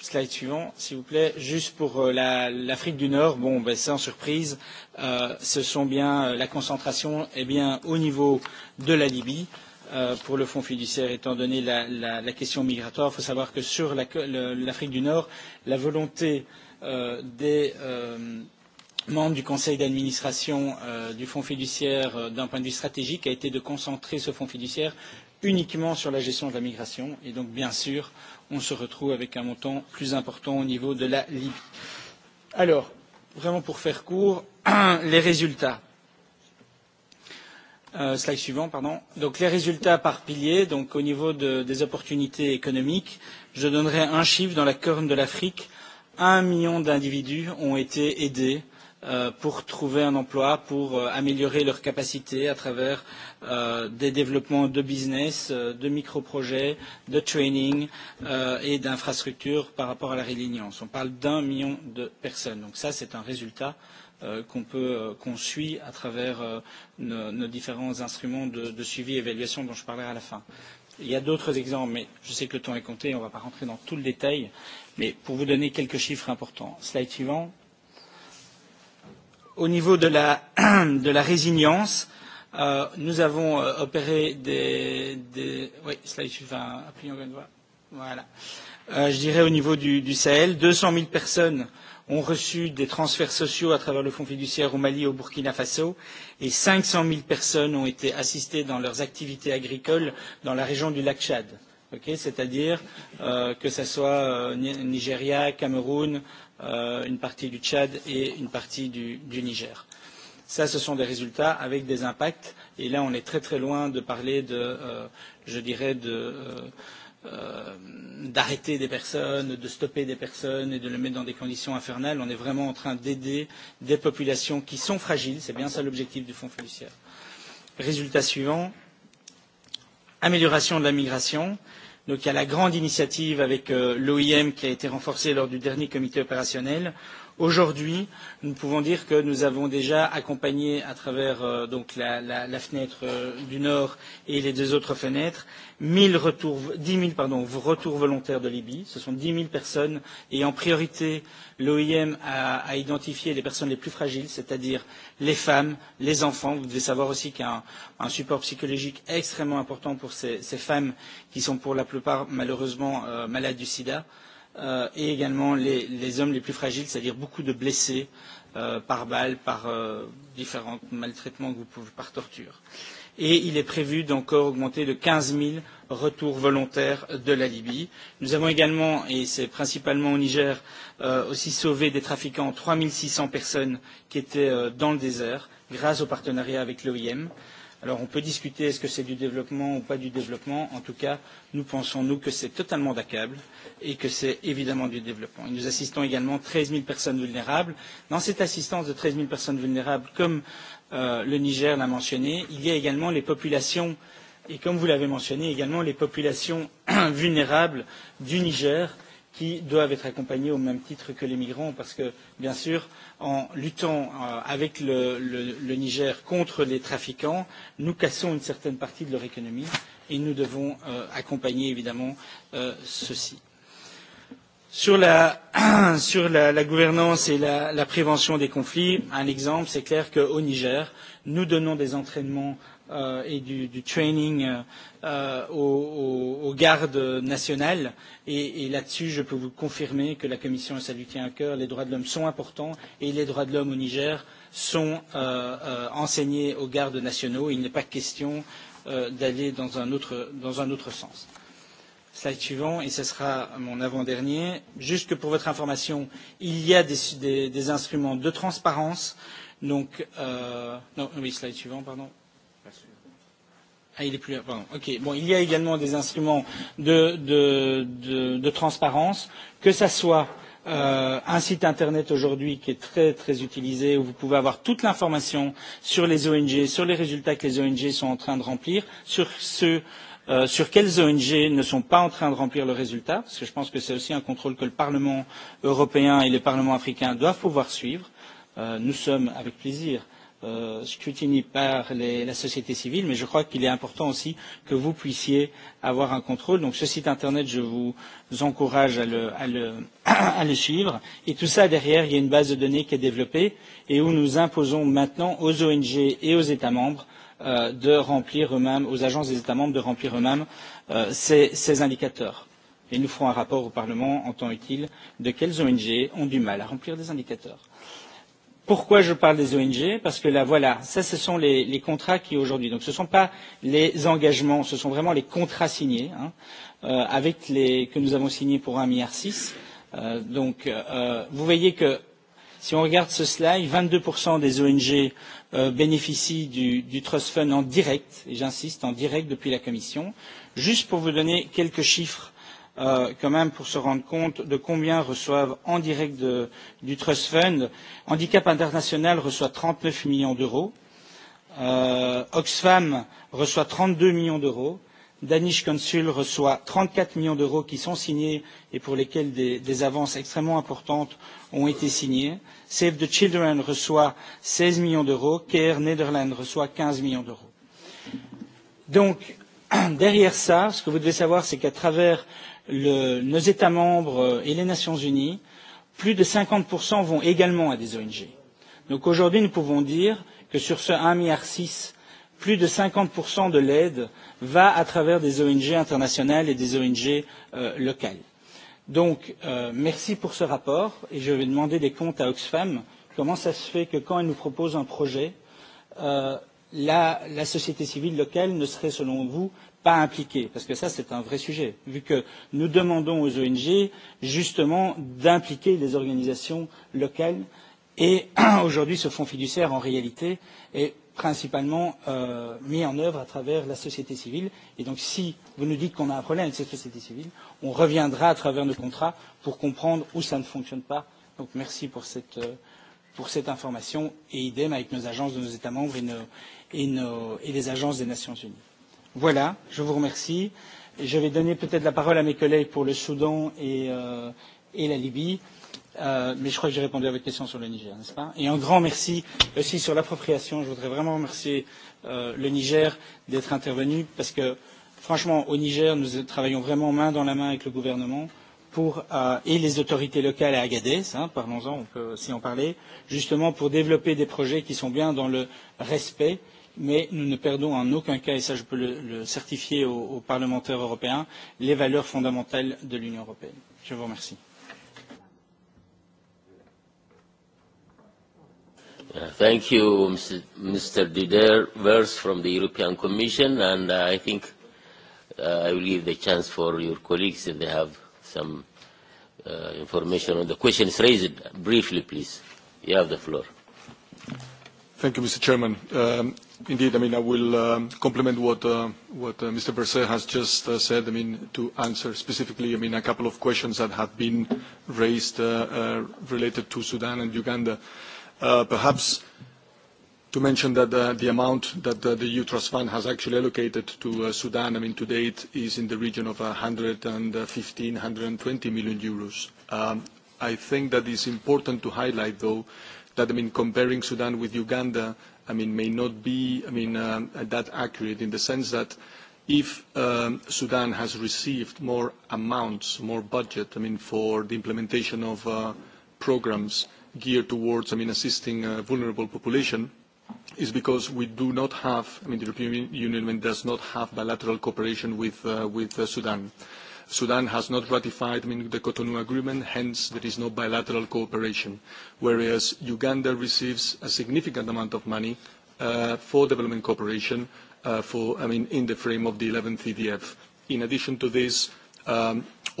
slide suivant, s'il vous plaît. Juste pour l'Afrique du Nord, bon, ben, sans surprise, ce sont bien la concentration est bien au niveau de la Libye pour le fonds fiduciaire, étant donné la question migratoire. Il faut savoir que sur l'Afrique du Nord, la volonté des membre du conseil d'administration du fonds fiduciaire d'un point de vue stratégique a été de concentrer ce fonds fiduciaire uniquement sur la gestion de la migration et donc bien sûr on se retrouve avec un montant plus important au niveau de la Libye. Alors, vraiment pour faire court, les résultats. Slide suivant, pardon. Donc les résultats par pilier, donc au niveau des opportunités économiques, je donnerai un chiffre dans la corne de l'Afrique. Un million d'individus ont été aidés pour trouver un emploi, pour améliorer leurs capacités à travers des développements de business, de micro-projets, de training et d'infrastructures par rapport à la résilience. On parle d'un million de personnes. Donc ça, c'est un résultat qu'on suit à travers nos différents instruments de suivi et évaluation dont je parlerai à la fin. Il y a d'autres exemples, mais je sais que le temps est compté, on ne va pas rentrer dans tout le détail, mais pour vous donner quelques chiffres importants. Slide suivant Au niveau de la résilience, nous avons opéré des... Oui, slide suivant. Voilà. Je dirais au niveau du Sahel, 200 000 personnes ont reçu des transferts sociaux à travers le Fonds fiduciaire au Mali et au Burkina Faso et 500 000 personnes ont été assistées dans leurs activités agricoles dans la région du lac Tchad. C'est-à-dire que ce soit Nigeria, Cameroun, une partie du Tchad et une partie du Niger. Ça, ce sont des résultats avec des impacts. Et là, on est très très loin de parler de, je dirais, d'arrêter des personnes, de stopper des personnes et de les mettre dans des conditions infernales. On est vraiment en train d'aider des populations qui sont fragiles. C'est bien ça l'objectif du Fonds fiduciaire. Résultat suivant, amélioration de la migration. Donc il y a la grande initiative avec l'OIM qui a été renforcée lors du dernier comité opérationnel. Aujourd'hui, nous pouvons dire que nous avons déjà accompagné à travers donc la fenêtre du Nord et les deux autres fenêtres 1000 retours, 10 000 pardon, retours volontaires de Libye. Ce sont 10 personnes et en priorité, l'OIM a identifié les personnes les plus fragiles, c'est-à-dire les femmes, les enfants. Vous devez savoir aussi qu'il y a un support psychologique extrêmement important pour ces femmes qui sont pour la plupart malheureusement malades du sida et également les hommes les plus fragiles, c'est-à-dire beaucoup de blessés par balles, par différents maltraitements que vous pouvez, par torture. Et il est prévu d'encore augmenter de 15 000 retours volontaires de la Libye. Nous avons également, et c'est principalement au Niger, aussi sauvé des trafiquants 3 personnes qui étaient dans le désert grâce au partenariat avec l'OIM. Alors on peut discuter est-ce que c'est du développement ou pas du développement. En tout cas, nous pensons, nous, que c'est totalement d'accable et que c'est évidemment du développement. Nous assistons également 13 000 personnes vulnérables. Dans cette assistance de 13 000 personnes vulnérables, comme le Niger l'a mentionné, il y a également les populations, et comme vous l'avez mentionné, également les populations vulnérables du Niger qui doivent être accompagnés au même titre que les migrants, parce que, bien sûr, en luttant avec le Niger contre les trafiquants, nous cassons une certaine partie de leur économie et nous devons accompagner, évidemment, ceux-ci. Sur la gouvernance et la prévention des conflits, un exemple, c'est clair qu'au Niger, nous donnons des entraînements et du training aux gardes nationales. Et là-dessus, je peux vous confirmer que la Commission, ça lui tient à cœur, les droits de l'homme sont importants et les droits de l'homme au Niger sont enseignés aux gardes nationaux. Il n'est pas question d'aller dans un autre sens. Slide suivant, et ce sera mon avant-dernier. Juste que pour votre information, il y a des instruments de transparence. Donc, non, oui, slide suivant, pardon. Ah, il plus pardon. Ok. Bon, il y a également des instruments de, de, de, de transparence, que ce soit un site internet aujourd'hui qui est très très utilisé où vous pouvez avoir toute l'information sur les ONG, sur les résultats que les ONG sont en train de remplir, sur ceux sur quelles ONG ne sont pas en train de remplir le résultat, parce que je pense que c'est aussi un contrôle que le Parlement européen et les parlements africains doivent pouvoir suivre. Nous sommes avec plaisir scrutini par la société civile, mais je crois qu'il est important aussi que vous puissiez avoir un contrôle. Donc ce site Internet, je vous encourage à le suivre. Et tout ça, derrière, il y a une base de données qui est développée et où nous imposons maintenant aux ONG et aux États membres de remplir eux-mêmes, aux agences des États membres de remplir eux-mêmes ces indicateurs. Et nous ferons un rapport au Parlement en temps utile de quelles ONG ont du mal à remplir des indicateurs. Pourquoi je parle des ONG Parce que là, voilà, ça, ce sont les, les contrats qui aujourd'hui. Donc, ce ne sont pas les engagements, ce sont vraiment les contrats signés, hein, avec les que nous avons signés pour 1,6 milliard. Euh, donc, vous voyez que si on regarde ce slide, 22% des ONG bénéficient du, du Trust Fund en direct, et j'insiste, en direct depuis la Commission. Juste pour vous donner quelques chiffres quand même pour se rendre compte de combien reçoivent en direct du Trust Fund. Handicap International reçoit 39 millions d'euros. Oxfam reçoit 32 millions d'euros. Danish Consul reçoit 34 millions d'euros qui sont signés et pour lesquels des avances extrêmement importantes ont été signées. Save the Children reçoit 16 millions d'euros. Care Netherlands reçoit 15 millions d'euros. Donc, derrière ça, ce que vous devez savoir, c'est qu'à travers nos États membres et les Nations Unies, plus de 50% vont également à des ONG. Donc aujourd'hui, nous pouvons dire que sur ce 1,6 milliard, plus de 50% de l'aide va à travers des ONG internationales et des ONG locales. Donc, merci pour ce rapport et je vais demander des comptes à Oxfam. Comment ça se fait que quand elle nous propose un projet, la société civile locale ne serait, selon vous, pas impliquées Parce que ça, c'est un vrai sujet, vu que nous demandons aux ONG, justement, d'impliquer les organisations locales. Et aujourd'hui, ce fonds fiduciaire, en réalité, est principalement mis en œuvre à travers la société civile. Et donc, si vous nous dites qu'on a un problème avec cette société civile, on reviendra à travers nos contrats pour comprendre où ça ne fonctionne pas. Donc, merci pour cette pour cette information et idem avec nos agences de nos États membres et, nos, et les agences des Nations Unies. Voilà, je vous remercie. Je vais donner peut-être la parole à mes collègues pour le Soudan et, et la Libye. mais je crois que j'ai répondu à votre question sur le Niger, n'est-ce pas Et un grand merci aussi sur l'appropriation. Je voudrais vraiment remercier le Niger d'être intervenu parce que, franchement, au Niger, nous travaillons vraiment main dans la main avec le gouvernement pour, euh, et les autorités locales à Agadez, hein, parlons-en, on peut aussi en parler, justement pour développer des projets qui sont bien dans le respect mais nous ne perdons en aucun cas, et ça je peux le certifier aux parlementaires européens, les valeurs fondamentales de l'Union européenne. Je vous remercie. Thank you, Mr. Dider verse from the European Commission, and I think I will give the chance for your colleagues if they have some information on the questions raised. Briefly, please. You have the floor. Thank you, Mr. Chairman. Indeed, I mean, I will complement what Mr. Berset has just said. I mean, to answer specifically, I mean, a couple of questions that have been raised related to Sudan and Uganda. Perhaps to mention that the amount that the EU Trust Fund has actually allocated to Sudan, I mean, to date, is in the region of 115, 120 million euros. I think that it's important to highlight, though, that, I mean, comparing Sudan with Uganda, I mean, may not be, that accurate in the sense that if Sudan has received more amounts, more budget, for the implementation of programs geared towards, mean, assisting vulnerable population, is because we do not have, I mean, the European Union does not have bilateral cooperation with Sudan. Sudan has not ratified the Cotonou Agreement, hence there is no bilateral cooperation, whereas Uganda receives a significant amount of money for development cooperation in the frame of the 11th EDF. In addition to this,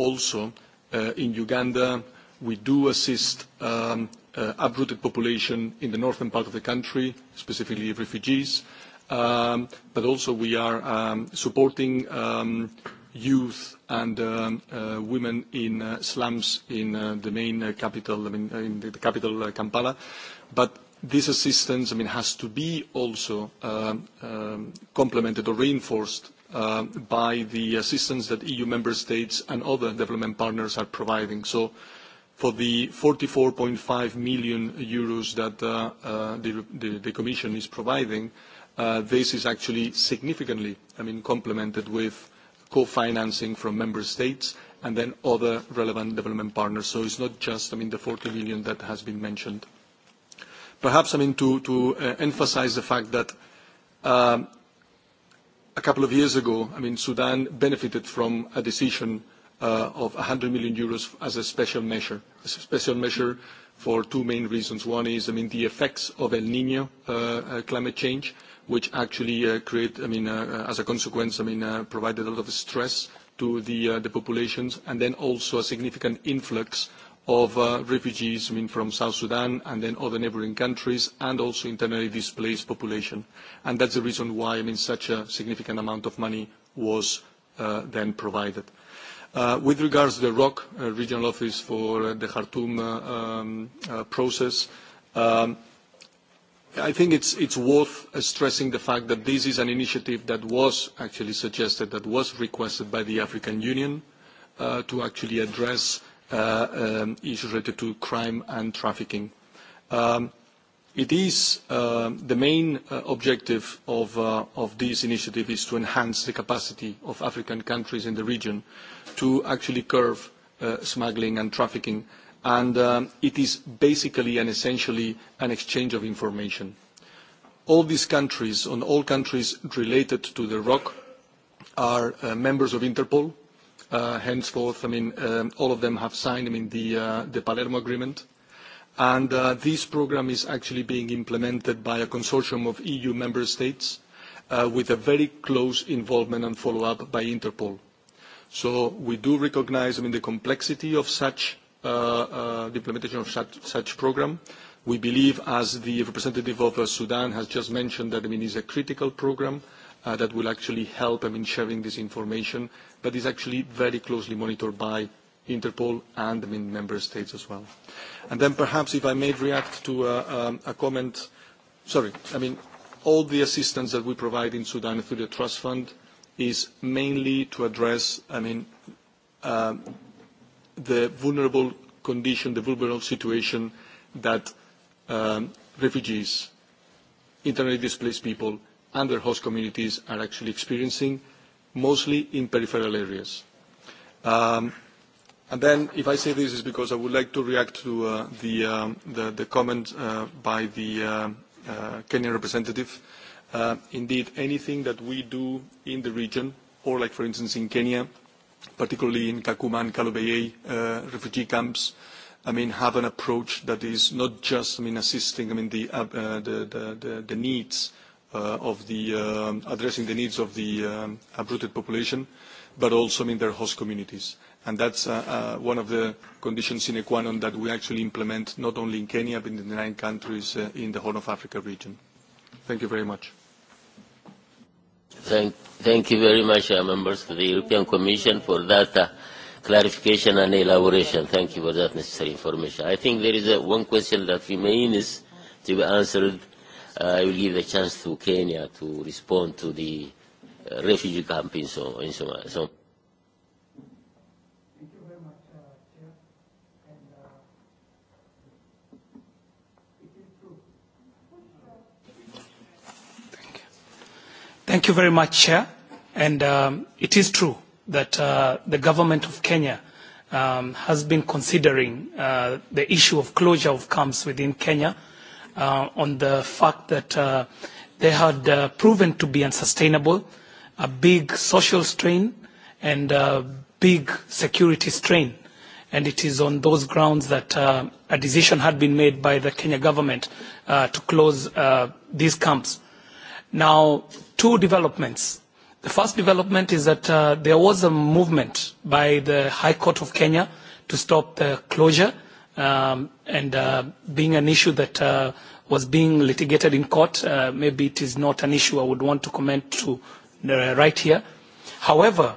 also in Uganda, we do assist uprooted population in the northern part of the country, specifically refugees, but also we are supporting youth and women in slums in the main capital, in the capital Kampala. But this assistance, I mean, has to be also complemented or reinforced by the assistance that EU member states and other development partners are providing. So for the 44.5 million euros that the Commission is providing, this is actually significantly, complemented with co-financing from member states and then other relevant development partners. So it's not just, I mean, the 40 million that has been mentioned. Perhaps, I mean, to emphasize the fact that a couple of years ago, I mean, Sudan benefited from a decision of 100 million euros as a special measure. A special measure for two main reasons. One is, I mean, the effects of El Niño climate change which actually create, I mean, as a consequence, I mean, provided a lot of stress to the populations, and then also a significant influx of refugees, I mean, from South Sudan and then other neighboring countries, and also internally displaced population. And that's the reason why, I mean, such a significant amount of money was then provided. With regards to the ROC, Regional Office for the Khartoum process, I think it's worth stressing the fact that this is an initiative that was actually suggested, that was requested by the African Union to actually address issues related to crime and trafficking. It is the main objective of this initiative is to enhance the capacity of African countries in the region to actually curb smuggling and trafficking and it is basically and essentially an exchange of information. All these countries, on all countries related to the ROC, are members of Interpol. Henceforth, I mean, all of them have signed, I mean, the Palermo Agreement. And this program is actually being implemented by a consortium of EU member states with a very close involvement and follow-up by Interpol. So we do recognize, I mean, the complexity of such the implementation of such program. We believe, as the representative of Sudan has just mentioned, that is a critical program that will actually help in sharing this information, but is actually very closely monitored by Interpol and member states as well. And then perhaps if I may react to a comment. Sorry. I mean, all the assistance that we provide in Sudan through the Trust Fund is mainly to address, I mean, the vulnerable condition, the vulnerable situation that refugees, internally displaced people and their host communities are actually experiencing, mostly in peripheral areas. And then, if I say this, is because I would like to react to the comment by the Kenyan representative. Indeed, anything that we do in the region, or like, for instance, in Kenya, particularly in Kakuma and refugee camps, I mean, have an approach that is not just, I mean, assisting, I mean, the, needs of the, addressing the needs of the uprooted population, but also, I their host communities. And that's one of the conditions in qua non that we actually implement not only in Kenya, but in the nine countries in the Horn of Africa region. Thank you very much. Thank, thank you very much, members of the European Commission, for that clarification and elaboration. Thank you for that necessary information. I think there is one question that remains to be answered. I will give the chance to Kenya to respond to the refugee camp in Somalia. Thank you very much, Chair. And it is true that the government of Kenya has been considering the issue of closure of camps within Kenya on the fact that they had proven to be unsustainable, a big social strain and a big security strain. And it is on those grounds that a decision had been made by the Kenya government to close these camps. Now, two developments. The first development is that there was a movement by the High Court of Kenya to stop the closure and being an issue that was being litigated in court. Maybe it is not an issue I would want to comment to right here. However,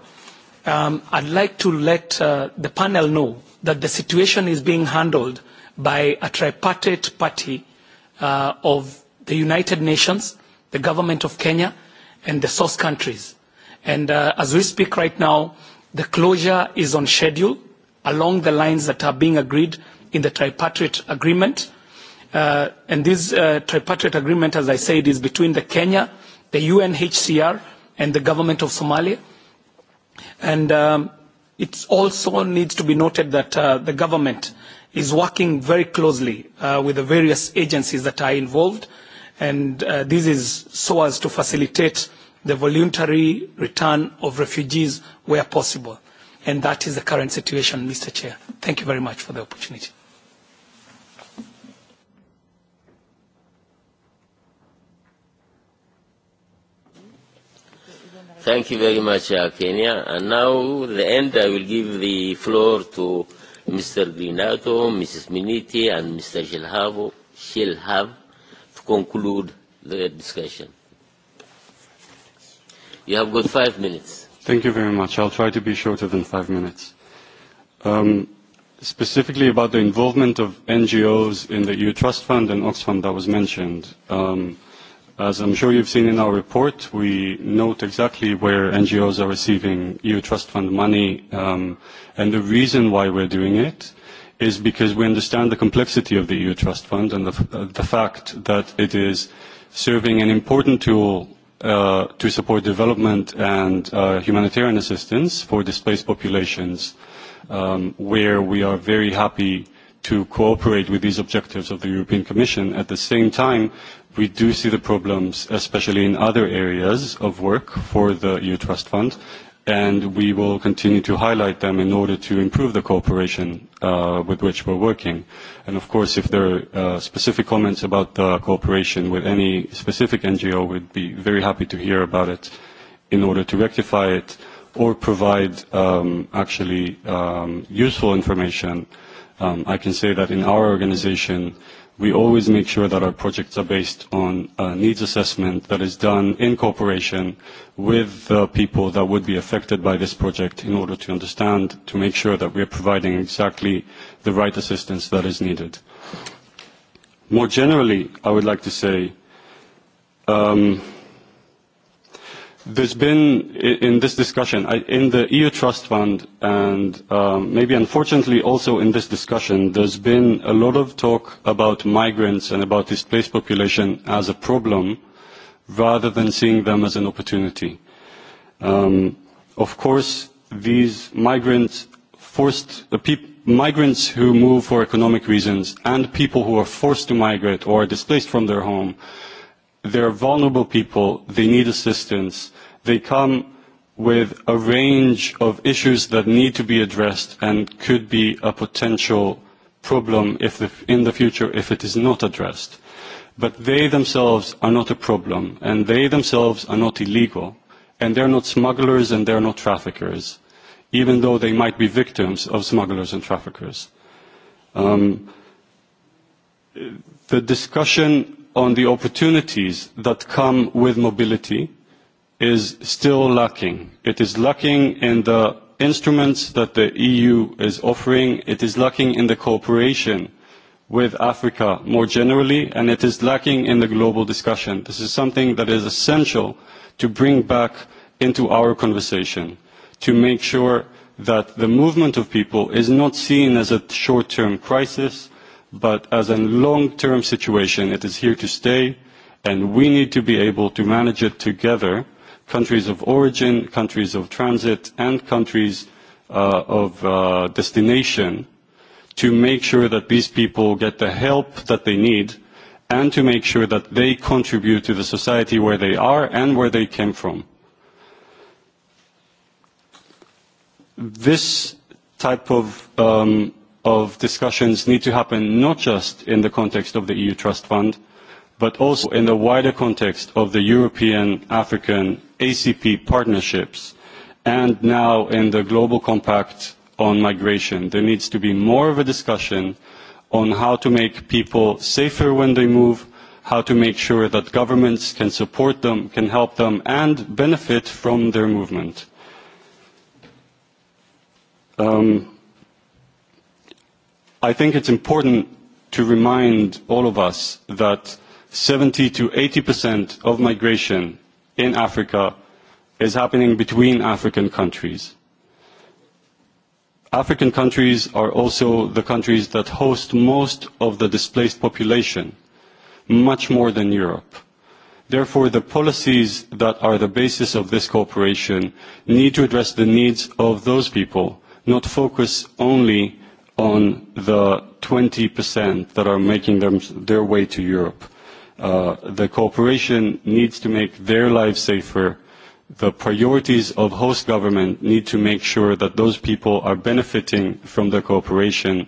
I'd like to let the panel know that the situation is being handled by a tripartite party of the United Nations the government of Kenya and the source countries. And as we speak right now, the closure is on schedule along the lines that are being agreed in the tripartite agreement. And this tripartite agreement, as I said, is between the Kenya, the UNHCR, and the government of Somalia. And it also needs to be noted that the government is working very closely with the various agencies that are involved and this is so as to facilitate the voluntary return of refugees where possible. And that is the current situation, Mr. Chair. Thank you very much for the opportunity. Thank you very much, Kenya. And now, at the end, I will give the floor to Mr. Grinato, Mrs. Miniti, and Mr. Shilhab conclude the discussion. You have got five minutes. Thank you very much. I'll try to be shorter than five minutes. Um, specifically about the involvement of NGOs in the EU Trust Fund and Oxfam that was mentioned. Um, as I'm sure you've seen in our report, we note exactly where NGOs are receiving EU Trust Fund money and the reason why we're doing it is because we understand the complexity of the EU Trust Fund and the fact that it is serving an important tool to support development and humanitarian assistance for displaced populations, where we are very happy to cooperate with these objectives of the European Commission. At the same time, we do see the problems, especially in other areas of work for the EU Trust Fund, and we will continue to highlight them in order to improve the cooperation with which we're working. And of course, if there are specific comments about the cooperation with any specific NGO, we'd be very happy to hear about it in order to rectify it or provide actually useful information. I can say that in our organization, we always make sure that our projects are based on a needs assessment that is done in cooperation with the people that would be affected by this project in order to understand, to make sure that we are providing exactly the right assistance that is needed. More generally, I would like to say, um, There's been in this discussion, in the EU Trust Fund, and maybe unfortunately also in this discussion, there's been a lot of talk about migrants and about displaced population as a problem, rather than seeing them as an opportunity. Of course, these migrants, forced migrants who move for economic reasons, and people who are forced to migrate or are displaced from their home, they're vulnerable people. They need assistance they come with a range of issues that need to be addressed and could be a potential problem if in the future if it is not addressed. But they themselves are not a problem, and they themselves are not illegal, and they're not smugglers and they're not traffickers, even though they might be victims of smugglers and traffickers. The discussion on the opportunities that come with mobility is still lacking. It is lacking in the instruments that the EU is offering. It is lacking in the cooperation with Africa more generally, and it is lacking in the global discussion. This is something that is essential to bring back into our conversation, to make sure that the movement of people is not seen as a short-term crisis, but as a long-term situation. It is here to stay, and we need to be able to manage it together countries of origin, countries of transit, and countries of destination to make sure that these people get the help that they need and to make sure that they contribute to the society where they are and where they came from. This type of of discussions need to happen not just in the context of the EU Trust Fund, but also in the wider context of the European African ACP partnerships and now in the Global Compact on migration. There needs to be more of a discussion on how to make people safer when they move, how to make sure that governments can support them, can help them, and benefit from their movement. I think it's important to remind all of us that 70 to 80% of migration in Africa is happening between African countries. African countries are also the countries that host most of the displaced population, much more than Europe. Therefore, the policies that are the basis of this cooperation need to address the needs of those people, not focus only on the 20% that are making their way to Europe. The cooperation needs to make their lives safer. The priorities of host government need to make sure that those people are benefiting from the cooperation,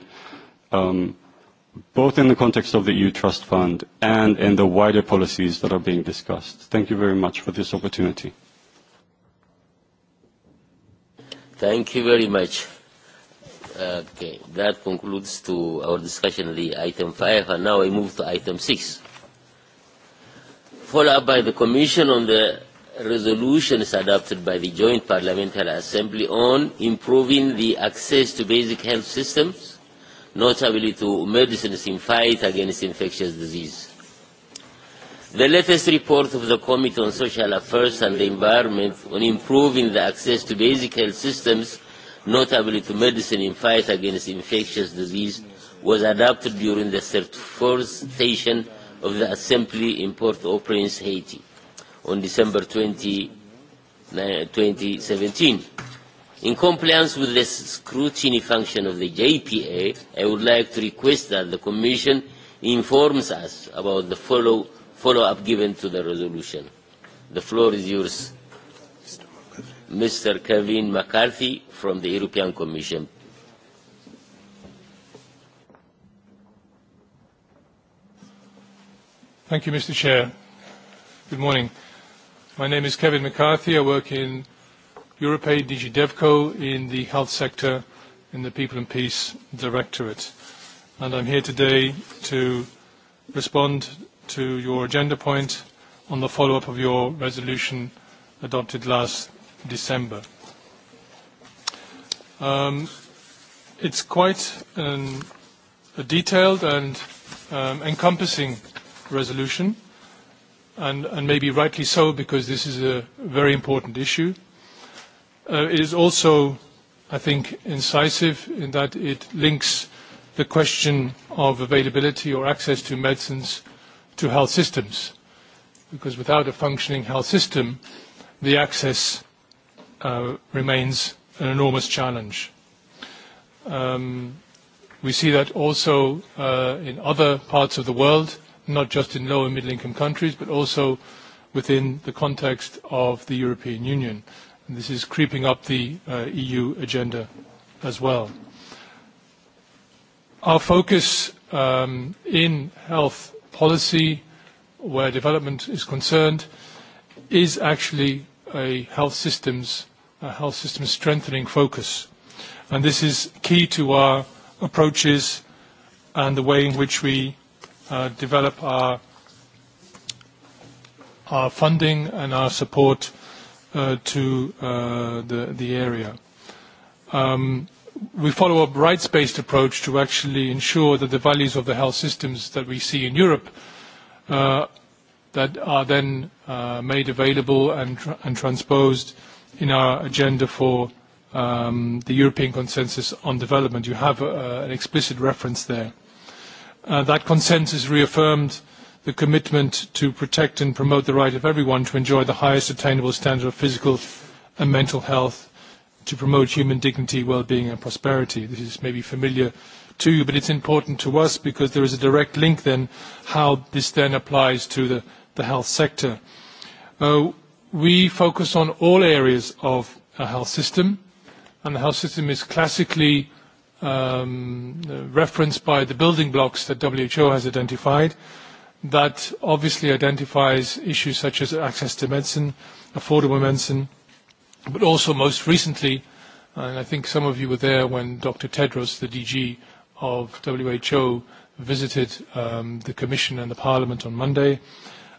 both in the context of the EU Trust Fund and in the wider policies that are being discussed. Thank you very much for this opportunity. Thank you very much. Okay, that concludes to our discussion the item five, and now I move to item six Followed up by the Commission on the resolutions adopted by the Joint Parliamentary Assembly on improving the access to basic health systems, notably to medicines in fight against infectious disease. The latest report of the Committee on Social Affairs and the Environment on improving the access to basic health systems, notably to medicine in fight against infectious disease, was adopted during the 34th session of the Assembly in Port-au-Prince, Haiti, on December 20, 2017. In compliance with the scrutiny function of the JPA, I would like to request that the Commission informs us about the follow-up given to the resolution. The floor is yours. Mr. Kevin McCarthy from the European Commission. Thank you, Mr. Chair. Good morning. My name is Kevin McCarthy. I work in Europaid DG DevCo in the health sector in the People and Peace Directorate. And I'm here today to respond to your agenda point on the follow-up of your resolution adopted last December. It's quite a detailed and encompassing resolution, and maybe rightly so, because this is a very important issue. It is also, I think, incisive in that it links the question of availability or access to medicines to health systems, because without a functioning health system, the access remains an enormous challenge. We see that also in other parts of the world not just in low and middle income countries, but also within the context of the European Union. And this is creeping up the EU agenda as well. Our focus in health policy, where development is concerned, is actually a health systems health system strengthening focus. And this is key to our approaches and the way in which we develop our funding and our support to the area. We follow a rights-based approach to actually ensure that the values of the health systems that we see in Europe that are then made available and transposed in our agenda for the European Consensus on Development. You have an explicit reference there. That consensus reaffirmed the commitment to protect and promote the right of everyone to enjoy the highest attainable standard of physical and mental health, to promote human dignity, well-being and prosperity. This is maybe familiar to you, but it's important to us because there is a direct link then how this then applies to the health sector. We focus on all areas of a health system, and the health system is classically referenced by the building blocks that WHO has identified. That obviously identifies issues such as access to medicine, affordable medicine, but also most recently, and I think some of you were there when Dr. Tedros, the DG of WHO, visited the Commission and the Parliament on Monday,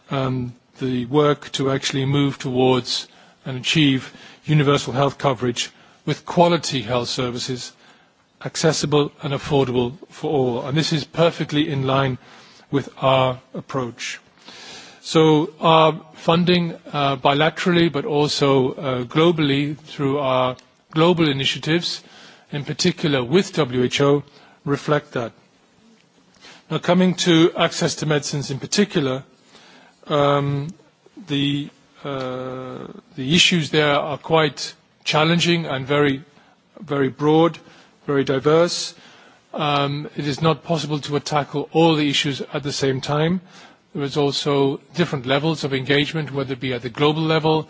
the work to actually move towards and achieve universal health coverage with quality health services accessible and affordable for all. And this is perfectly in line with our approach. So our funding bilaterally but also globally through our global initiatives, in particular with WHO, reflect that. Now coming to access to medicines in particular, the issues there are quite challenging and very broad very diverse. It is not possible to tackle all the issues at the same time. There is also different levels of engagement, whether it be at the global level,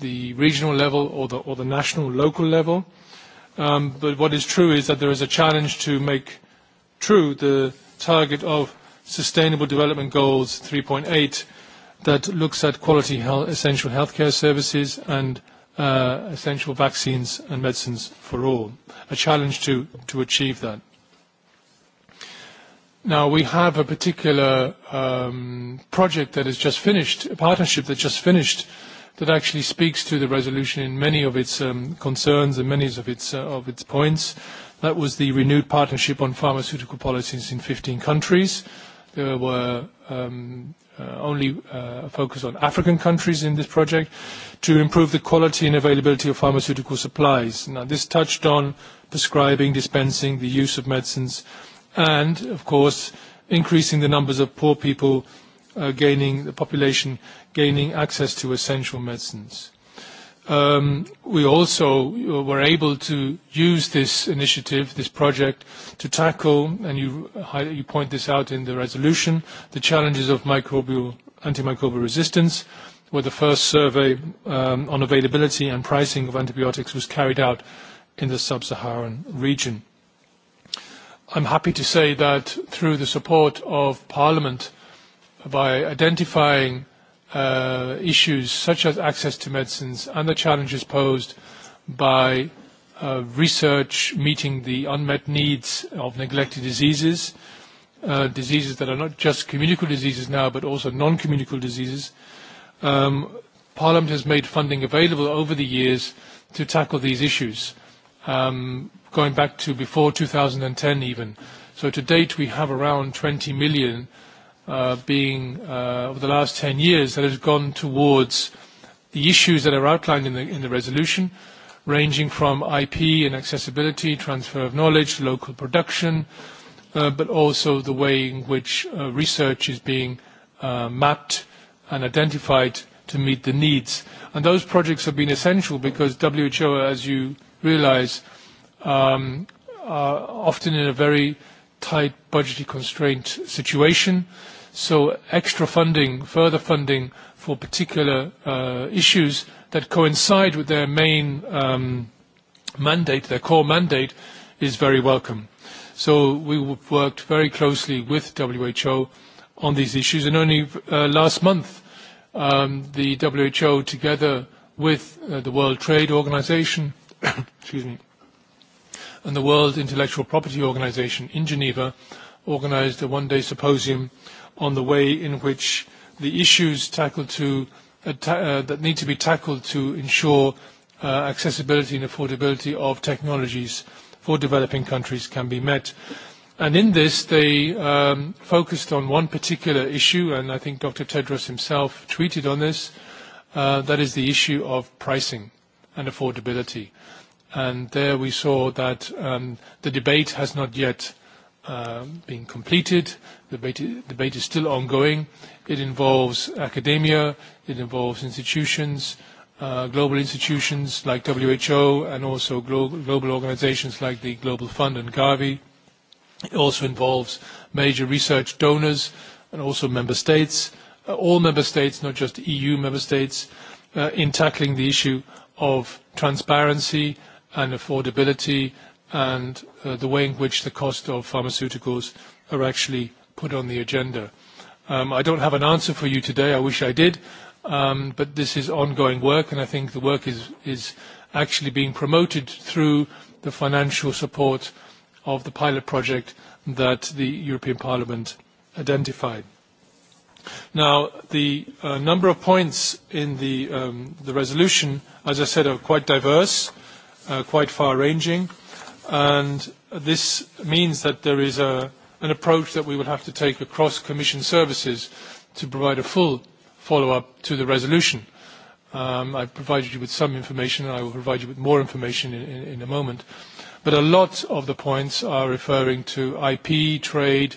the regional level, or the national, local level. But what is true is that there is a challenge to make true the target of Sustainable Development Goals 3.8 that looks at quality essential healthcare services and essential vaccines and medicines for all, a challenge to to achieve that. Now, we have a particular project that is just finished, a partnership that just finished, that actually speaks to the resolution in many of its concerns and many of its points. That was the renewed partnership on pharmaceutical policies in 15 countries. There were only focus on African countries in this project to improve the quality and availability of pharmaceutical supplies. Now, this touched on prescribing, dispensing, the use of medicines, and, of course, increasing the numbers of poor people gaining, the population gaining access to essential medicines. We also were able to use this initiative, this project, to tackle, and you point this out in the resolution, the challenges of antimicrobial resistance, where the first survey on availability and pricing of antibiotics was carried out in the sub-Saharan region. I'm happy to say that through the support of Parliament, by identifying issues such as access to medicines and the challenges posed by research meeting the unmet needs of neglected diseases, diseases that are not just communicable diseases now but also non-communicable diseases. Parliament has made funding available over the years to tackle these issues, going back to before 2010 even. So to date we have around 20 million being over the last 10 years that has gone towards the issues that are outlined in the resolution ranging from IP and accessibility transfer of knowledge local production but also the way in which research is being mapped and identified to meet the needs and those projects have been essential because WHO as you realize are often in a very tight budgetary constraint situation So extra funding, further funding for particular issues that coincide with their main mandate, their core mandate, is very welcome. So we worked very closely with WHO on these issues, and only last month the WHO, together with the World Trade Organization, excuse me, and the World Intellectual Property Organization in Geneva, organized a one-day symposium on the way in which the issues that need to be tackled to ensure accessibility and affordability of technologies for developing countries can be met. And in this, they focused on one particular issue, and I think Dr. Tedros himself tweeted on this, that is the issue of pricing and affordability. And there we saw that the debate has not yet being completed. The debate is still ongoing. It involves academia, it involves institutions, global institutions like WHO and also global organizations like the Global Fund and Gavi. It also involves major research donors and also member states, all member states, not just EU member states, in tackling the issue of transparency and affordability and the way in which the cost of pharmaceuticals are actually put on the agenda. I don't have an answer for you today. I wish I did. But this is ongoing work, and I think the work is actually being promoted through the financial support of the pilot project that the European Parliament identified. Now, the number of points in the resolution, as I said, are quite diverse, quite far-ranging and this means that there is an approach that we will have to take across Commission services to provide a full follow-up to the resolution. I provided you with some information, and I will provide you with more information in a moment. But a lot of the points are referring to IP, trade,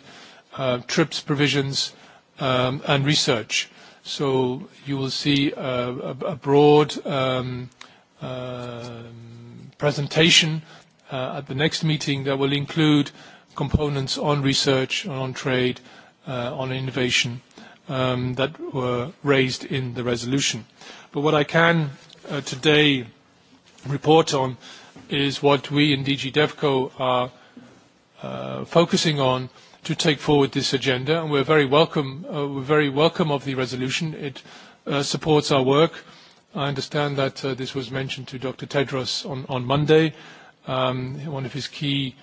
TRIPS provisions, and research. So you will see a broad presentation at the next meeting that will include components on research, on trade, on innovation that were raised in the resolution. But what I can today report on is what we in DG DevCo are focusing on to take forward this agenda, and we're very welcome of the resolution. It supports our work. I understand that this was mentioned to Dr. Tedros on Monday, one of his key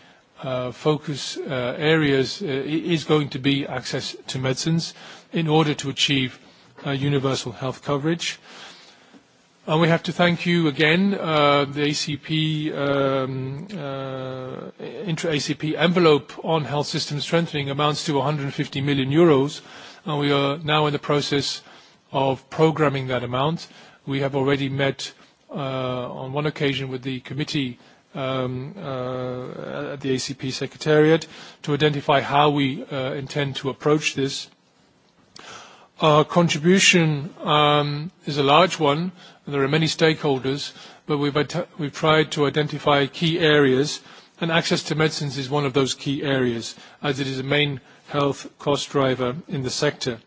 focus areas is going to be access to medicines in order to achieve universal health coverage. And we have to thank you again, the ACP, intra-ACP envelope on health system strengthening amounts to 150 million euros, and we are now in the process of programming that amount. We have already met on one occasion with the committee at the ACP Secretariat to identify how we intend to approach this. Our contribution is a large one, and there are many stakeholders, but we've tried to identify key areas, and access to medicines is one of those key areas, as it is a main health cost driver in the sector,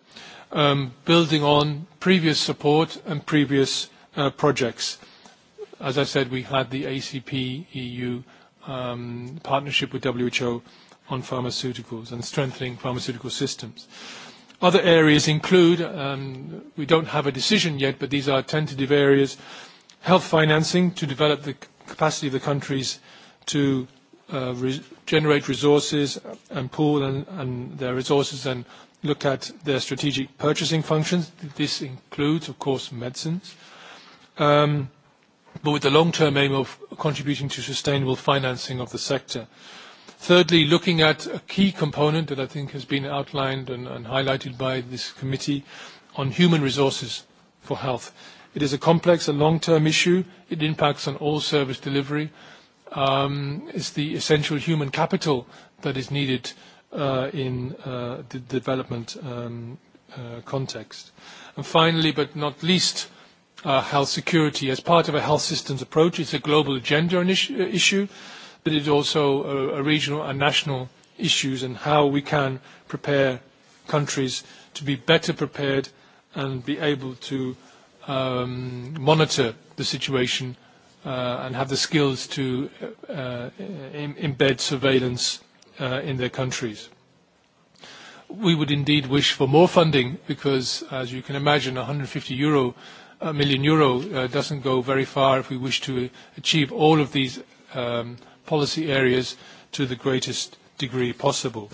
building on previous support and previous projects. As I said, we had the ACP-EU partnership with WHO on pharmaceuticals and strengthening pharmaceutical systems. Other areas include, we don't have a decision yet, but these are tentative areas, health financing to develop the capacity of the countries to generate resources and pool and their resources and look at their strategic purchasing functions. This includes, of course, medicines but with the long-term aim of contributing to sustainable financing of the sector. Thirdly, looking at a key component that I think has been outlined and highlighted by this committee on human resources for health. It is a complex and long-term issue. It impacts on all service delivery. It's the essential human capital that is needed in the development context. And finally, but not least, health security as part of a health systems approach. It's a global agenda issue, but it's also a regional and national issues and how we can prepare countries to be better prepared and be able to monitor the situation and have the skills to embed surveillance in their countries. We would indeed wish for more funding because, as you can imagine, 150 euro million euro doesn't go very far if we wish to achieve all of these policy areas to the greatest degree possible.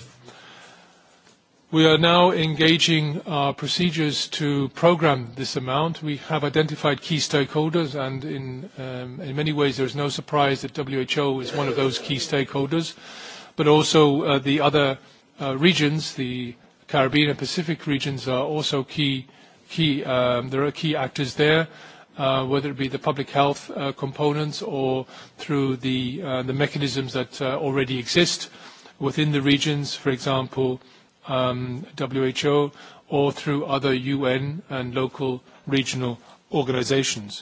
We are now engaging our procedures to program this amount. We have identified key stakeholders, and in many ways there is no surprise that WHO is one of those key stakeholders, but also the other regions, the Caribbean and Pacific regions, are also key key. There are key actors there, whether it be the public health components or through the mechanisms that already exist within the regions, for example, WHO, or through other UN and local regional organizations.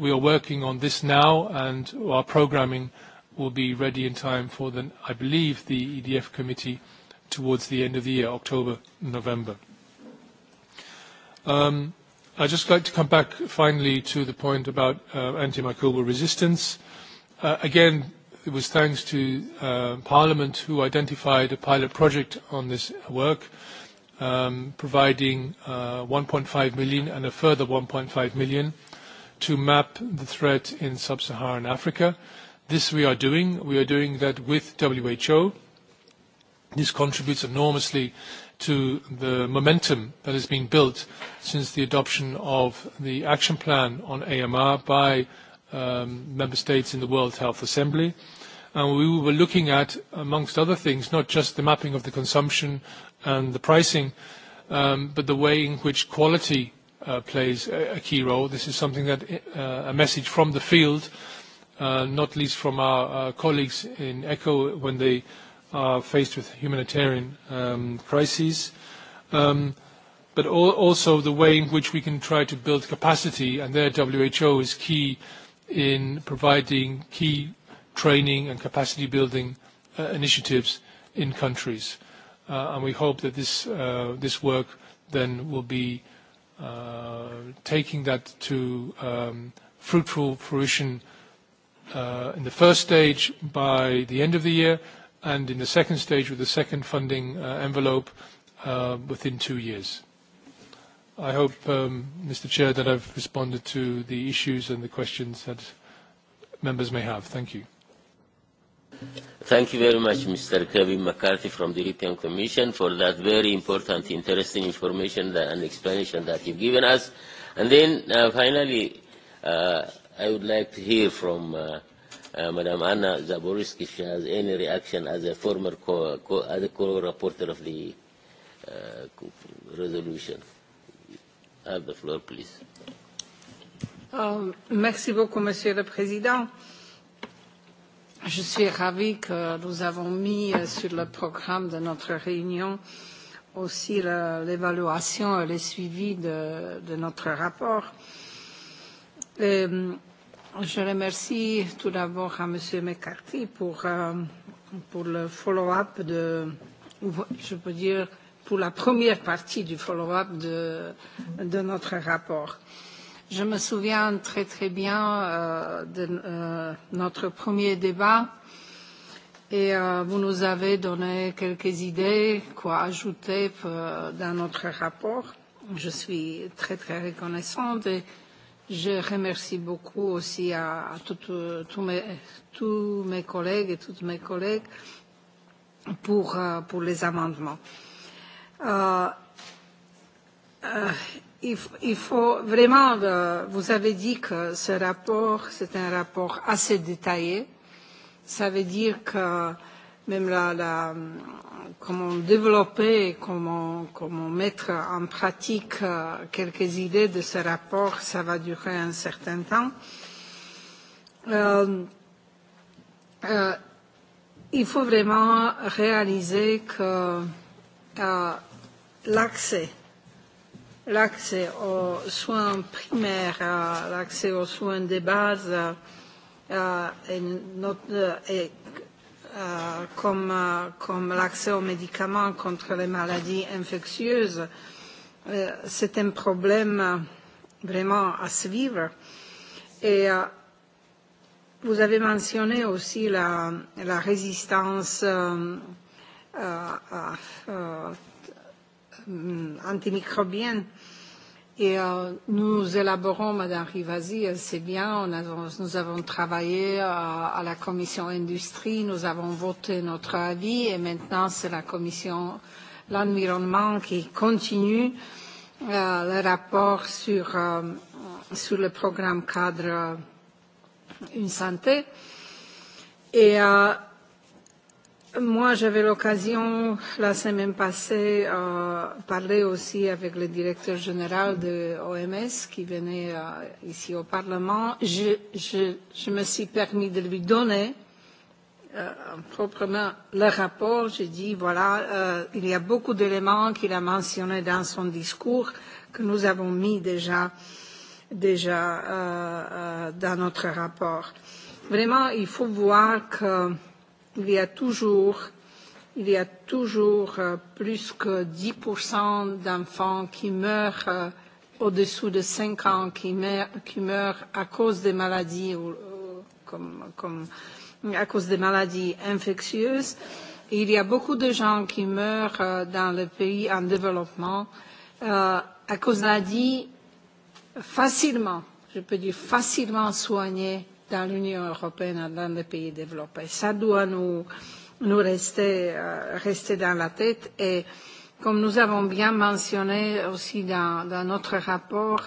We are working on this now, and our programming will be ready in time for, I believe, the EDF committee towards the end of the year, October, November. I'd just like to come back finally to the point about antimicrobial resistance. Again, it was thanks to Parliament who identified a pilot project on this work, providing 1.5 million and a further 1.5 million to map the threat in sub-Saharan Africa. This we are doing. We are doing that with WHO. This contributes enormously to the momentum that has been built since the adoption of the action plan on AMR by member states in the World Health Assembly. And we were looking at, amongst other things, not just the mapping of the consumption and the pricing, but the way in which quality plays a key role. This is something that a message from the field, not least from our colleagues in ECHO when they are faced with humanitarian crises, but also the way in which we can try to build capacity, and there WHO is key in providing key training and capacity building initiatives in countries. And we hope that this work then will be taking that to fruitful fruition in the first stage by the end of the year, and in the second stage with the second funding envelope within two years. I hope, Mr. Chair, that I've responded to the issues and the questions that members may have. Thank you. Thank you very much, Mr. Kevin McCarthy from the European Commission for that very important, interesting information and explanation that you've given us. And then, finally, I would like to hear from Madam Anna Zaboriski, she has any reaction as a former co, co, as a co-rapporteur of the resolution. Have the floor, please. Merci beaucoup, Monsieur le Président. Je suis ravi que nous avons mis sur le programme de notre réunion aussi l'évaluation et le suivi de notre rapport. Je remercie tout d'abord à M. McCarthy pour, pour le follow-up de, je peux dire, pour la première partie du follow-up de, de notre rapport. Je me souviens très très bien de notre premier débat et vous nous avez donné quelques idées, quoi ajouter dans notre rapport. Je suis très très reconnaissante et Je remercie beaucoup aussi à tous mes collègues et toutes mes collègues pour les amendements. Il faut vraiment, vous avez dit que ce rapport, c'est un rapport assez détaillé. Ça veut dire que même la, la, comment développer, comment, comment mettre en pratique quelques idées de ce rapport, ça va durer un certain temps. Euh, euh, il faut vraiment réaliser que l'accès l'accès aux soins primaires, l'accès aux soins de base notre est comme l'accès aux médicaments contre les maladies infectieuses. C'est un problème vraiment à suivre. Et vous avez mentionné aussi la résistance antimicrobienne Et nous élaborons, Madame Rivasi, elle sait bien, nous avons travaillé à la commission industrie, nous avons voté notre avis et maintenant c'est la commission l'environnement qui continue le rapport sur le programme cadre Une Santé. Et Moi, j'avais l'occasion, la semaine passée, de parler aussi avec le directeur général de l'OMS qui venait ici au Parlement. Je me suis permis de lui donner proprement le rapport. J'ai dit, voilà, il y a beaucoup d'éléments qu'il a mentionnés dans son discours que nous avons mis déjà déjà dans notre rapport. Vraiment, il faut voir que il y a toujours il y a toujours plus que 10% d'enfants qui meurent au-dessous de 5 ans, qui meurent à cause des maladies, comme, à cause des maladies infectieuses. Il y a beaucoup de gens qui meurent dans le pays en développement à cause de maladies facilement, je peux dire facilement soignées dans l'Union européenne, dans les pays développés. Ça doit nous, nous rester, dans la tête et comme nous avons bien mentionné aussi dans, dans notre rapport,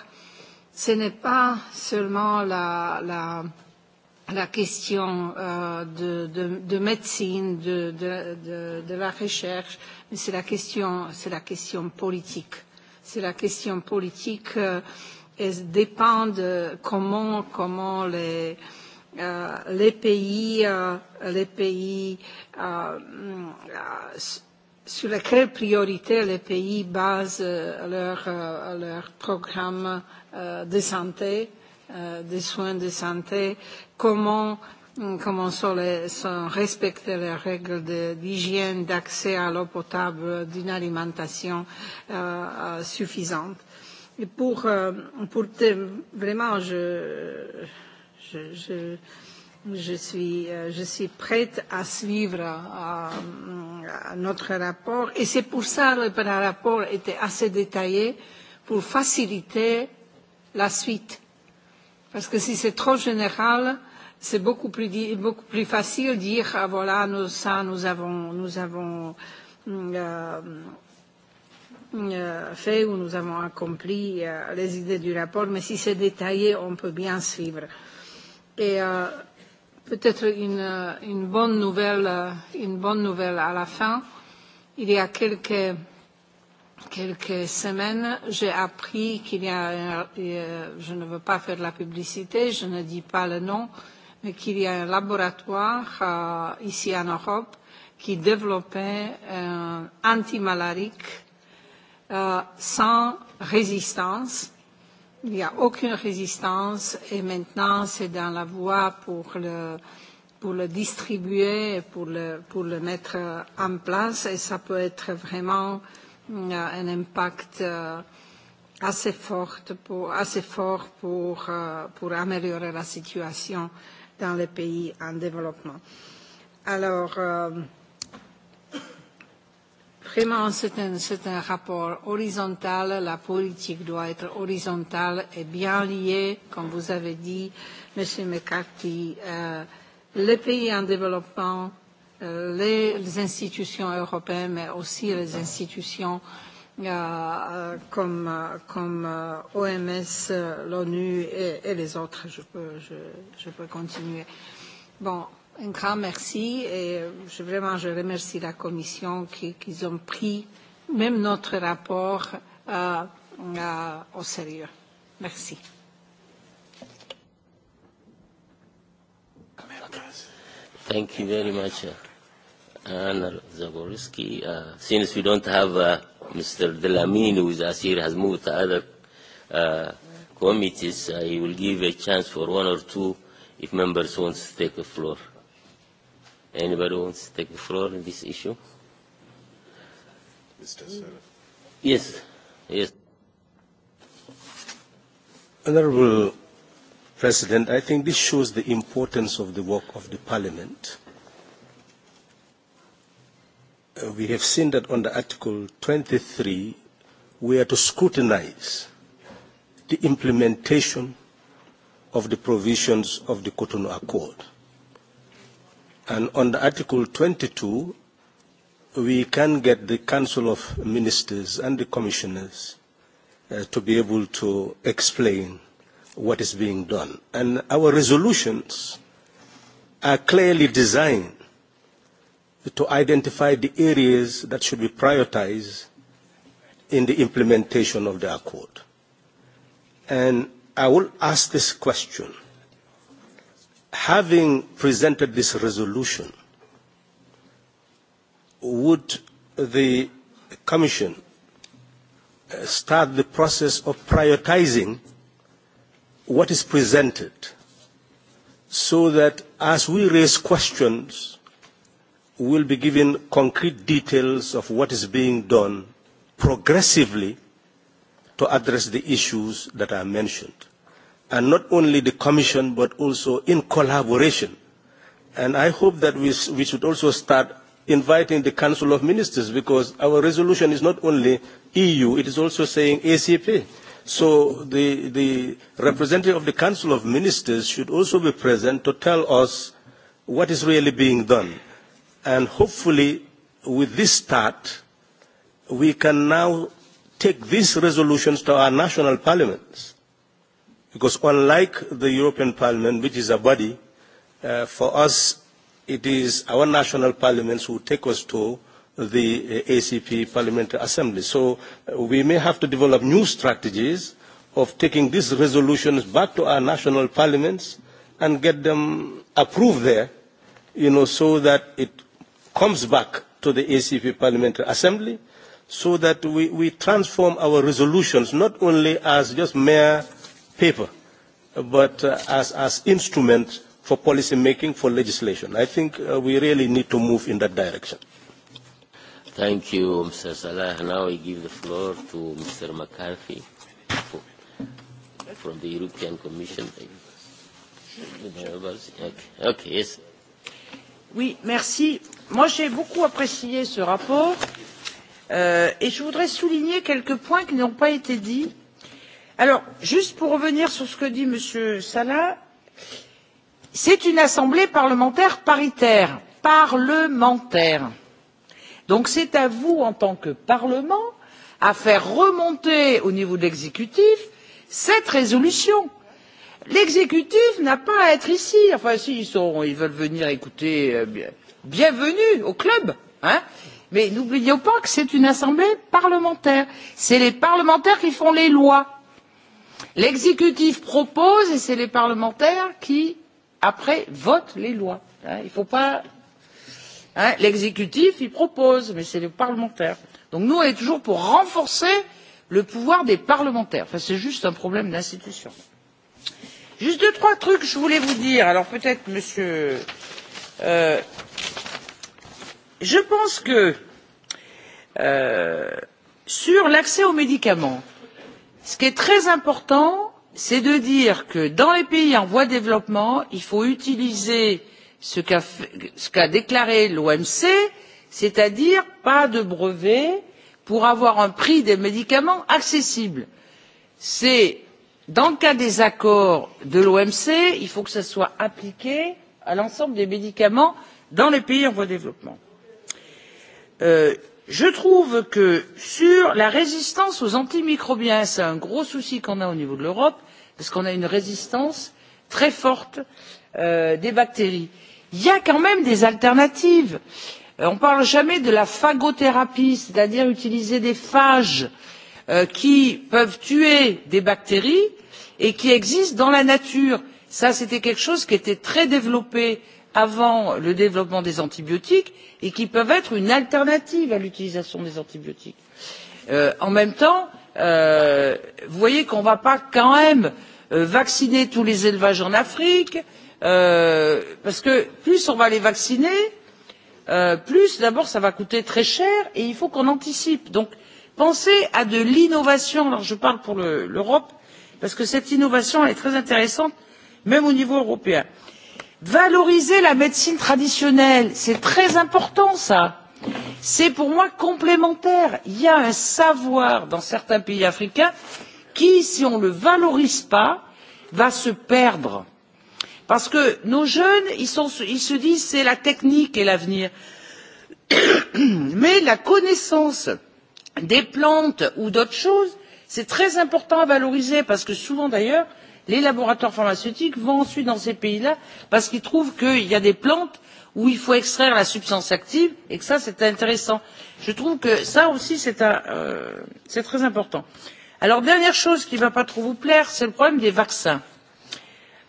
ce n'est pas seulement la, la, la question de, de, de médecine, de, de, de, de la recherche, mais c'est la c'est la question politique. C'est la question politique et dépendent comment comment les les pays les pays sur lesquelles priorité les pays basent leur leur programme de santé des soins de santé comment comment sont respectées les règles d'hygiène d'accès à l'eau potable d'une alimentation suffisante Et pour, pour vraiment, je, je, je, je, suis, je suis prête à suivre à, notre rapport. Et c'est pour ça que le rapport était assez détaillé pour faciliter la suite. Parce que si c'est trop général, c'est beaucoup plus, beaucoup plus facile de dire, ah voilà, nous, ça, nous avons, nous avons fait où nous avons accompli les idées du rapport, mais si c'est détaillé, on peut bien suivre. Et peut-être une, une, bonne nouvelle, une bonne nouvelle à la fin. Il y a quelques, quelques semaines, j'ai appris qu'il y a, je ne veux pas faire la publicité, je ne dis pas le nom, mais qu'il y a un laboratoire ici en Europe qui développait un antimalarique sans résistance. Il n'y a aucune résistance et maintenant c'est dans la voie pour le, pour le distribuer, pour le, pour le mettre en place et ça peut être vraiment un impact assez fort pour, assez fort pour, pour améliorer la situation dans les pays en développement. Alors, Vraiment, c'est un rapport horizontal. La politique doit être horizontale et bien liée, comme vous avez dit, Monsieur McCarthy, les pays en développement, les institutions européennes, mais aussi les institutions comme OMS, l'ONU et les autres. Je peux Je peux continuer. Bon, Un grand merci et je, vraiment je remercie la Commission qui, qui ont pris même notre rapport euh, euh, au sérieux. Merci. Thank you very much, Anna Zaborski. Uh, since we don't have uh, Mr. Delamine who is as here, has moved to other uh, committees, I will give a chance for one or two if members want to take the floor. Anybody wants to take the floor on this issue? Mr. Yes. Yes. Honourable President, I think this shows the importance of the work of the Parliament. We have seen that under Article 23, we are to scrutinise the implementation of the provisions of the Cotonou Accord And on Article 22, we can get the Council of Ministers and the Commissioners to be able to explain what is being done. And our resolutions are clearly designed to identify the areas that should be prioritized in the implementation of the accord. And I will ask this question having presented this resolution, would the Commission start the process of prioritizing what is presented so that as we raise questions, we will be given concrete details of what is being done progressively to address the issues that are mentioned and not only the Commission but also in collaboration. And I hope that we should also start inviting the Council of Ministers because our resolution is not only EU, it is also saying ACP. So the, the representative of the Council of Ministers should also be present to tell us what is really being done. And hopefully with this start, we can now take these resolutions to our national parliaments because unlike the European Parliament, which is a body, for us it is our national parliaments who take us to the ACP Parliamentary Assembly. So we may have to develop new strategies of taking these resolutions back to our national parliaments and get them approved there, you know, so that it comes back to the ACP Parliamentary Assembly, so that we transform our resolutions not only as just mere paper, but as as instrument for policy making, for legislation. I think we really need to move in that direction. Thank you, Mr. Salah. Now I give the floor to Mr. McCarthy from the European Commission. Okay, yes. Oui, merci. Moi, j'ai beaucoup apprécié ce rapport et je voudrais souligner quelques points qui n'ont pas été dits Alors, juste pour revenir sur ce que dit M. Salah, c'est une assemblée parlementaire paritaire. Parlementaire. Donc, c'est à vous, en tant que Parlement, à faire remonter au niveau de l'exécutif cette résolution. L'exécutif n'a pas à être ici. Enfin, s'ils ils veulent venir écouter, bienvenue au club. Hein Mais n'oublions pas que c'est une assemblée parlementaire. C'est les parlementaires qui font les lois L'exécutif propose et c'est les parlementaires qui, après, votent les lois. Il faut pas. L'exécutif, il propose, mais c'est les parlementaires. Donc nous, on est toujours pour renforcer le pouvoir des parlementaires. Enfin, c'est juste un problème d'institution. Juste deux, trois trucs que je voulais vous dire. Alors peut-être, monsieur. Je pense que sur l'accès aux médicaments, ce qui est très important c'est de dire que dans les pays en voie de développement il faut utiliser ce qu'a déclaré l'omc c'est à dire pas de brevet pour avoir un prix des médicaments accessible. c'est dans le cas des accords de l'omc il faut que ce soit appliqué à l'ensemble des médicaments dans les pays en voie de développement je trouve que sur la résistance aux antimicrobiens c'est un gros souci qu'on a au niveau de l'europe parce qu'on a une résistance très forte des bactéries il y a quand même des alternatives on ne parle jamais de la phagothérapie c'est à dire utiliser des phages qui peuvent tuer des bactéries et qui existent dans la nature. c'était quelque chose qui était très développé avant le développement des antibiotiques et qui peuvent être une alternative à l'utilisation des antibiotiques. en même temps vous voyez qu'on ne va pas quand même vacciner tous les élevages en afrique parce que plus on va les vacciner plus d'abord ça va coûter très cher et il faut qu'on anticipe. donc pensez à de l'innovation alors je parle pour l'europe parce que cette innovation est très intéressante même au niveau européen valoriser la médecine traditionnelle c'est très important ça c'est pour moi complémentaire il y a un savoir dans certains pays africains qui si on ne le valorise pas va se perdre parce que nos jeunes ils se disent c'est la technique et l'avenir mais la connaissance des plantes ou d'autres choses c'est très important à valoriser parce que souvent d'ailleurs les laboratoires pharmaceutiques vont ensuite dans ces pays là parce qu'ils trouvent qu'il y a des plantes où il faut extraire la substance active et que ça c'est intéressant. je trouve que ça aussi c'est très important. alors dernière chose qui ne va pas trop vous plaire c'est le problème des vaccins.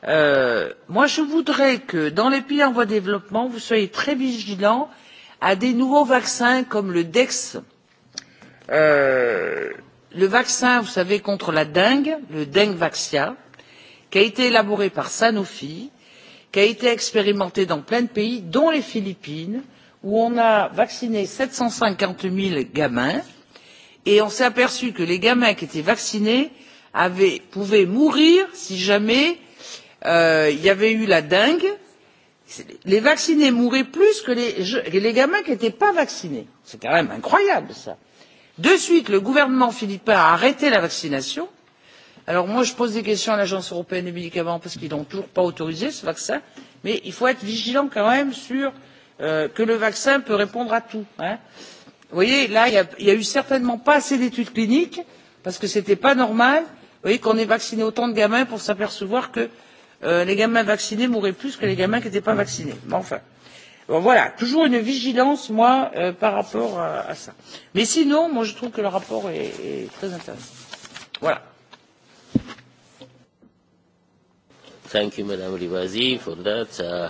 moi je voudrais que dans les pays en voie de développement vous soyez très vigilants à des nouveaux vaccins comme le dex le vaccin vous savez contre la dengue le dengue vaccia, qui a été élaboré par sanofi qui a été expérimenté dans plein de pays dont les philippines où on a vacciné sept cent cinquante gamins et on s'est aperçu que les gamins qui étaient vaccinés pouvaient mourir si jamais il y avait eu la dengue. les vaccinés mouraient plus que les gamins qui n'étaient pas vaccinés. c'est quand même incroyable ça. de suite le gouvernement philippin a arrêté la vaccination Alors moi, je pose des questions à l'Agence européenne des médicaments parce qu'ils n'ont toujours pas autorisé ce vaccin, mais il faut être vigilant quand même sur que le vaccin peut répondre à tout. Vous voyez, là, il n'y a eu certainement pas assez d'études cliniques parce que ce n'était pas normal qu'on ait vacciné autant de gamins pour s'apercevoir que les gamins vaccinés mouraient plus que les gamins qui n'étaient pas vaccinés. Mais enfin, voilà, toujours une vigilance, moi, par rapport à ça. Mais sinon, moi, je trouve que le rapport est très intéressant. Voilà. Thank you, Madam Rivazi, for that.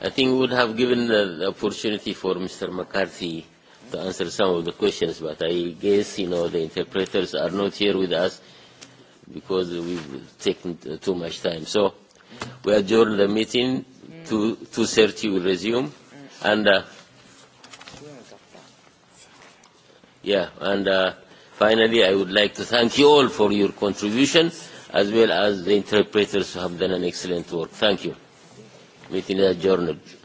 I think we would have given the opportunity for Mr. McCarthy to answer some of the questions, but I guess, you know, the interpreters are not here with us because we've taken too much time. So we adjourn the meeting to 2.30 will resume. And, uh, yeah, and uh, finally I would like to thank you all for your contributions as well as the interpreters who have done an excellent work. Thank you. Meeting adjourned.